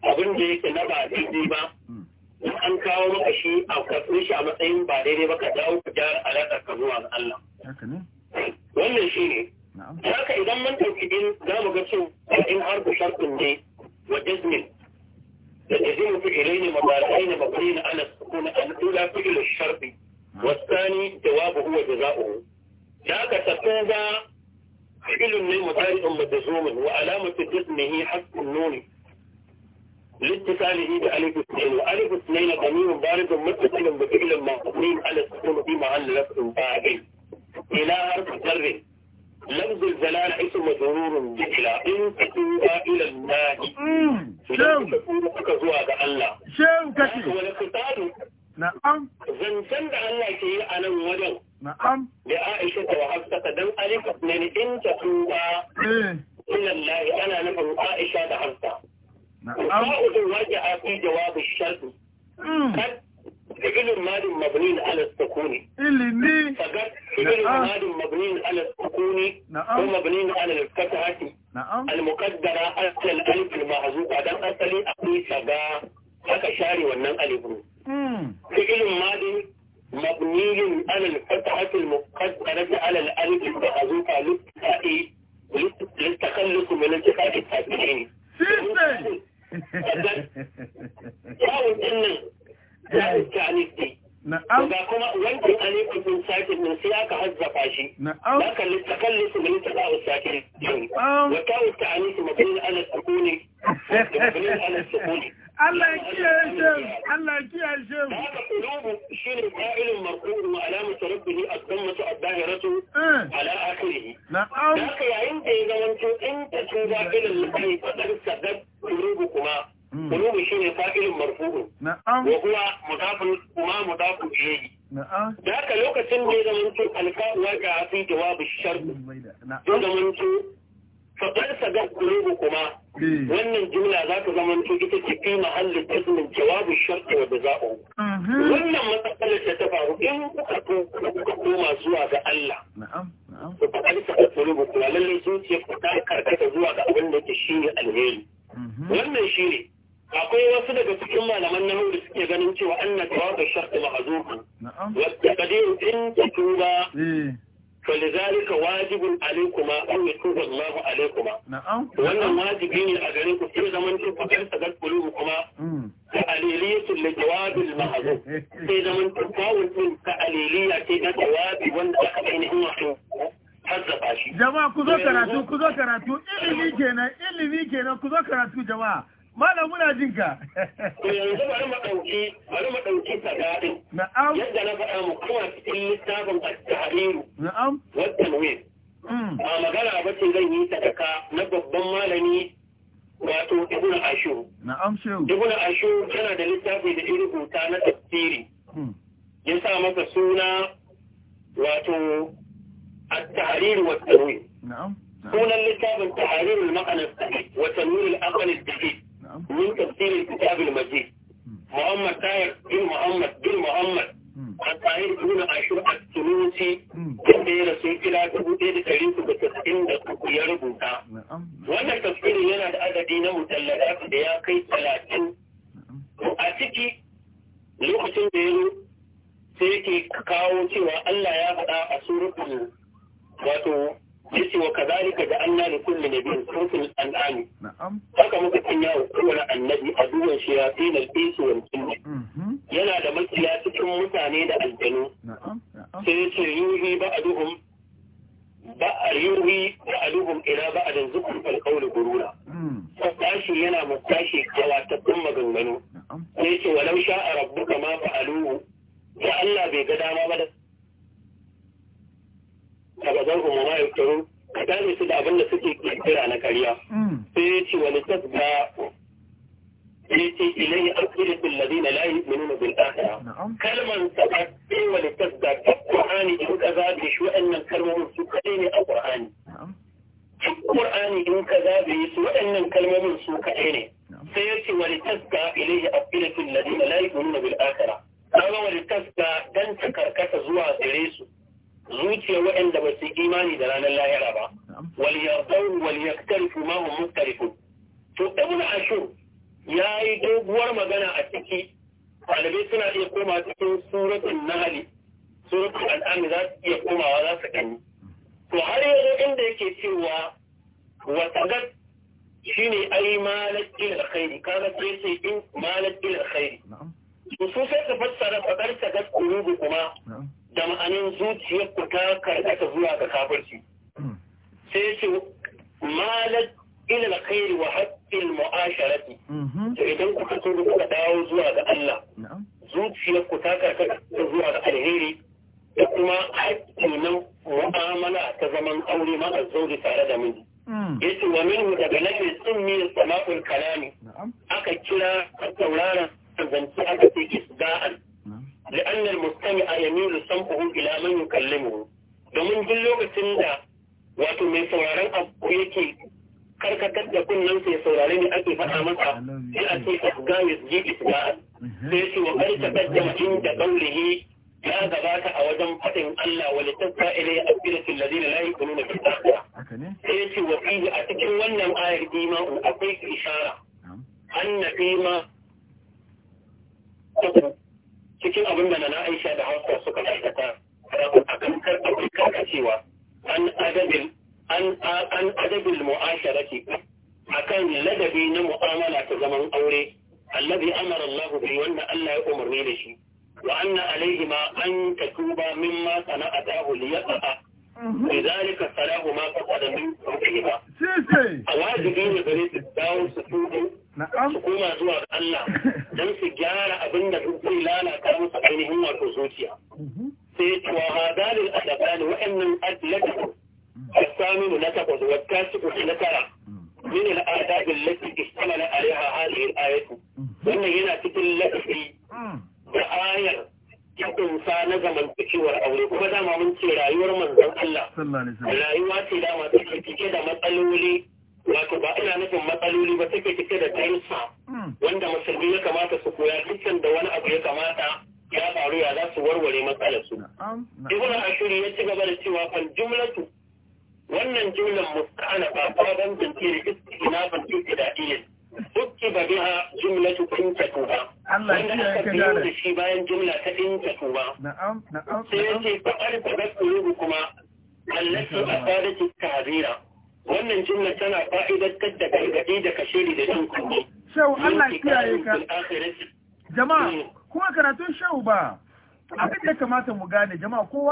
abin da yake na ba daidai ba hmm. in an kawo maka shi a karɓi shi a matsayin ba daidai ba ka dawo ka gyara alaƙar ka zuwa ga Allah. Wannan shi ne. Haka idan mun ɗauki din za mu ga cewa in har ku sharɗin ne wa jazmin da jazimu fi ilaini mabarakai na mabari na ana sukuna an ɗula fi ila sharɗi wasani jawabu huwa jaza'uhu. Da haka tattun ga filin ne mutari'un majazumin wa alamatu jazmihi haskun nuni. لاتصاله بألف اثنين وألف اثنين ضمير بارد متصل بفعل مقبول على السكون في محل رفع فاعل إلى حرف جر لفظ الجلالة اسم مجرور بإلى إن تتوبا إلى الله شو كتير الله شو كتير والاقتصاد نعم زنسان ده الله كي أنا وجو نعم لعائشة وحفصة دم ألف اثنين إن تتوبا إلى الله أنا نفهم عائشة ده حفصة قائد الواجع في جواب الشرط قد فعل ماضي مبني على السكون إلني فقد فعل ماضي مبني على السكون ومبني على الفتحة المقدرة أصل الألف المحذوفة دم أصلي أقوي سبا haka share wannan alifin. Fi'ilin madin mabniyin alal fathatul muqaddarati alal alif da azuka lutfa'i na'am su littakan ta ba tadawu sakirin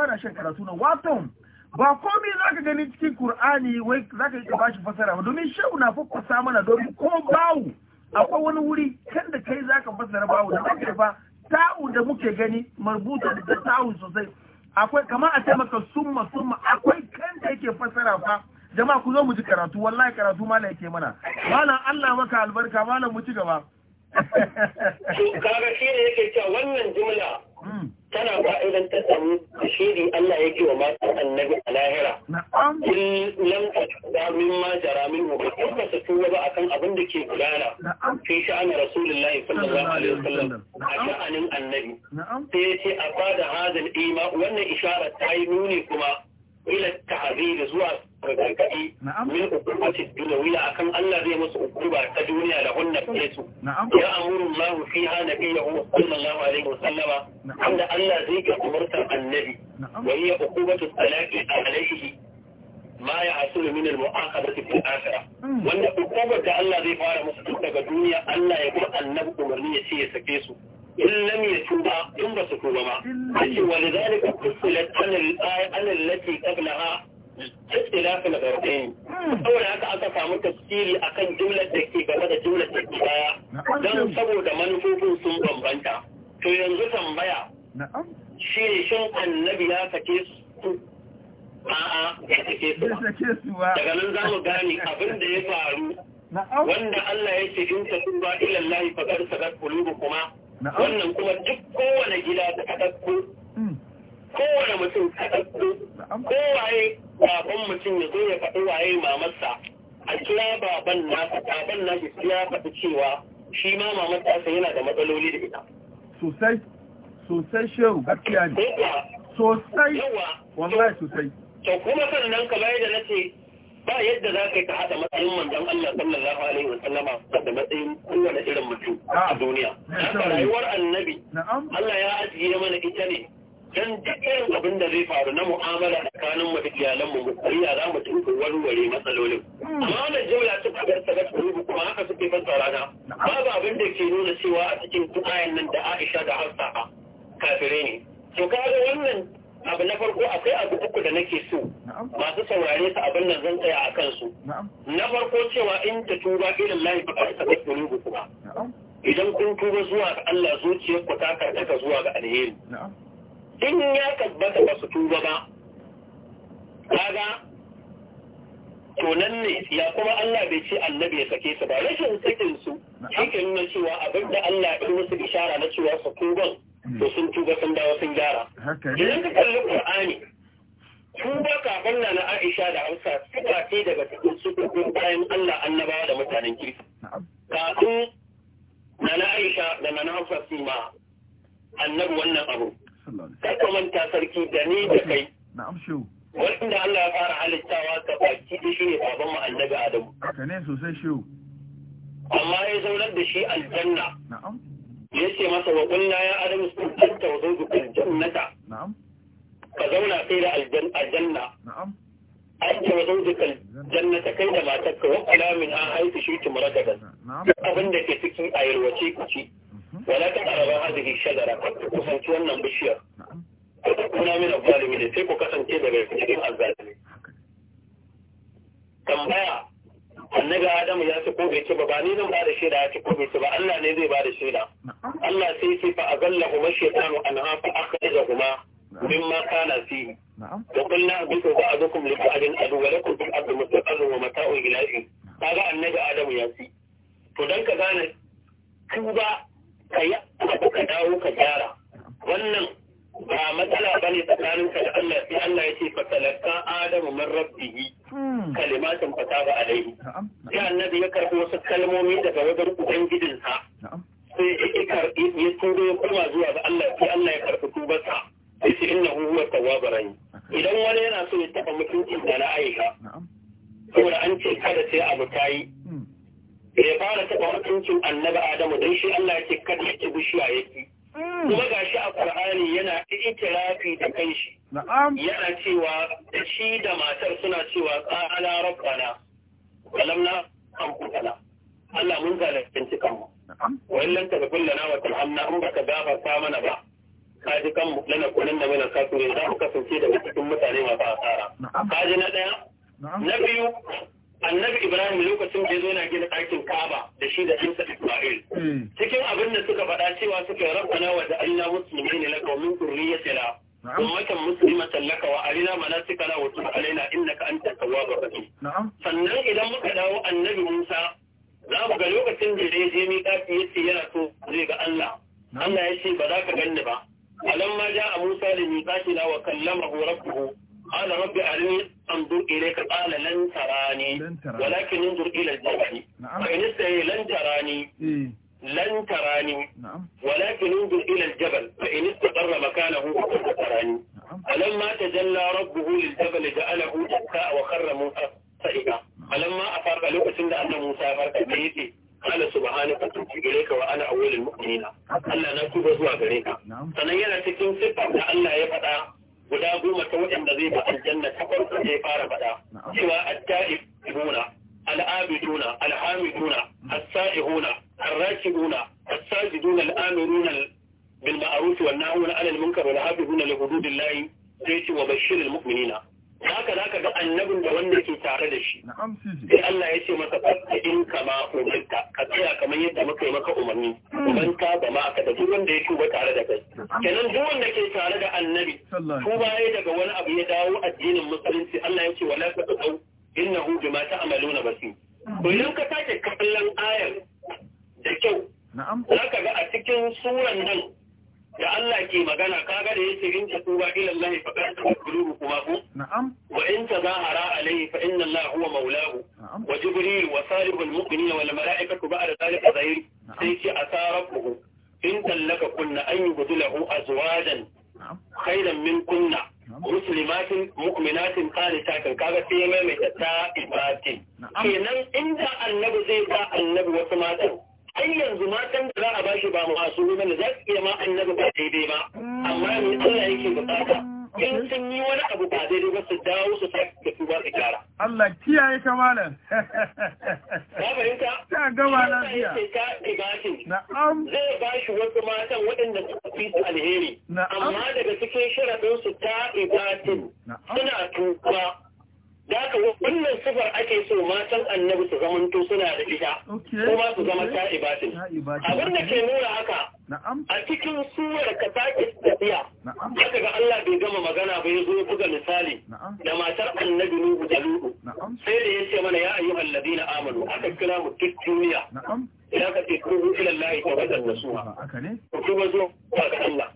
fara shan karatu na wato ba komi za ka gani cikin Kur'ani wai za ka yi ka bashi fasara ba domin shehu na faffasa mana domin ko bawu akwai wani wuri kan da kai za ka fasara bawu da kake fa ta'u da muke gani marbuta da ta'u sosai akwai kamar a ce maka summa summa akwai kan da yake fasara fa jama'a ku zo mu ji karatu wallahi karatu mala yake mana malam Allah maka albarka malam mu ci gaba (laughs) kaga shi ne yake cewa wannan jumla hmm. tana fa'idantar da mu Allah yake wa matan annabi a lahira. In lam da ma min mu ba su tuba ba akan abin da ke gudana. Fi sha'anin Rasulullahi sallallahu alaihi wasallam a sha'anin annabi. Sai ya ce a bada hadal ima wannan isharar ta yi nuni kuma ila tahzir zuwa gargaɗi min hukumatin dunawiya akan Allah zai masu hukuma ta duniya da hunna fiye su ya amuru Allah fiha nabiyahu sallallahu alaihi wasallama wanda Allah zai ga umartar annabi wa hiya hukumatu salati alaihi ma ya hasulu min al-mu'aqabati fil akhirah hmm. wanda hukumar da Allah zai fara musu daga duniya Allah ya bar annabi umarni ya ce ya sake su In إن لم يتوب ثم ستوب معه ولذلك فصلت أنا الآية أنا التي قبلها ikhtilafin hmm. saboda haka aka samu tafsiri akan jumlar da ke gaba da jumlar da ke baya don saboda manufofin sun bambanta to yanzu tambaya shi ne shin annabi ya sake su a'a ya sake su daga nan za mu gane abin da ya faru wanda Allah ya ce in ta tuba ila Allah fa qad sadat wannan kuma duk kowane gida da ka hmm. kowane mutum ka ɗauko kowaye baban mutum ya zo ya faɗi waye mamarsa a kira baban nasa baban nasa ya faɗi cewa shi ma mamarsa yana da matsaloli da ita sosai sosai shehu gaskiya ne sosai wallahi sosai to kuma sannan ka bayar da nace ba yadda za ka yi ka haɗa matsayin manzon Allah sallallahu alaihi wa sallama da matsayin kowane irin mutum a duniya rayuwar annabi Allah ya ajiye mana ita ne dan duk abin da zai faru na mu'amala tsakanin mu da iyalan mu mutsariya za mu tunku warware matsalolin hmm. amma wannan jimla ta kabar ta ga kulubu kuma haka suke fassara na babu abin da ke nuna cewa a cikin kuɗayen nan da Aisha da Hafsa kafire ne to kaga wannan abu na farko akwai abu uku da nake so masu saurare su abin nan zan tsaya a kansu na farko cewa in ta tuba irin lahi ba ta ga kulubu kuma idan kun tuba zuwa ga Allah zuciyarku ta karkata zuwa ga alheri in ya tabbata ba su tuba ba kaga to nan ne ya kuma Allah bai ce annabi ya sake su ba rashin sakin su shi na cewa abin da Allah ya musu ishara na cewa su tuban hmm. to sun tuba sun dawo sun gyara idan ka kalli Qur'ani tuba kafin na na Aisha da Hausa suka ce daga cikin sukukun bayan Allah annabawa da mutanen kirki kafin na na Aisha da na Hausa su ma annabi wannan abu Sai ka manta sarki da ni da kai. Na'am shehu. Wanda Allah ya fara halittawa ka baki da shi ne baban mu annabi Adamu. Haka ne sosai shehu. Amma ya zaunar da shi aljanna. Na'am. Ya ce masa wa kunna ya Adamu sun tanta wa zaujukul jannata. Na'am. Ka zauna kai da aljanna. Na'am. an ce wa zaujikal jannata kai da matarka wa kalamin an haifi shi ki murakadan abin da ke ciki a yalwace ku ci wala ta araba hadhihi shajara ku kusanci wannan bishiyar ku kuna mina zalimi ne sai ku kasance daga tambaya adam ya ci ko ba ba ni zan ba da shaida ya ci ko ba Allah ne zai ba da shaida Allah sai sai fa azallahu mashaytanu an hafa akhrajahuma mimma kana fihi وقلنا اهبطوا بعضكم لبعض عدو ولكم في الارض مستقر ومتاع الى حين kaga annabi adam ya ci to dan ka gane tuba ka yi abu ka dawo ka gyara wannan ba matsala ba ne tsakaninka da Allah sai Allah ya ce fatalaka adamu min rabbihi hmm. kalimatin ba alaihi sai annabi ya karbi wasu kalmomi daga wajen ubangijinsa sai ya turo ya koma zuwa ga Allah sai Allah ya karbi tubarsa sai ce innahu huwa tawwabur rahim idan wani yana so ya taba mutuncin da na aika saboda an ce kada sai abu yi. da fara taɓa mutuncin annabi adamu don shi Allah ya ce kada ya ci bishiya ya ci hmm. kuma gashi a kur'ani yana itirafi da kanshi yana cewa da shi da matar suna cewa qala rabbana walamna anfusana Allah mun zalunci kanmu wa illan taghfir lana wa tarhamna in baka gafarta mana ba ka ji kanmu lana kullun da mana kafirin za mu kasance da cikin mutane masu asara ka ji na ɗaya na biyu annabi ibrahim lokacin da ya zo na gina ɗakin kaba da shi da ɗansa Isma'il. Hmm. cikin abin da suka faɗa cewa suka rabbana wa da ja'alna ne laka wa min dhurriyyatina ummatan muslimatan laka wa arina manasikana wa tub alaina innaka antat tawwabur rahim sannan idan muka dawo annabi musa za mu ga lokacin da ya je miƙafi yace yana so zai ga Allah Allah ya ce ba za ka ganni ba alamma ja'a musa da miƙafi na wa kallamahu rabbuhu قال رب أرني أنظر إليك قال لن تراني ولكن انظر إلى الجبل فإن استهي لن تراني لن تراني ولكن انظر إلى الجبل فإن استقر مكانه فقد تراني فلما تجلى ربه للجبل جعله دكاء وخر موسى صعقا فلما أفاق لوكسن أن موسى فرق بيتي قال سبحانك تبت إليك وأنا أول المؤمنين الله نتوب زوا غريك سنن yana cikin siffar da Allah ya faɗa guda goma ta waɗanda zai ba aljanna ta farko da ya fara faɗa cewa at-ta'ibuna al-abiduna al-hamiduna as-sa'ihuna ar-rakibuna as-sajiduna al-amiruna bil ma'ruf wan nahuna 'anil munkar wal hafizuna li hududillahi sai ce wa bashiril mu'minina haka za ka ga annabin da wanda ke tare da shi sai Allah ya ce maka fasta in kama umarta ka tsaya kamar yadda muka yi maka umarni kuma hmm. ka ba ma aka da duk wanda ya tuba tare da kai kenan duk wanda ke tare da annabi ko baya daga wani abu ya dawo addinin musulunci Allah ya ce wala ta tsau innahu bima ta'maluna basir hmm. to idan ka sake kallon ayar da kyau za ka ga a cikin suran nan da Allah ke magana ka ga da yake in ta tuba ila Allah fa ta qulubu kuma ku na'am wa in tazahara alayhi fa inna Allah huwa maulahu wa jibril wa salihul mu'minin wal mala'ikatu ba'da zalika zahir sai ce asarafuhu in tallaka kunna an yubdilahu azwajan khayran min kunna muslimatin mu'minatin qanitatin kaga sai ya maimaita ta ibati kenan inda annabi zai ba annabi wasu matan har yanzu matan da za a bashi ba masu ruwan da za su iya ma annabi ba daidai ba amma ni mm. Allah yake bukata mm. in sun yi wani abu ba daidai ba su dawo su sake da su ba su gyara Allah kiyaye ka malam ka fahimta ta gaba lafiya ka ibaki na'am zai bashi wasu matan waɗanda suka fi su alheri amma daga cikin sharadin su ta ibatin suna tuka da haka wannan sifar ake so matan annabi su zamanto suna da ita kuma su zama ta'ibatin abin da ke nuna haka a cikin suwar ka take tafiya haka ga Allah bai gama magana ba ya zo buga misali da matar annabi Nuhu da Lutu sai da yace mana ya ayyuhal ladina amanu aka kira mu duk duniya idan ka ce ila Allah ta wajen nasuha ku ba zo ga Allah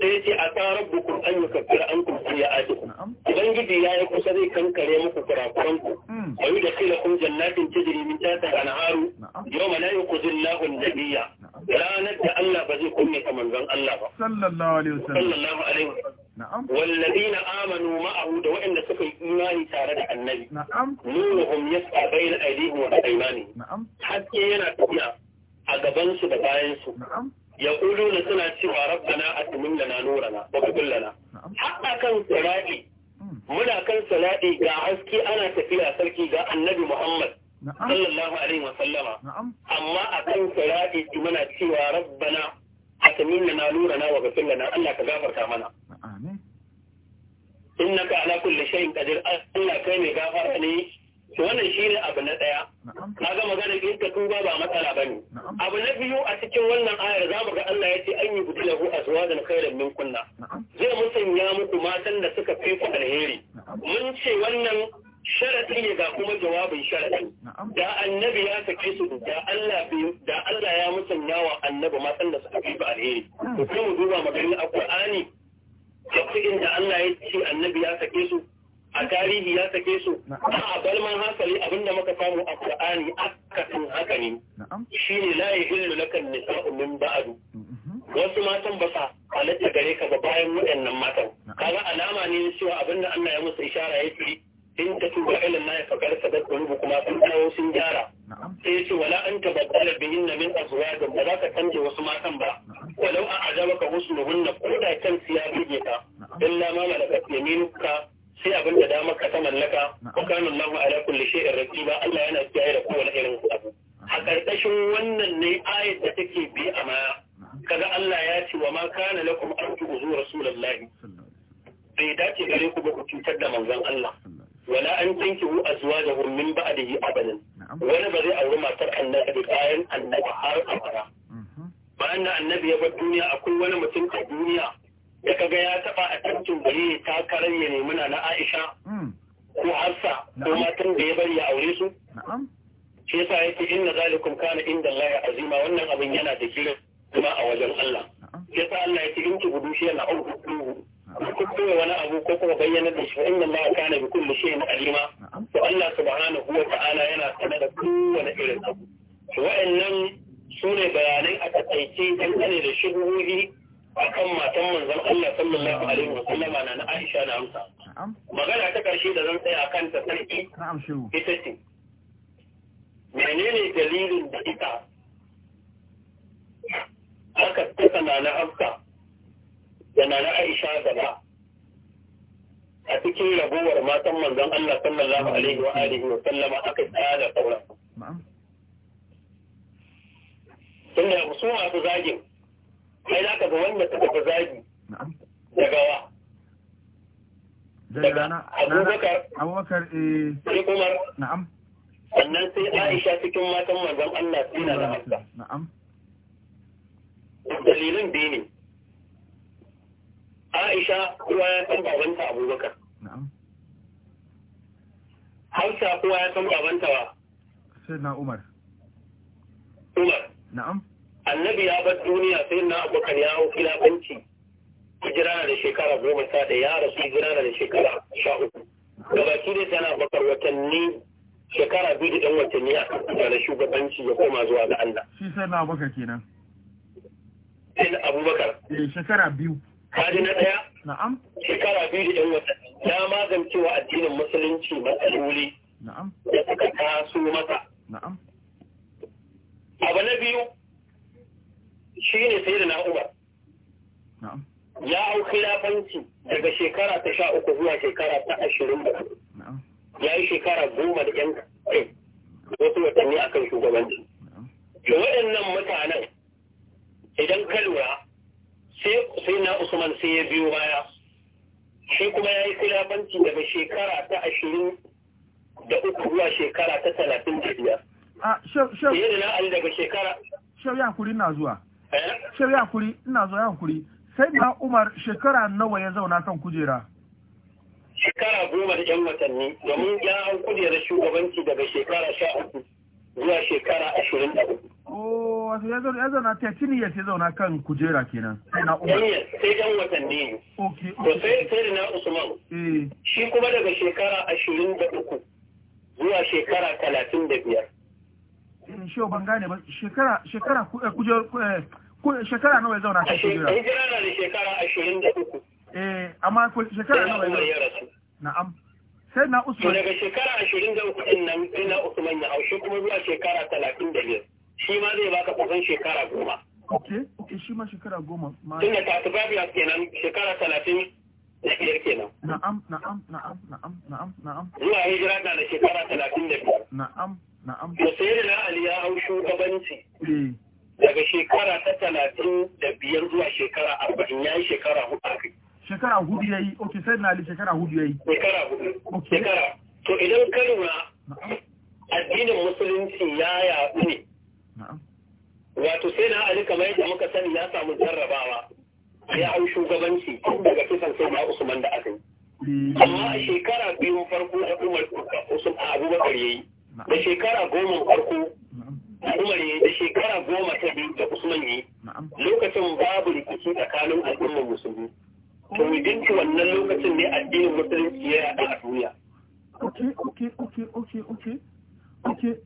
sai ce a kan rabbukum an yukaffira ankum sayyi'atikum ubangiji ya yi kusa zai kankare muku kurakuran hmm. ku wa yudkhilukum jannatin tajri min tahtiha al-anharu yawma la yuqzi Allahu an-nabiyya ranar da Allah ba zai kunne ka manzon Allah ba sallallahu alaihi wasallam sallallahu alaihi wasallam na'am walladina amanu ma'ahu da waɗanda suka yi imani tare da annabi na'am nuruhum yas'a bayna aydihim wa aymanihim na'am hakke yana tafiya a gabansu da bayansu. yaquluna suna cewa rabbana atmin lana nurana wa qul lana hatta kan sirati muna kan salati ga haske ana tafiya sarki ga annabi Muhammad sallallahu alaihi wa sallama amma akan salati muna cewa rabbana atmin lana nurana wa qul lana Allah ka gafarta mana amin innaka ala kulli shay'in kai gafara ne wannan shi ne abu na ɗaya ga magana in ka tuba ba matsala ba ne abu na biyu a cikin wannan ayar za mu ga Allah ya ce an yi gudu lahu azwajan khairan min kunna zai musanya muku matan da suka fi ku alheri mun ce wannan sharaɗi ne ga kuma jawabin sharaɗi da annabi ya sake su da Allah da Allah ya musanya wa annabi matan da suka fi alheri to hmm. sai mu duba maganin alqur'ani duk da Allah ya ce annabi ya sake su a tarihi ya sake su a balman hankali abinda muka samu a qur'ani akasin haka ne shine la yahillu lakan nisa'u min ba'du mm-hmm. wasu matan ba sa halatta gare ka ba bayan waɗannan matan kaga alama ne cewa abinda Allah ya musu ishara yake in ta tuba ilin na ya fakar sadar kulubu kuma sun kawo sun gyara sai ya ce wala an tabaddala bihin na min azwaja ba za ka canje wasu matan ba walau a ajabaka husnuhunna ko da kan siya bige ka illa ma malakat yaminuka sai abin da dama ka ta mallaka ko kana Allahu ala in shay'in ba, Allah yana kiyaye da kowane irin abu a karkashin wannan ne ayat da take bi a maya kaga Allah ya ce wa ma kana lakum an tu'zu rasulullahi bai dace gare ku ba ku cutar da manzon Allah wala an tankihu azwajahu min ba'dihi abadan wani ba zai auri matar annabi bayan annabi har abada mhm. bayan da annabi ya bar duniya akwai wani mutum a duniya da kaga ya taba a tantu bari ta karan ya nemi na Aisha hmm. ko Hafsa ko matan da ya bari ya aure su shi yasa yake inna zalikum kana inda Allah azima wannan abin yana da kira kuma a wajen Allah shi yasa Allah yake in gudu shi yana auku Ko kuma wani abu ko kuma bayyana da shi inna Allah kana bi kulli shay'in alima to Allah subhanahu wa ta'ala yana sanar da kowane irin abu to wa'annan sune bayanai a takaice dangane da shubuhi akan matan manzon Allah sallallahu alaihi wa sallama na na Aisha na amsa magana ta karshe da zan tsaya kan ta sarki ita ce menene dalilin da ita aka tsaka na na Amsa da na na Aisha gaba a cikin ragowar matan manzon Allah sallallahu alaihi wa alihi wa sallama aka tsaya da sauran tunda su masu zagin ai za ka ga wanda suka fi zagi daga wa daga abubakar abubakar eh. sai umar na'am sannan sai aisha cikin matan manzon Allah suna da na'am dalilin biyu ne aisha ruwa ya san babanta abubakar na'am hausa kuwa ya san babanta wa sai na umar umar na'am annabi ya bar duniya sai na abu ya hau filafanci hijira da shekara goma sa da ya rasu hijira da shekara sha uku gabaki dai tana bakar watanni shekara biyu da ɗan watanni a kan da shugabanci ya koma zuwa ga Allah. Shi sai na abubakar kenan. Sai na abubakar. Eh shekara biyu. Kaji na ɗaya. Na'am. Shekara biyu da ɗan watanni ya magance wa addinin musulunci matsaloli. Na'am. Da suka taso masa. Na'am. Abu na biyu shi ne sai da na'uwa ya hau khilafanci daga shekara ta sha uku zuwa shekara ta ashirin da ya yi shekara goma da yan wasu watanni a kan shugabanci da waɗannan mutanen idan ka lura sai na usman sai ya biyo baya shi kuma ya yi khilafanci daga shekara ta ashirin da uku zuwa shekara ta talatin da biyar. Shau, shau. Sai da na daga shekara. Shau ya kuri na zuwa. Eh? sai ya kuri ina zo ya kuri sai na umar shekara nawa ya zauna kan kujera shekara goma da yan watanni domin ya an kujerar shugabanci daga shekara sha uku zuwa shekara ashirin da uku Oh, wato ya zauna ya zauna ta years ya zauna kan kujera kenan sai na umar sai yan watanni ne okay to sai sai na usman eh. shi kuma daga shekara ashirin da uku zuwa shekara talatin da biyar sio bangane shekara shekara eh, kuja eh, shekara anaweza unataka na shekara shekara eh ama shekara na na'am sai na usman daga shekara 23 din nan ina usman ya haushe kuma zuwa shekara 35 shi ma zai baka kusan shekara 10 okay okay shi ma shekara 10 ma tunda ta tababiya kenan shekara 30 Na'am, na'am, na'am, na'am, na'am, na'am. Zuwa hijira na shekara 35. Na'am. na'am na ali ya hau shugabanci eh. daga shekara ta talatin da biyar zuwa shekara arba'in ya yi shekara hudu a kai shekara hudu ya yi ok sai na ali shekara hudu ya yi shekara hudu shekara to idan ka lura addinin musulunci ya yaɗu ne wato sai na ali kamar yadda muka sani ya samu jarrabawa ya hau shugabanci daga kisan sai na usman da aka yi eh. amma a shekara biyu farko da umar abubakar ya yi da shekara goma farko Umar ya da shekara goma ta biyu da Usman ya lokacin babu rikici tsakanin al'ummar musulmi. To dinki wannan lokacin ne addinin musulunci ya yi a duniya. Oke, oke, oke, oke, oke, oke.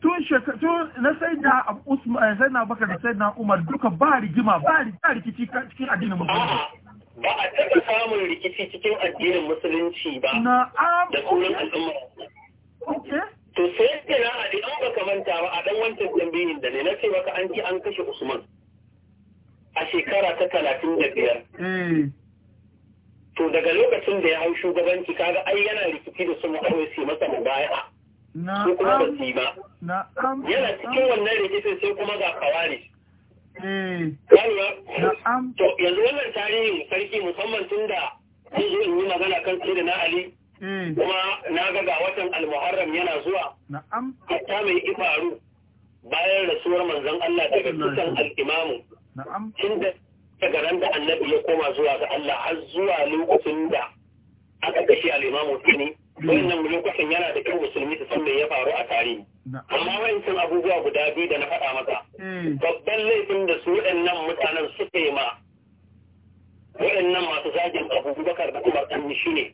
Tun shekaru na sai eh, da Usman sai na baka da sai na Umar duka ba rigima ba rikici cikin addinin musulunci. Ba a taɓa samun rikici cikin addinin musulunci ba. Na'am. Da sunan al'umma. Okay. to sai da na an baka manta ba a dan wancan tambayin da ne na ce maka an ji an kashe usman a shekara ta talatin da biyar hmm. to daga lokacin da ya hau shugabanci kaga ai yana rikici da su mu sai masa mubaya'a ko kuma ba su ba yana cikin wannan rikicin sai kuma ga kawari hmm. yanzu wannan tarihin sarki musamman tun da zai yi magana kan sai da na ali Mm. kuma na ga ga watan almuharram yana zuwa na'am hatta mai ifaru bayan rasuwar manzon Allah daga kusan al'imamu na'am daga ran da annabi ya koma zuwa ga Allah har zuwa lokacin da aka kashe al'imamu tuni mm. wannan lokacin yana da kyau musulmi su san me ya faru a tarihi amma wayancin abubuwa guda biyu da na faɗa maka mm. babban laifin da su waɗannan mutanen suka yi ma waɗannan masu zagin abubuwa da kuma ɗan shi ne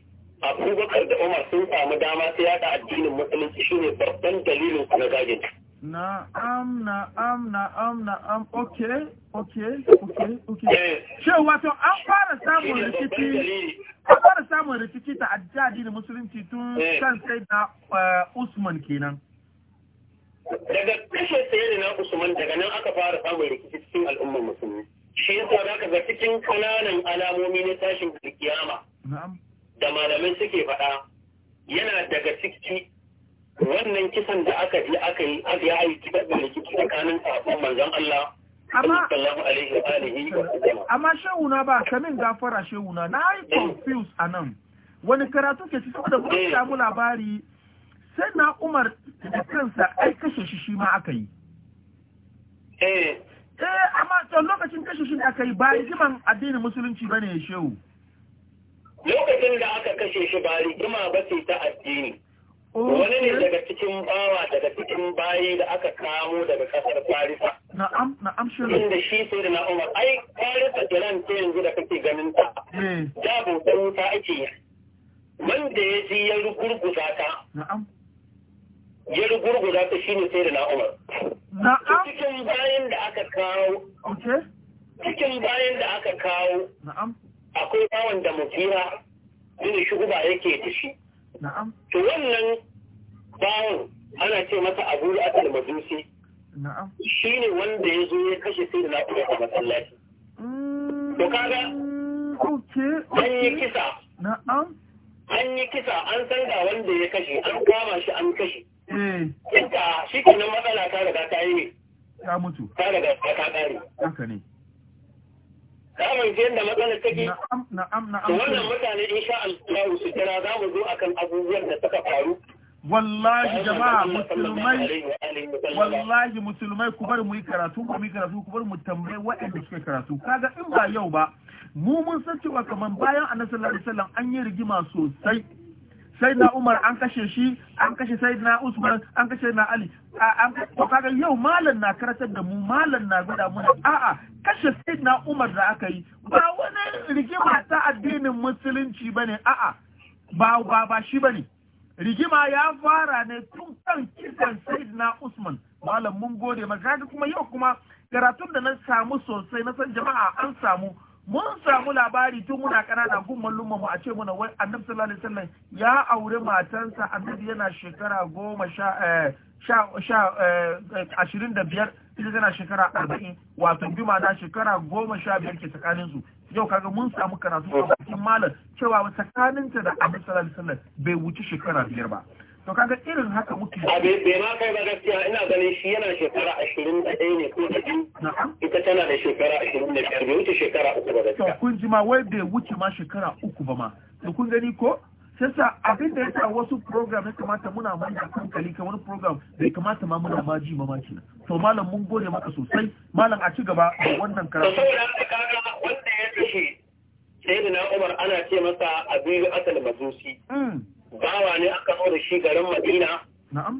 abubakar da umar sun samu dama ta yada addinin musulunci shine babban dalilin na gajin na'am na'am na'am na'am ok ok ok Ok, eh. shi wato an fara samun rikici an fara samun rikici ta addinin musulunci tun eh. kan sai da eh, usman kenan daga kashe ne na usman daga nan aka fara samun rikici cikin al'ummar musulmi shi yasa zaka ga cikin kananan alamomi na tashin kiyama na'am da malamai suke faɗa yana daga ciki wannan kisan da aka ji aka yi aka yi aiki da rikici tsakanin sabon manzon Allah sallallahu alaihi wa alihi amma shehuna ba kamin gafara shehuna na yi eh. confuse nan, wani karatu ke ci saboda kuma eh. samu labari sai na Umar da kansa ai kashe shi shi ma aka yi eh eh amma to lokacin kashe shi aka yi ba jiman addinin musulunci bane shehu lokacin da aka kashe shi ba rigima ba ce ta addini wani ne daga cikin bawa daga cikin bayi da aka kamo daga kasar farisa na na'am inda shi sai da na'umar ai farisa iran ta yanzu da kake ganin ta eh. da bautar wuta ake yi wanda ya ji ya rugurguza ta na'am ya rugurguza ta shi ne sai da na'umar na'am cikin bayan da aka kawo cikin bayan da aka kawo na'am akwai bawan da mutira zai shi guba yake da shi to wannan bawan ana ce masa abu da da majusi shi ne wanda ya zo ya kashe sai da na'ura a masallaci mm. to kaga an yi kisa an yi kisa an san da wanda ya kashe an kama shi an kashe Inda eh. shi kenan matsala ta riga ta yi ne. Ta mutu. Ta riga ta kare. Haka ne. damar biyan da matsalar take to wannan mutane sha Allah su kira za mu zo akan abubuwan da suka faru wallahi jama'a musulmai wallahi musulmai ku bar mu yi karatu ku yi karatu ku bar mu tambaye waɗanda suke karatu kaga in ba yau ba mu mun san cewa kaman bayan annabi sallallahu alaihi wasallam an yi rigima sosai na Umar an kashe shi an kashe na Usman an kashe na Ali an kaga yau malam na karatar da mu malam na gwada mu a'a kashe na Umar da aka yi ba wani rigima ta addinin musulunci bane a'a ba ba ba shi bane rigima ya fara ne tun kan kisan na Usman malam mun gode maka kuma yau kuma karatun da na samu sosai na san jama'a an samu mun samu labari tun muna ƙanana gun mallumma mu a ce muna wai annabi sallallahu alaihi wasallam ya aure matansa annabi yana shekara goma sha eh, sha eh, ashirin da biyar ita tana shekara arba'in wato juma na shekara goma sha biyar ke tsakanin su yau kaga mun samu karatu a cikin malam cewa tsakaninta da annabi sallallahu alaihi wasallam bai wuce shekara biyar ba to kaga irin haka muke a bai ma kai ba gaskiya ina ganin shi yana shekara ashirin da ɗaya ne ko da biyu ita tana da shekara ashirin da biyar bai wuce shekara uku ba gaskiya kun ji ma wai bai wuce ma shekara uku ba ma to kun gani ko sassa abin da yasa wasu program ya kamata muna mai da hankali kamar program bai kamata ma muna ma ji mamaki to malam mun gode maka sosai malam a ci gaba da wannan karatu to saboda kaga wanda ya tashi sai da Umar ana ce masa Abiyu Asal Mazusi hmm. bawa ne aka zo da shi garin madina wa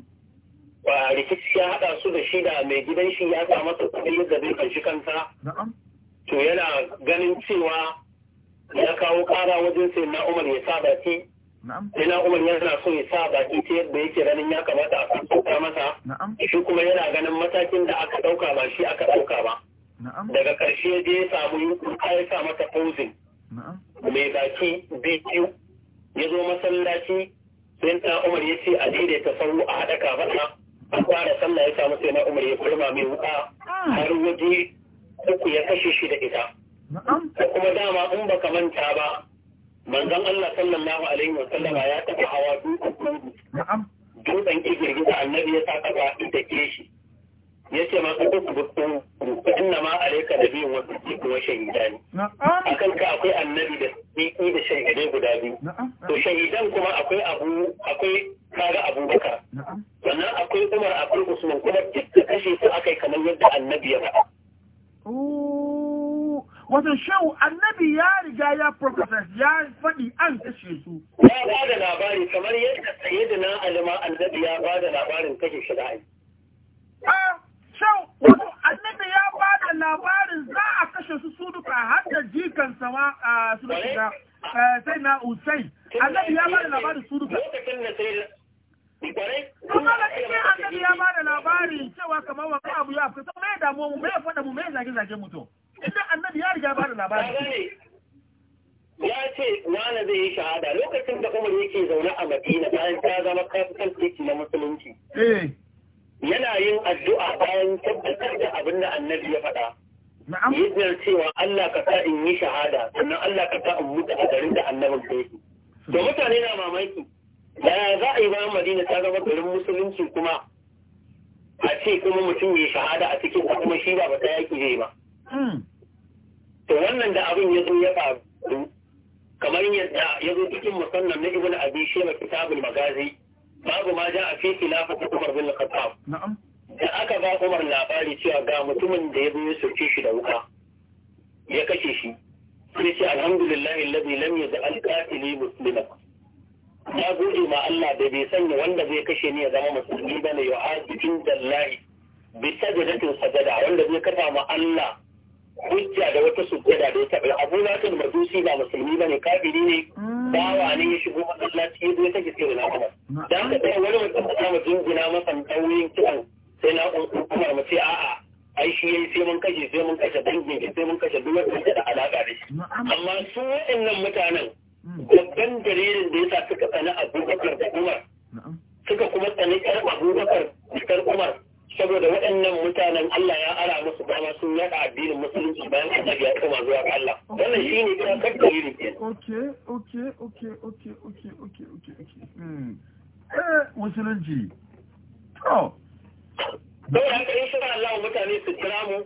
ba rikici ya haɗa su da shi da mai gidan shi ya sa masa kuɗi yadda zai kanshi kansa to yana ganin cewa ya kawo ƙara wajen sai na umar ya sa baki sai na umar yana so ya sa baki ta yadda yake ranin ya kamata a kuka masa shi kuma yana ganin matakin da aka ɗauka ba shi aka ɗauka ba daga karshe je ya samu ya sa mata fauzin mai baki biyu ya zo masallaci sai ta umar ya ce a daidaita faru a haɗa kafaɗa an fara sallah ya samu sai na umar ya kulma mai wuka ah. har waje uku ya kashe shi da ita ko kuma dama in baka manta ba manzon Allah sallallahu alaihi wa sallama ya taɓa hawa dutsen dutsen girgiza annabi ya sa kafa ita ke shi Ya ce ma ka duk bukun inna ma da biyun wasu siddiqun wa shahidani akan ka akwai annabi da siddiqi da shahidai guda biyu to shahidan kuma akwai abu akwai kaga abubakar sannan akwai umar akwai usman kuma duk da kashe su akai kamar yadda annabi ya faɗa wato shehu annabi ya riga ya professor ya faɗi an kashe su. Ya ba da labari kamar yadda saye da na alima annabi ya ba da labarin kashe shi da ai. shan uku annabi ya ba da labarin za a kashe su su duka har da jikansa ma a su shiga sai na usai annabi ya ba da labarin su duka kuma da ike annabi ya ba da labarin cewa kamar wa abu ya fuka mai damuwa mu mai faɗa mu mai zage-zage mutum inda annabi ya riga ba da labarin ya ce wani zai yi shahada lokacin da umar yake zaune a madina bayan ta zama kafitan kan na musulunci eh. yana yin addu'a bayan tabbatar da abin da annabi ya faɗa yadda cewa Allah ka sa in yi shahada sannan Allah ka sa in mutu a garin da annabin kai da mutane na mamaki da za a yi bayan Madina ta zama garin musulunci kuma a ce kuma mutum ya shahada a cikin kuma shi ba ba ta yaki zai ba hmm. to wannan da abin ya zo ya faru kamar yadda ya zo cikin musannan na ibn abi shema kitabul magazi babu ma ja a fi khilafa Umar bin Khattab na'am da aka ba Umar labari cewa ga mutumin da ya zo ya soke shi da wuka ya kashe shi sai ce alhamdulillah alladhi lam yaj'al qatili muslima Ya gode ma Allah da bai sanya wanda zai kashe ni ya zama musulmi bane ya ajin dallahi bi sajadatin sajada wanda zai kafa ma Allah hujja da wata sujjada da ya taɓa Abu Nasir Majusi ba musulmi ba ne, kafiri ne mm. bawa ne ya shigo masallaci ya ta ya kashe sai na umar da sai wani mutum da mu jingina masa nauyin kiɗan sai na umar mu ce a'a ai shi yayi sai mun kashe sai mun kashe dangin shi sai mun kashe duk wanda da alaka da shi amma su waɗannan mutanen hmm. babban dalilin da yasa suka tsani abubakar da umar suka kuma tsani ƴar abubakar da umar saboda waɗannan mutanen Allah ya ara musu dama sun yaɗa addinin musulunci bayan annabi ya koma zuwa ga Allah wannan shi shine kuma kakkari ne okay okay okay okay okay okay okay okay mm eh musulunci to saboda haka insha Allah mutane su kira mu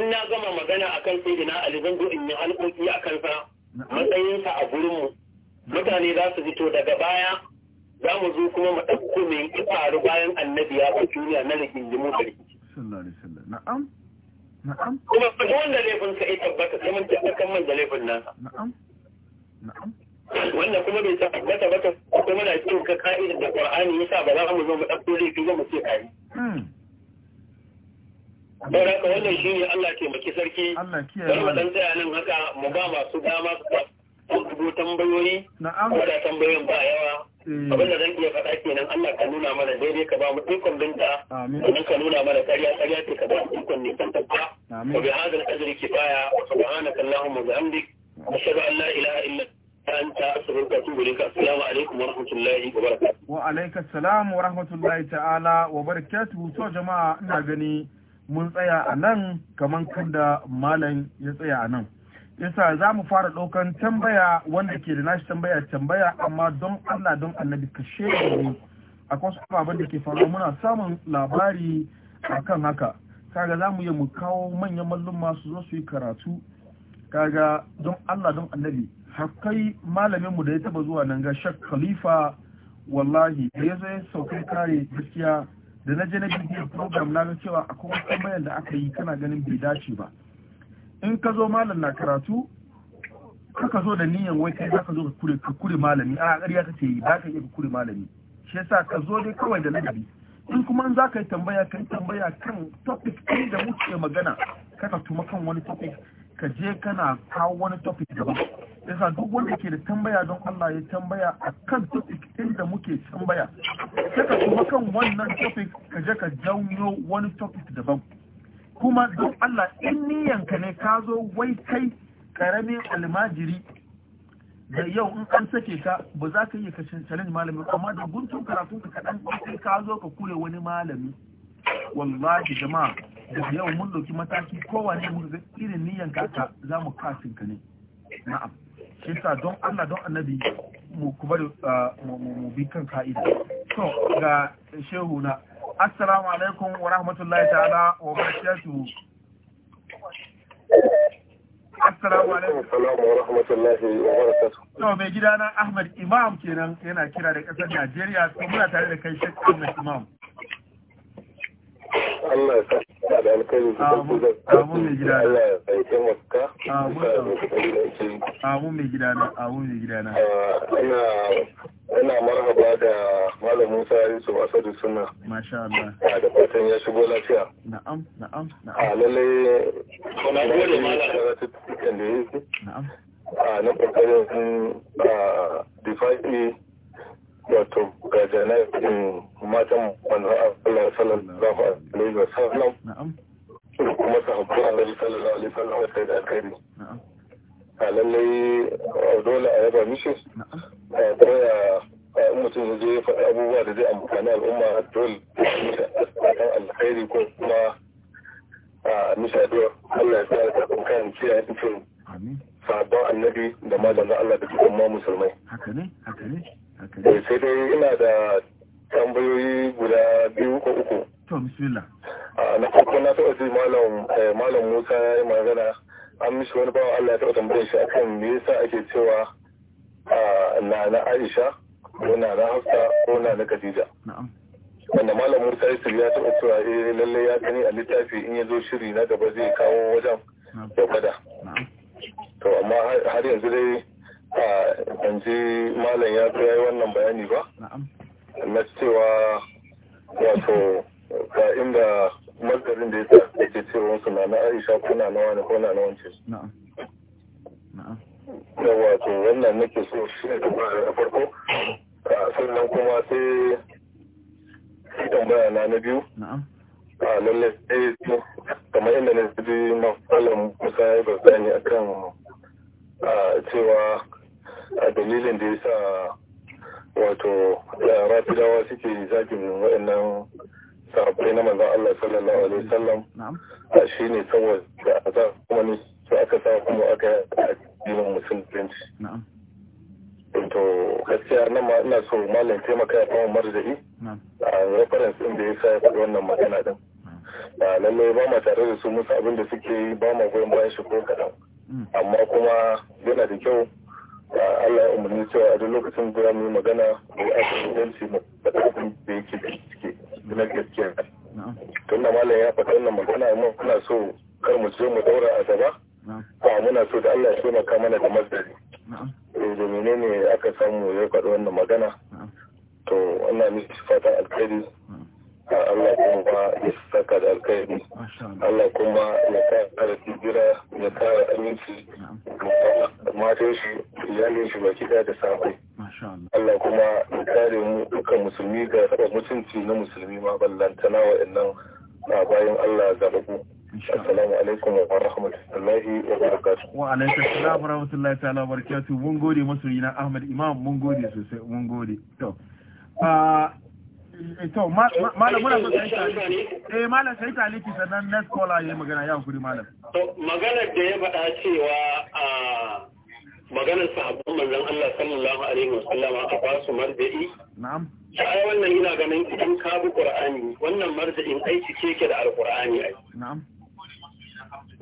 in na gama magana akan sayyidina Ali zan zo in yi alƙoƙi a kansa matsayinsa a gurinmu mutane za su fito daga baya za mu zo kuma mu ɗauko mai yi faru bayan annabi ya bar duniya na rigingimu da rikici. Na'am. Na'am. Kuma duk wanda laifin ka ya tabbata sai mun tabbatar man da laifin nan. Na'am. Na'am. Wannan kuma bai tabbata ba ko muna cikin ka ka'idar da Qur'ani ya sa ba za mu zo mu ɗauko laifi ba mu ce kai. Don ka hmm. wannan shi ne Allah taimaki sarki. Allah kiyaye. Bari mu ɗan tsaya nan haka mu ba masu dama su ba. Ko tambayoyi. Na'am. Ko da tambayoyin ba yawa. abin da zan iya faɗa kenan Allah ka nuna mana daidai ka ba mu ikon binta sannan ka nuna mana ƙarya ƙarya ce ka ba mu ikon nisan tafiya wa bi hadal ajri kifaya wa subhanaka allahumma wa bihamdik ashhadu an la ilaha illa أنت أسرك تبرك wa عليكم ورحمة الله وبركاته وعليك السلام ورحمة الله تعالى وبركاته تو جماعة نغني mun tsaya a nan kamar kada malam ya tsaya a nan yasa za mu fara ɗaukan tambaya wanda ke da nashi tambaya tambaya amma don Allah don annabi ka ne a kwasu ababen da ke faruwa muna samun labari a kan haka kaga za mu yi mu kawo manyan mallum masu zo su yi karatu kaga don Allah don annabi hakai malaminmu da ya taba zuwa nan ga shak khalifa wallahi da ya zai saukai kare gaskiya da na je na bidiyo program na ga cewa akwai wasu tambayar da aka yi kana ganin bai dace ba in ka zo malam na karatu ka zo da niyan wai kai zaka zo ka kure ka kure malami a ƙarya kace yi ba ka iya kure malami shi yasa ka zo dai kawai da ladabi in kuma in za yi tambaya ka yi tambaya kan topic ɗin da muke magana kaka tuma kan wani topic ka je kana kawo wani topic daban yasa duk wanda ke da tambaya don Allah ya tambaya a kan topic ɗin da muke tambaya kaka tuma kan wannan topic ka je ka janyo wani topic daban kuma don Allah in niyyanka ne ka zo wai kai karamin almajiri da yau in an sake ka ba za ka yi ka challenge malami amma da guntun karatun ka kaɗan sai ka zo ka kure wani malami wallahi jama'a da yau mun ɗauki mataki kowane mun ga irin niyan ka za mu kasin ka ne na'am shi sa don Allah don annabi mu kuma ah, mu bi kan ka'ida to ga shehu na assalamu alaikum wa rahmatullahi ta'ala wa barakatuhu assalamu alaikum wa rahmatullahi wa barakatuhu to mai gidana Ahmad Imam kenan yana kira da kasar Najeriya to muna tare da kai shekaru Ahmad Imam Allah ya sa da alkhairi da ku da abu mai gida Allah ya sauke maka abu abu mai gida na abu mai gida na ah, ina ina marhaba da malam Musa Yusuf Asadu masha Allah ah, da fatan ya shigo lafiya na'am na'am na'am ah, lalle kuna gode malam na'am a na kokarin a difa'i wato ga jana'in matan manzon Allah sallallahu alaihi wa sallam kuma sahabban Allah sallallahu alaihi wa sallam wata da kai a lallai dole a yaba mishi a koya in mutum ya je ya faɗi abubuwa da zai amfani al'umma dole a alkhairi ko kuma a mishi addu'a Allah ya tsaya kafin kan kiyaye cikin sabon annabi da manzon Allah da kuma musulmai haka ne haka ne Eh, sai dai ina da tambayoyi guda biyu ko uku to bismillah na farko na taɓa ji eh, malam musa ya yi magana an mishi wani bawa allah ya taɓa tambayar shi akan me yasa ake cewa na na aisha ko na na hafsa ko na na khadija wanda malam musa ya taɓa cewa eh lallai ya gani a littafi in ya zo shiri na gaba zai kawo wajen ya gwada to amma har yanzu dai ban ji malam ya zo yayi wannan bayani ba na cewa wato ga inda mazgarin da yasa da ke cewa wasu na na aisha ko na wani ko na wance da wato wannan nake so shi ne tambaya da farko sannan kuma sai shi tambaya na na biyu a lalle sai eh, kamar inda na ji mafalan musa ya bayani akan cewa A dalilin da ya sa wato rafidawa suke zagin wa'annan sahabbai na manzan Allah sallallahu alaihi wasallam shi ne saboda a za kuma ne su aka sa kuma aka yi addinin musulunci. To gaskiya nan ma ina so malam taimaka ya kawo marja'i a reference ɗin da ya sa ya wannan magana Ba Lallai ba ma tare da su musu abin da suke yi ba ma goyon bayan shi ko kaɗan. Mm. Amma kuma yana da kyau Allah ya umarni cewa a duk lokacin da mu magana mu cikin inganci mu da abin da yake da cike na gaskiya tunda malam ya faɗa wannan magana mu muna so kar mu je mu daura a gaba ba muna so da Allah ya taimaka mana da masdari eh da menene aka samu ya faɗi wannan magana to Allah ne fata alkhairi Allah kuma ya saka da alkhairi Allah kuma ya kara tsibira ya kara aminci matan shi iyalin shi baki daya da sabai Allah kuma ya kare mu dukkan musulmi ga saba mutunci na musulmi ma ballantana wa'annan na bayan Allah zababu Assalamu alaikum wa rahmatullahi wa barakatuh. Wa alaikum assalam wa rahmatullahi ta'ala wa barakatuh. Mun gode masoyi na Ahmad Imam mun gode sosai mun gode. To. a eh, to malam muna so sai tali. Eh malam sai tali ki yi next caller yayi magana ya kuri malam. To maganar da ya bada cewa maganar sahabban manzon Allah sallallahu alaihi wasallama a basu marja'i na'am sai wannan ina ganin idan ka bi qur'ani wannan marja'in aiki ce ke da alqur'ani ai na'am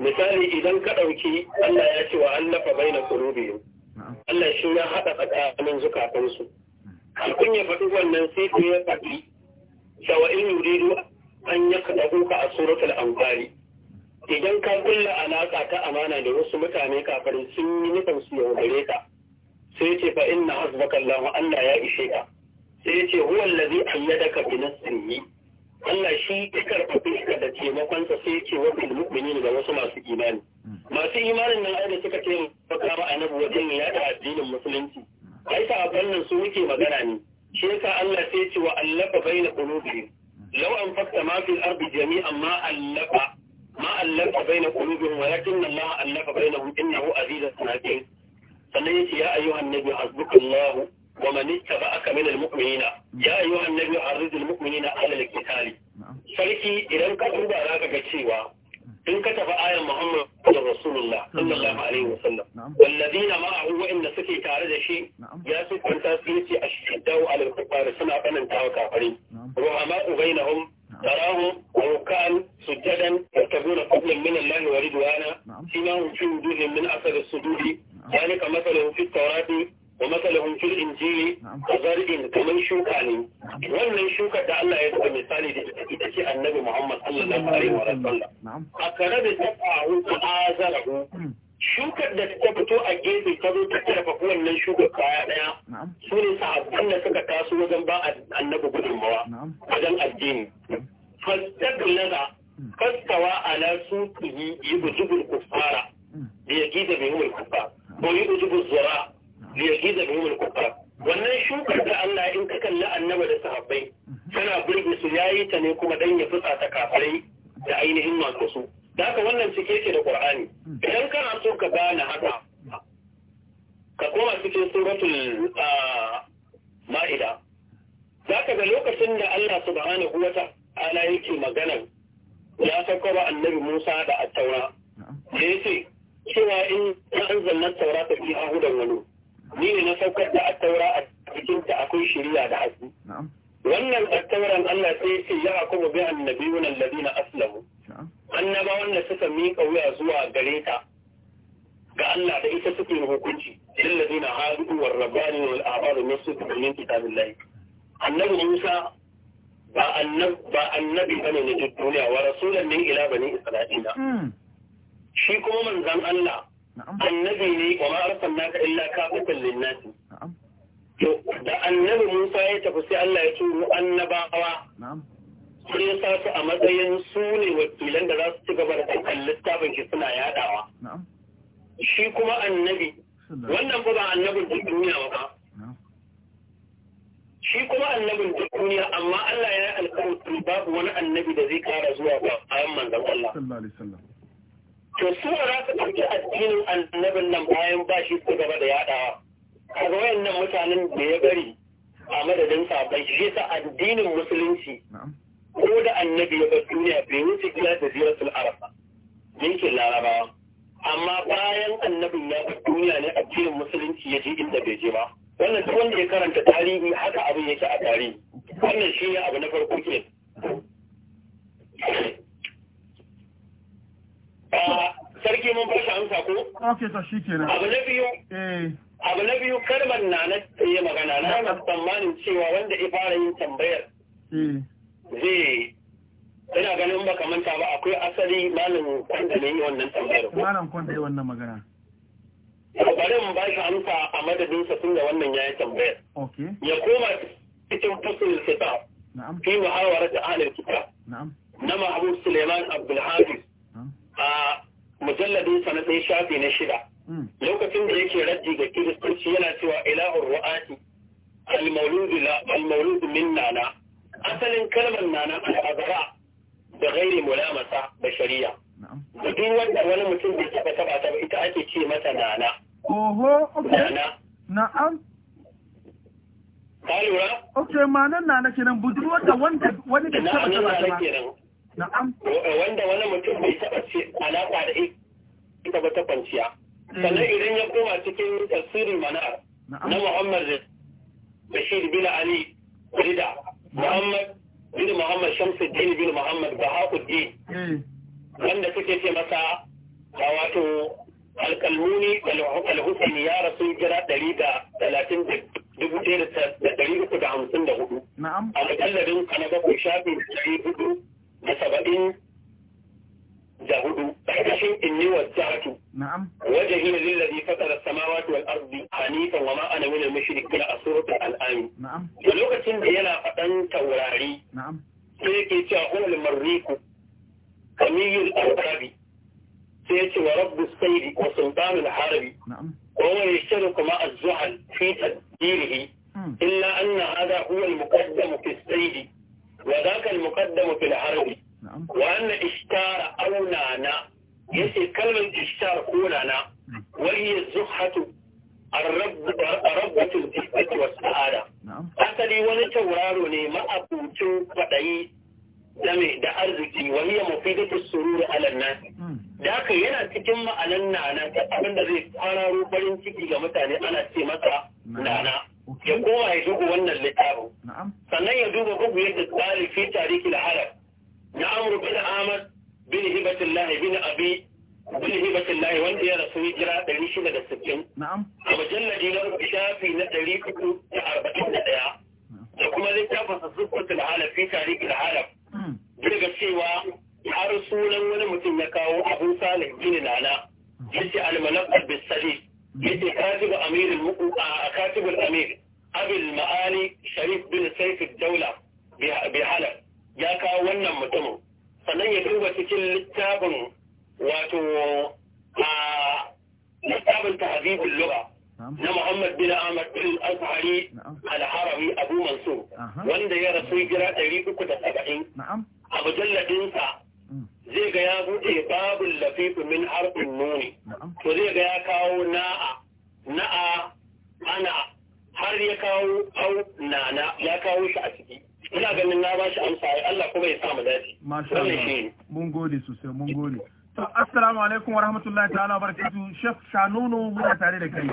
misali idan ka dauki Allah ya ce wa allafa baina qulubihim Allah shi ya hada tsakanin zukatansu kun ya faɗi wannan sai ku ya faɗi cewa in yuridu an yakdahu ka a suratul anfali idan ka kulla alaƙa ta amana da wasu mutane kafin sun yi nufin su yaudare ka sai ce fa inna hasbaka Allah Allah ya ishe ka sai ce huwa allazi ayyadaka bi nasrihi Allah shi ya karfafe ka da taimakon sa sai ce wa bil mu'minin da wasu masu imani masu imanin nan ai da suka ce baka ba annabi wajen ya da addinin musulunci ai a abannan su muke magana ne shi yasa Allah sai ce wa allafa baina qulubihim law anfaqta ma fil ardi jami'an ma allafa ما ألف بين قلوبهم ولكن الله ألف بينهم إنه عزيز حكيم sannan yake ya ayyuhu annabi hasbukallahu wa man ittaba'aka min almu'minina ya ayyuhu annabi arzil almu'minina ala alqitali sarki idan ka za ka ga cewa in ka tafi ayan Muhammad Rasulullah sallallahu alaihi wa sallam walladina ma'ahu wa'inda suke tare da shi ya su kwanta su yace ashiddau alal kufar suna tsananta wa kafari ruhama bainahum تراهم ركعا سجدا يرتبون فضلا من الله ورضوانا سماهم في وجوههم من اثر السجود ذلك مثلهم في التوراه wa matsalahun fil injili a zargin kamar shuka ne wannan shuka da Allah ya buga misali da ita ce annabi Muhammad sallallahu alaihi wa sallam a kare da ta faru ta azara shukar da ta fito a gefe ta zo ta tarfa wannan shukar kaya ɗaya su ne sahabban da suka taso wajen ba annabi gudunmawa wajen addini fastaglaza fastawa ala suqihi yubjibul kuffara hmm. bi yaqida bihum al kuffar wa yubjibul zura liyahiza mu al-kuffar wannan shukar da Allah in ka kalli annaba da sahabbai tana burge su yayi ta ne kuma dan ya fitsa ta kafirai da ainihin masu su da haka wannan cike yake da Qur'ani idan kana so ka gane haka ka koma cikin suratul ma'ida zaka ga lokacin da Allah subhanahu wa ta'ala yake magana ya saukar annabi Musa da at-Taura da yace cewa in anzalna at-Taurata fiha hudan wa nur ni ne na saukar da attaura a cikinta akwai shiriya da haske wannan attauran Allah sai ce ya kuma bi annabiyuna alladina aslamu annaba wanda suka miƙa wuya zuwa gare ta ga Allah da ita suke hukunci lilladina hadu war rabbani wal a'baru nasutu min kitabillahi annabi Musa ba annab ba annabi bane ne duniya wa rasulan min ila bani isra'ila hmm. shi kuma manzon Allah annabi ne wa ma arsalnaka illa kafatan lin-nas to da annabi Musa ya tafi sai Allah ya turo annabawa sai ya sa a matsayin su ne wakilan da za su ci gaba da ɗaukar littafin shi suna yadawa shi kuma annabi wannan ba ba annabin duk duniya ba shi kuma annabin duk duniya amma Allah ya yi alƙawarin babu wani annabi da zai kara zuwa ba bayan manzon Allah to su za su ɗauki addinin annabin nan bayan ba shi su gaba da yaɗawa kaga wayannan mutanen da ya bari a madadin sabai shi yasa addinin musulunci ko da annabi ya bar duniya bai wuce ila da ziratul arafa yankin larabawa amma bayan annabin ya bar duniya ne addinin musulunci ya je inda bai je ba wannan duk wanda ya karanta tarihi haka abin yake a tarihi wannan shi ne abu na farko ke sarki mun ba amsa ko? Ok, Abu na biyu? Eh. Abu na biyu na na magana na eh. ina ganin ba manta ba akwai asali malam kwanda ne yi wannan tambayar. Malam ba shi amsa a madadinsa tun da wannan ya yi tambayar. Ya koma cikin fasul Na'am. Fi muhawarar da ahlul kitab. Na'am. Na mahabu Suleiman Abdulhafiz. a mujalladin sa na ɗaya shafi na shida hmm. lokacin da yake raddi ga kiristoci yana cewa ilahun ru'ati al min nana asalin kalmar nana al-azra da ghairi mulamasa da shari'a duk wanda wani mutum da taba taba ta ita ake ce mata nana oho nana na'am ka lura Ok, ma'anar nana kenan budurwar da wanda wani da taba taba ta Wanda wani mutum bai taɓa ce alaƙa da ita ba ta kwanciya. Mm. Sannan idan ya koma cikin tasirin manar na Muhammad Bashir bin Ali Rida, Muhammad bin Muhammad Shamsuddin bin Muhammad Bahaquddin. Mm. Wanda suke ce masa a wato alƙalmuni alhussein ya rasu jira ɗari da talatin da dubu ɗaya da ɗari uku da hamsin da hudu. Na'am. Alƙallarin kanaba ko shafi ɗari hudu da saba'in da hudu ƙarƙashin inni wa zatu wajen hina lillazi fatara samawati wal ardi hanifan wa ma ana min al a suratul al'ami da lokacin da yana faɗan taurari sai yake cewa huwal marriku kamiyul arabi sai yace wa rabbus sayri wa sultanul harabi wa huwa yashtaru kuma a zuhal fi tadbirihi hmm. illa anna hadha huwa al muqaddam fi as وذاك المقدم في العرب وأن اشتار أونانا يسي كلمة اشتار أونانا وهي الزحة الرب ربة الجسد والسعادة أتلي ونتورارني ما أبوتو فدعي dame da arziki wa hiya mufidatu sururi ala nas hmm. da haka yana cikin ma'anan nana ta abin da zai kwararo farin ciki ga mutane ana ce masa nana ya koma ya duba wannan littafin sannan ya duba bugu yadda tsari fi tariki da arab na amru bin ahmad bin hibatullah bin abi bin hibatullah wanda ya rasu hijira da sittin. a mujalladi na shafi na ɗari 341 da kuma littafin sa sukutul halaf fi tariki da halaf hmm. daga cewa har sunan wani mutum ya kawo abu salih bin nana hmm. yace al-malaq bis yace katibu amirul A katibul amir abul ma'ali sharif bin saif daula bi ya kawo wannan mutumin sannan ya duba cikin littafin wato a littafin tahdhibul lugha na Muhammad bin Ahmad bin Al-Fahari Al-Harabi Abu Mansur wanda ya rasu hijira 370 a mujalladinsa zai ga ya buɗe babul lafifu min harfin nuni to zai ga ya kawo na'a na'a ana har ya kawo au nana ya kawo shi a ciki ina ganin na ba shi amsa ai Allah kuma ya sa mu dace masha Allah mun gode sosai mun gode to assalamu alaikum wa ta'ala wa barakatuh chef shanunu mun tare da kai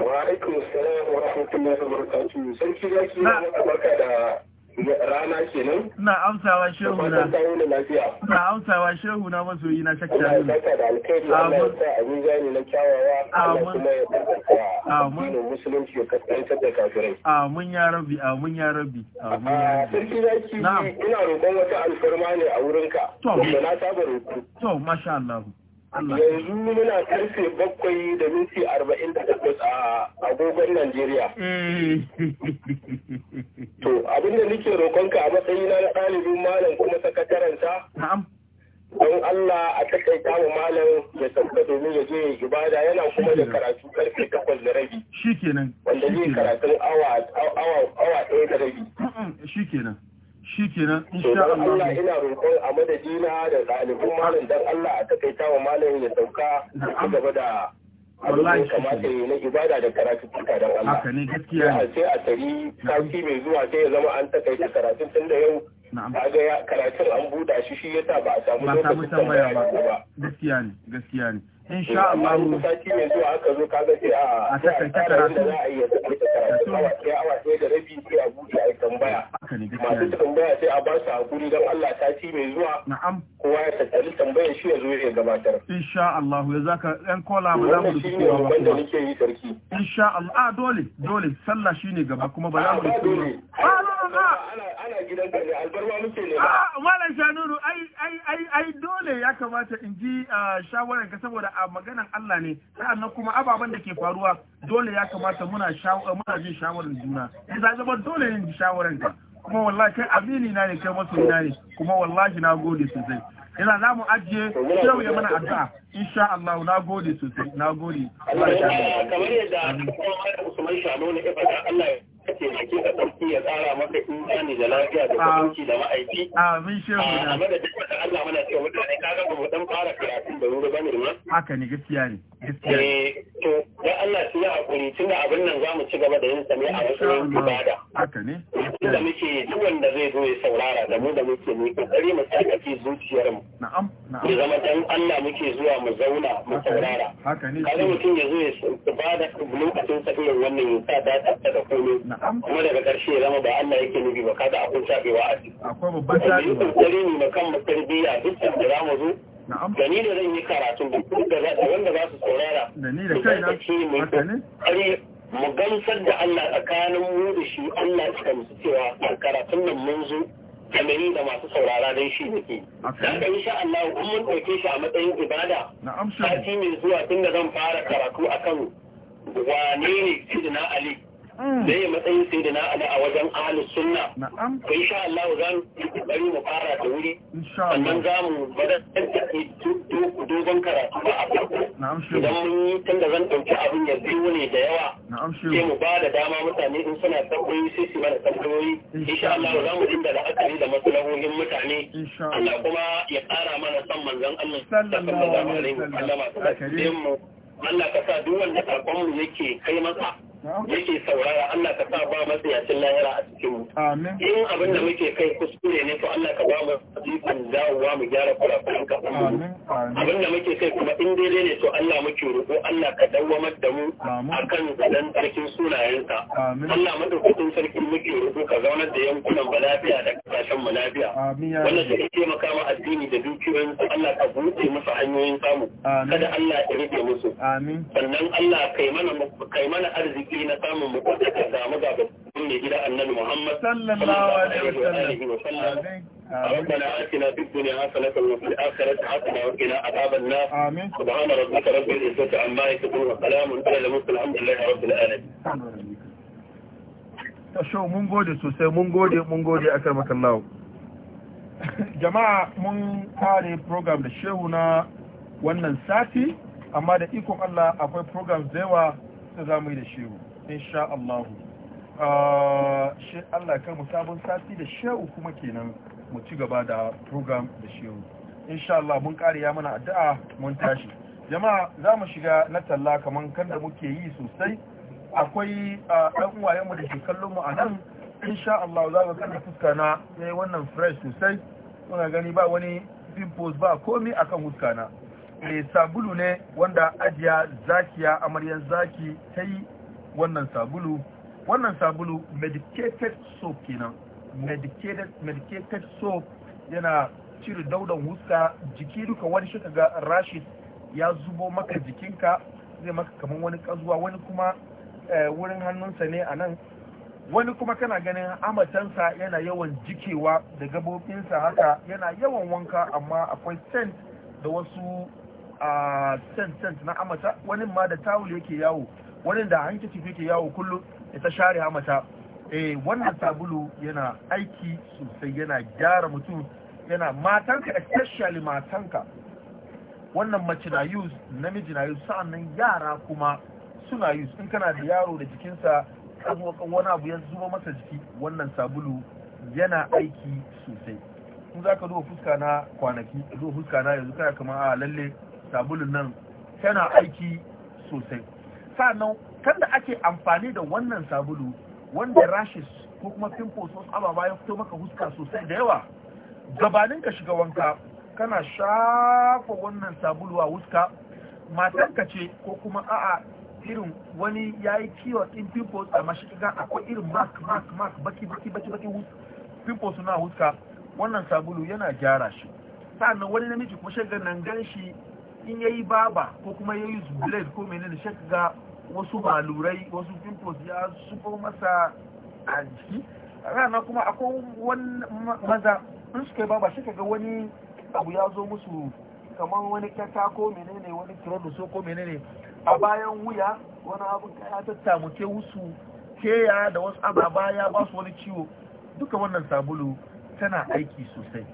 wa alaikum assalam wa rahmatullahi wa barakatuh sarki zaki barka da rana kenan ina amsawa shehu na ina amsawa shehu na masoyi na shakka ne saka da alkhairi Allah ya sa abin zani na kyawawa Allah kuma ya barka amin musulunci ya kasance da kafirai amin ya rabbi amin ya rabbi amin ya ah, rabbi sarki ina roƙon wata alfarma ne a wurinka to na saba roƙo to masha Allah yanzu muna karfe bakwai da minti arba'in da takwas a agogon Najeriya. Mm. To abinda nake roƙonka a matsayina na ɗalibin malam kuma sakataranta. Don Allah a takaita wa malam ya sauka domin ya je ibada yana kuma da karatu karfe takwas da rabi. Shi kenan. Wanda zai karatun awa ɗaya da rabi. Shi kenan. shi kenan insha Allah ina roƙon a madadina da ɗalibin malam dan Allah a takaita wa malam ya sauka a gaba da ya kamata yi na ibada da karatu tuka dan Allah haka ne gaskiya ne sai a tari sati mai zuwa sai ya zama an takaita karatun tun da yau kaga karatun an buɗa shi shi yasa ba a samu lokacin tambaya ba gaskiya ne gaskiya ne insha Allah mu sati mai zuwa aka zo kaga sai a a takaita karatu za a iya takaita karatu awa ɗaya awa ɗaya da rabi sai a buɗe a tambaya masu tambaya sai a ba su hakuri don Allah sati mai zuwa na'am kowa ya tattali tambayar shi ya zo ya gabatar insha Allah ya zaka ɗan kola ba za mu da kowa ba wanda nake yi sarki insha Allah a ah, dole dole sallah shine gaba kuma ba za mu da kowa ba ah, ana ana gidan gari albarwa muke ne ba ah, malam Shanuru ai ai ai dole ya kamata in ji shawaran ka saboda a maganan Allah ne nan kuma ababen da ke faruwa dole ya kamata muna shawara eh, muna jin shawaran juna sai za zama dole yin shawaran ka kuma wallahi kai amini na ne kai masoyina ne kuma wallahi na gode sosai ina za mu ajiye yau ya mana addu'a insha Allah na gode sosai na gode kamar yadda musulmai Shano ne ya faɗa Allah kace da ke ɗauki ya tsara maka imani da lafiya da kwanci ah. da ma'aiki. Amin ah, shehu ah, da. A madadin da Allah mana cewa mutane ka gaba mu dan fara karatu da wuri bane ma. Haka ne gaskiya ne. Gaskiya. Eh to da Allah su ya hakuri tunda abin nan za mu ci gaba da yin sa ne a wasu ibada. Haka ne. Eh, mu da muke duk wanda zai zo ya saurara da mu da muke ne kokari mu tsarkake zuciyar mu na'am na'am ya zama dan Allah muke zuwa mu zauna mu saurara haka ne kada mutum ya zo ya ba da lokacin sa irin wannan ya sa da tsaka da komai na'am kuma daga karshe ya zama ba Allah yake nufi ba kada akwai shafewa a ciki akwai babban ne kokari ne na kan mu tarbiyya duk da za mu zo da ni da zan yi karatun da wanda za su saurara da ni da kai na haka ne mu gamsar da Allah tsakanin mu da shi Allah ya cewa a karatun nan mun zo kamari da masu saurara don shi muke. Daga insha Allah in mun ɗauke shi a matsayin ibada. Sati mai zuwa tun da zan fara karatu akan wane ne Sidina Ali. zai hmm. yi matsayin sai da na a wajen ahalus sunna ko insha Allah za mu kokari mu fara da wuri sannan za mu madadin da dogon karatu ba a farko idan mun yi tun da zan ɗauki abin ya biyu ne da yawa sai mu ba da dama mutane in suna tambayoyi sai su mana tambayoyi insha Allah za mu dinga la'akari da maslahohin mutane Allah kuma ya ƙara mana san manzon Allah sallallahu alaihi wa sallam Allah ka sa duk wanda sakon mu yake kai masa yake saurara Allah ka sa ba yashin lahira a cikin mu in abin da muke kai kuskure ne to Allah ka ba mu ikon dawowa mu gyara kurakuran ka abin da muke kai kuma in daidai ne to Allah muke roƙo Allah ka dawwamar da mu akan zanen sarkin sunayenka Allah madaukakin sarki muke roƙo ka zaunar da yankunan balafiya lafiya da kasashen mu lafiya wannan da ke makama addini da dukiyoyin Allah ka buɗe musu hanyoyin samu kada Allah ya rike musu sannan Allah kai mana arziki arziki na samun bukatar ka samu gabatun mai gida annabi Muhammad sallallahu alaihi wa sallam ربنا آتنا في الدنيا حسنة وفي الآخرة حسنة وقنا عذاب النار سبحان ربك رب العزة عما يصفون وسلام على المرسلين الحمد لله رب العالمين Tashau mun gode sosai mun gode mun gode a karmakan lawo. Jama'a mun kare program da shehu na wannan sati, amma da ikon Allah akwai program da za mu yi da shehu insha Allah ah, shi Allah kan mu sabon sati da shehu kuma kenan mu ci gaba da program da shehu insha Allah mun kare ya mana addu'a mun tashi jama'a za mu shiga na talla kaman kan da muke yi sosai akwai dan ah, uwayen mu da ke kallon mu a nan insha Allah za ka kalli fuska na yayi eh, wannan fresh sosai kuna gani ba wani pimples ba komai akan fuska na e sabulu ne wanda ajiya zakiya amaryar zaki ta yi wannan sabulu wannan sabulu medicated soap kenan medicated, medicated soap yana cire daudan huska jiki duka wani shi ga rashid ya zubo maka jikinka zai maka kamar wani kazuwa wani kuma eh, wurin hannunsa ne a nan wani kuma kana ganin amatansa yana yawan jikewa da gabobinsa haka yana yawan wanka amma akwai scent da wasu a tent tent na amata wani ma da tawul yake yawo wani da hankicin yake yawo kullum ya ta share amata eh wannan sabulu yana aiki sosai yana gyara mutum yana matanka especially matanka wannan mace na use namiji na use sa'annan yara kuma suna use in kana da yaro da jikinsa kan wani abu ya zuba masa jiki wannan sabulu yana aiki sosai in za ka duba fuska na kwanaki duba fuska na yanzu kana kamar a ah, lalle sabulun nan tana aiki sosai sannan kan da ake amfani da wannan sabulu wanda rashes ko kuma pimples wasu ababa ya fito maka huska sosai da yawa gabanin ka shiga wanka kana shafa wannan sabulu a huska ka ce ko kuma a'a irin wani ya yi kiwa ɗin pimples a mashigar akwai irin mark mark mark baki baki baki baki pimples suna huska wannan sabulu yana gyara shi sa'annan wani namiji kuma shagar nan gan shi in yayi baba ko kuma yayi blade ko menene shi ga wasu malurai wasu pimples ya ko masa a jiki rana kuma akwai wani maza in suka yi baba shi ga wani abu ya zo musu kamar wani ko menene wani kirodoso ko menene a bayan wuya wani abin ya tattamuke wasu keya da wasu ababa ya ba su wani ciwo duka wannan sabulu tana aiki sosai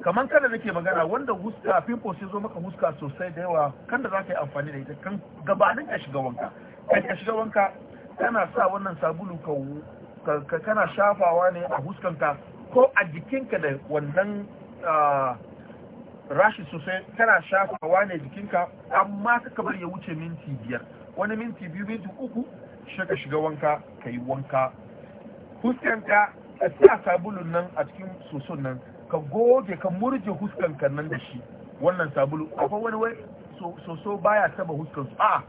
kamar kada nake magana wanda huska fimpo ya zo maka huska sosai da yawa kan da za ka yi amfani da ita kan gabanin ka shiga wanka kan ka shiga wanka kana sa wannan sabulu ka kana shafawa ne a huskanka ko a jikinka da wannan rashi sosai kana shafawa ne jikinka amma ka kamar ya wuce minti biyar wani minti biyu minti uku shi ka shiga wanka ka yi wanka huskanka a sa sabulun nan a cikin soson nan ka goge ka murje huskan kan nan da shi wannan sabulu akwai wani wai soso baya taba huskan su a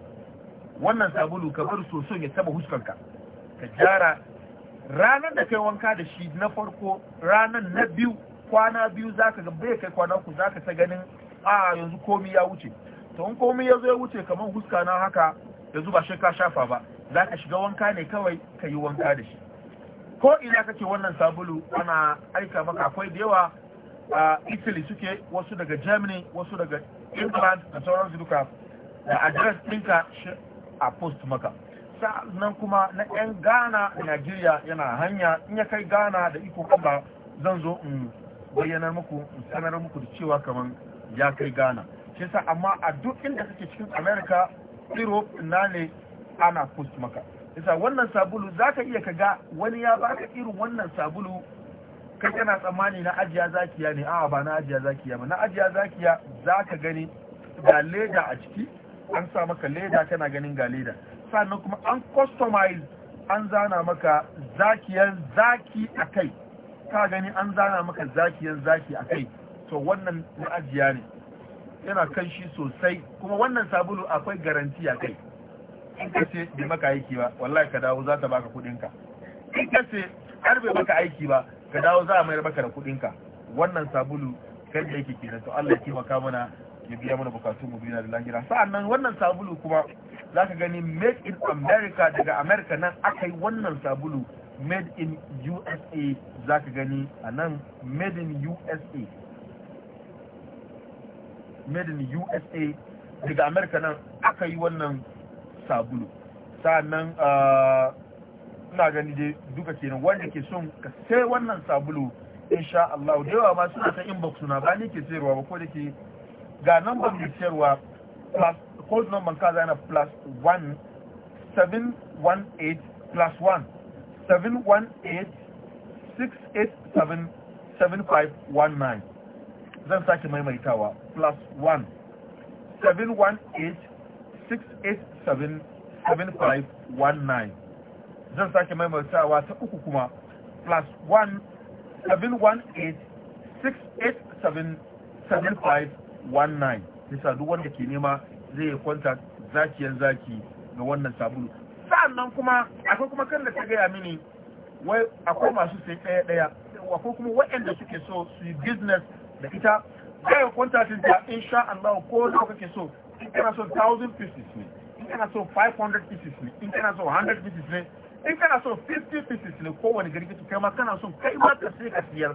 wannan sabulu ka bar so ya taba huskan ka ka gyara ranar da kai wanka da shi na farko ranan na biyu kwana biyu zaka ga bai kai kwana uku zaka ta ganin a yanzu komi ya wuce to in komi ya zo ya wuce kamar huska na haka yanzu ba shi ka shafa ba zaka shiga wanka ne kawai ka yi wanka da shi ko ina kake wannan sabulu ana aika maka akwai da yawa a italy suke wasu daga germany wasu daga england da sauransu duka da adres ɗinka a post maka nan kuma na 'yan ghana da nigeria yana hanya in ya kai ghana da iko kuma zan zo in bayyanar muku in sanar muku da cewa kamar ya kai ghana shi yasa amma a duk inda kake cikin america europe na ne ana post maka isa wannan sabulu za ka iya kaga wani ya baka irin wannan sabulu kai yana tsammani na ajiya zakiya ne a'a ba na ajiya zakiya ba na ajiya zakiya za ka gani ga leda a ciki an sa maka leda kana ganin ga leda sannan kuma an customize an zana maka zakiyan zaki a kai ka gani an zana maka zakiyan zaki a kai to wannan na ajiya ne yana kan shi sosai kuma wannan sabulu akwai garanti a kai in ka ce bai maka aiki ba wallahi ka dawo za ta baka kuɗinka in ka ce har bai maka aiki ba ka dawo za a mayar maka da kuɗinka wannan sabulu kan da yake kenan to Allah ya taimaka mana ya biya mana bukatun mu biyu da lahira sa'annan wannan sabulu kuma za ka gani made in america daga america nan aka yi wannan sabulu made in usa za ka gani a nan made in usa made in usa daga america nan aka yi wannan sabulu sa'annan ah, ina gani dai duka kenan wanda ke son ka sai wannan sabulu insha Allah da yawa ma suna ta inbox suna ba ni ke sayarwa ba ko da ke ga number mai sayarwa plus code number ka zana plus 1 718 plus 1 718 687 7519 zan sake maimaitawa plus 1 718 6877519 zan sake maimaitawa ta uku kuma plus 1 718 duk wanda ke nema zai yi kwanta zakiyan zaki ga wannan sabulu sa'annan kuma akwai kuma kan da ta gaya mini wai akwai masu sai ɗaya ɗaya akwai kuma waɗanda suke so su yi business da ita zai kwanta ta insha Allah ko da kake so in kana so 1000 pieces ne in kana so 500 pieces ne in kana so 100 pieces ne in kana so 50 pieces ne kowane gargitu kai ma kana so kai ma ka sai ka siyar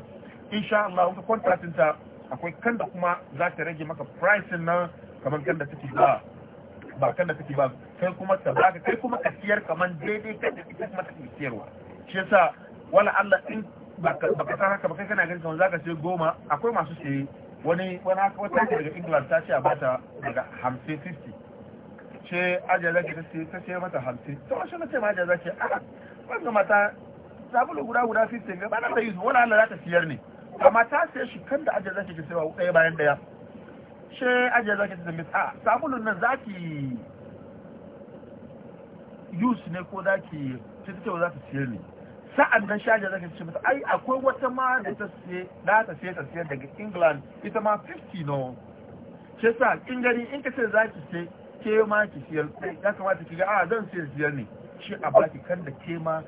insha Allah wata contractin ta akwai kan da kuma za ta rage maka pricing nan kamar kan da take ba ba kan da take ba kai kuma ta baka kai kuma ka siyar kamar daidai kan da ita kuma take siyarwa shi yasa wala Allah in ba ka san haka ba kai kana ganin kamar zaka sai goma akwai masu sai wani wata daga england ta ce a bata daga hamsin fifty ce ajiyar da ke ta ce mata hamsin ta wasu na ce ma ajiya zaki a ah, wanda mata sabulu guda guda fifty ga ba yi da yuzu wani allah za ta siyar ne amma ta siya shi kan da ajiyar zaki ke sayawa ɗaya bayan ɗaya ce ajiyar zaki ta tambi a ah, sabulun nan zaki use ne ko zaki ce ta ce za ta siyar ne sa'an nan shaja zaka ce mata ai akwai wata ma da ta siye da ta siye ta siye daga England ita ma 50 no ce sa kin gani in ka ce za ki siye ke ma ki siye ya kamata ki ga a ah, zan siye siyar ne shi a baki kan da ke ma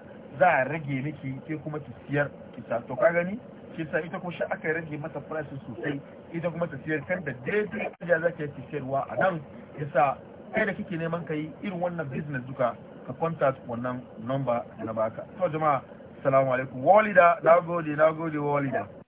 za a rage miki ke kuma ki siyar ki sa to ka gani ke sa ita kuma shi aka rage mata price sosai ita kuma ta siyar kan da daidai ajiya za ka yi siyarwa a nan ke sa kai da kike neman ka yi irin wannan business duka ka contact wannan number na baka to jama'a salamu alaikum walida na gode na gode walida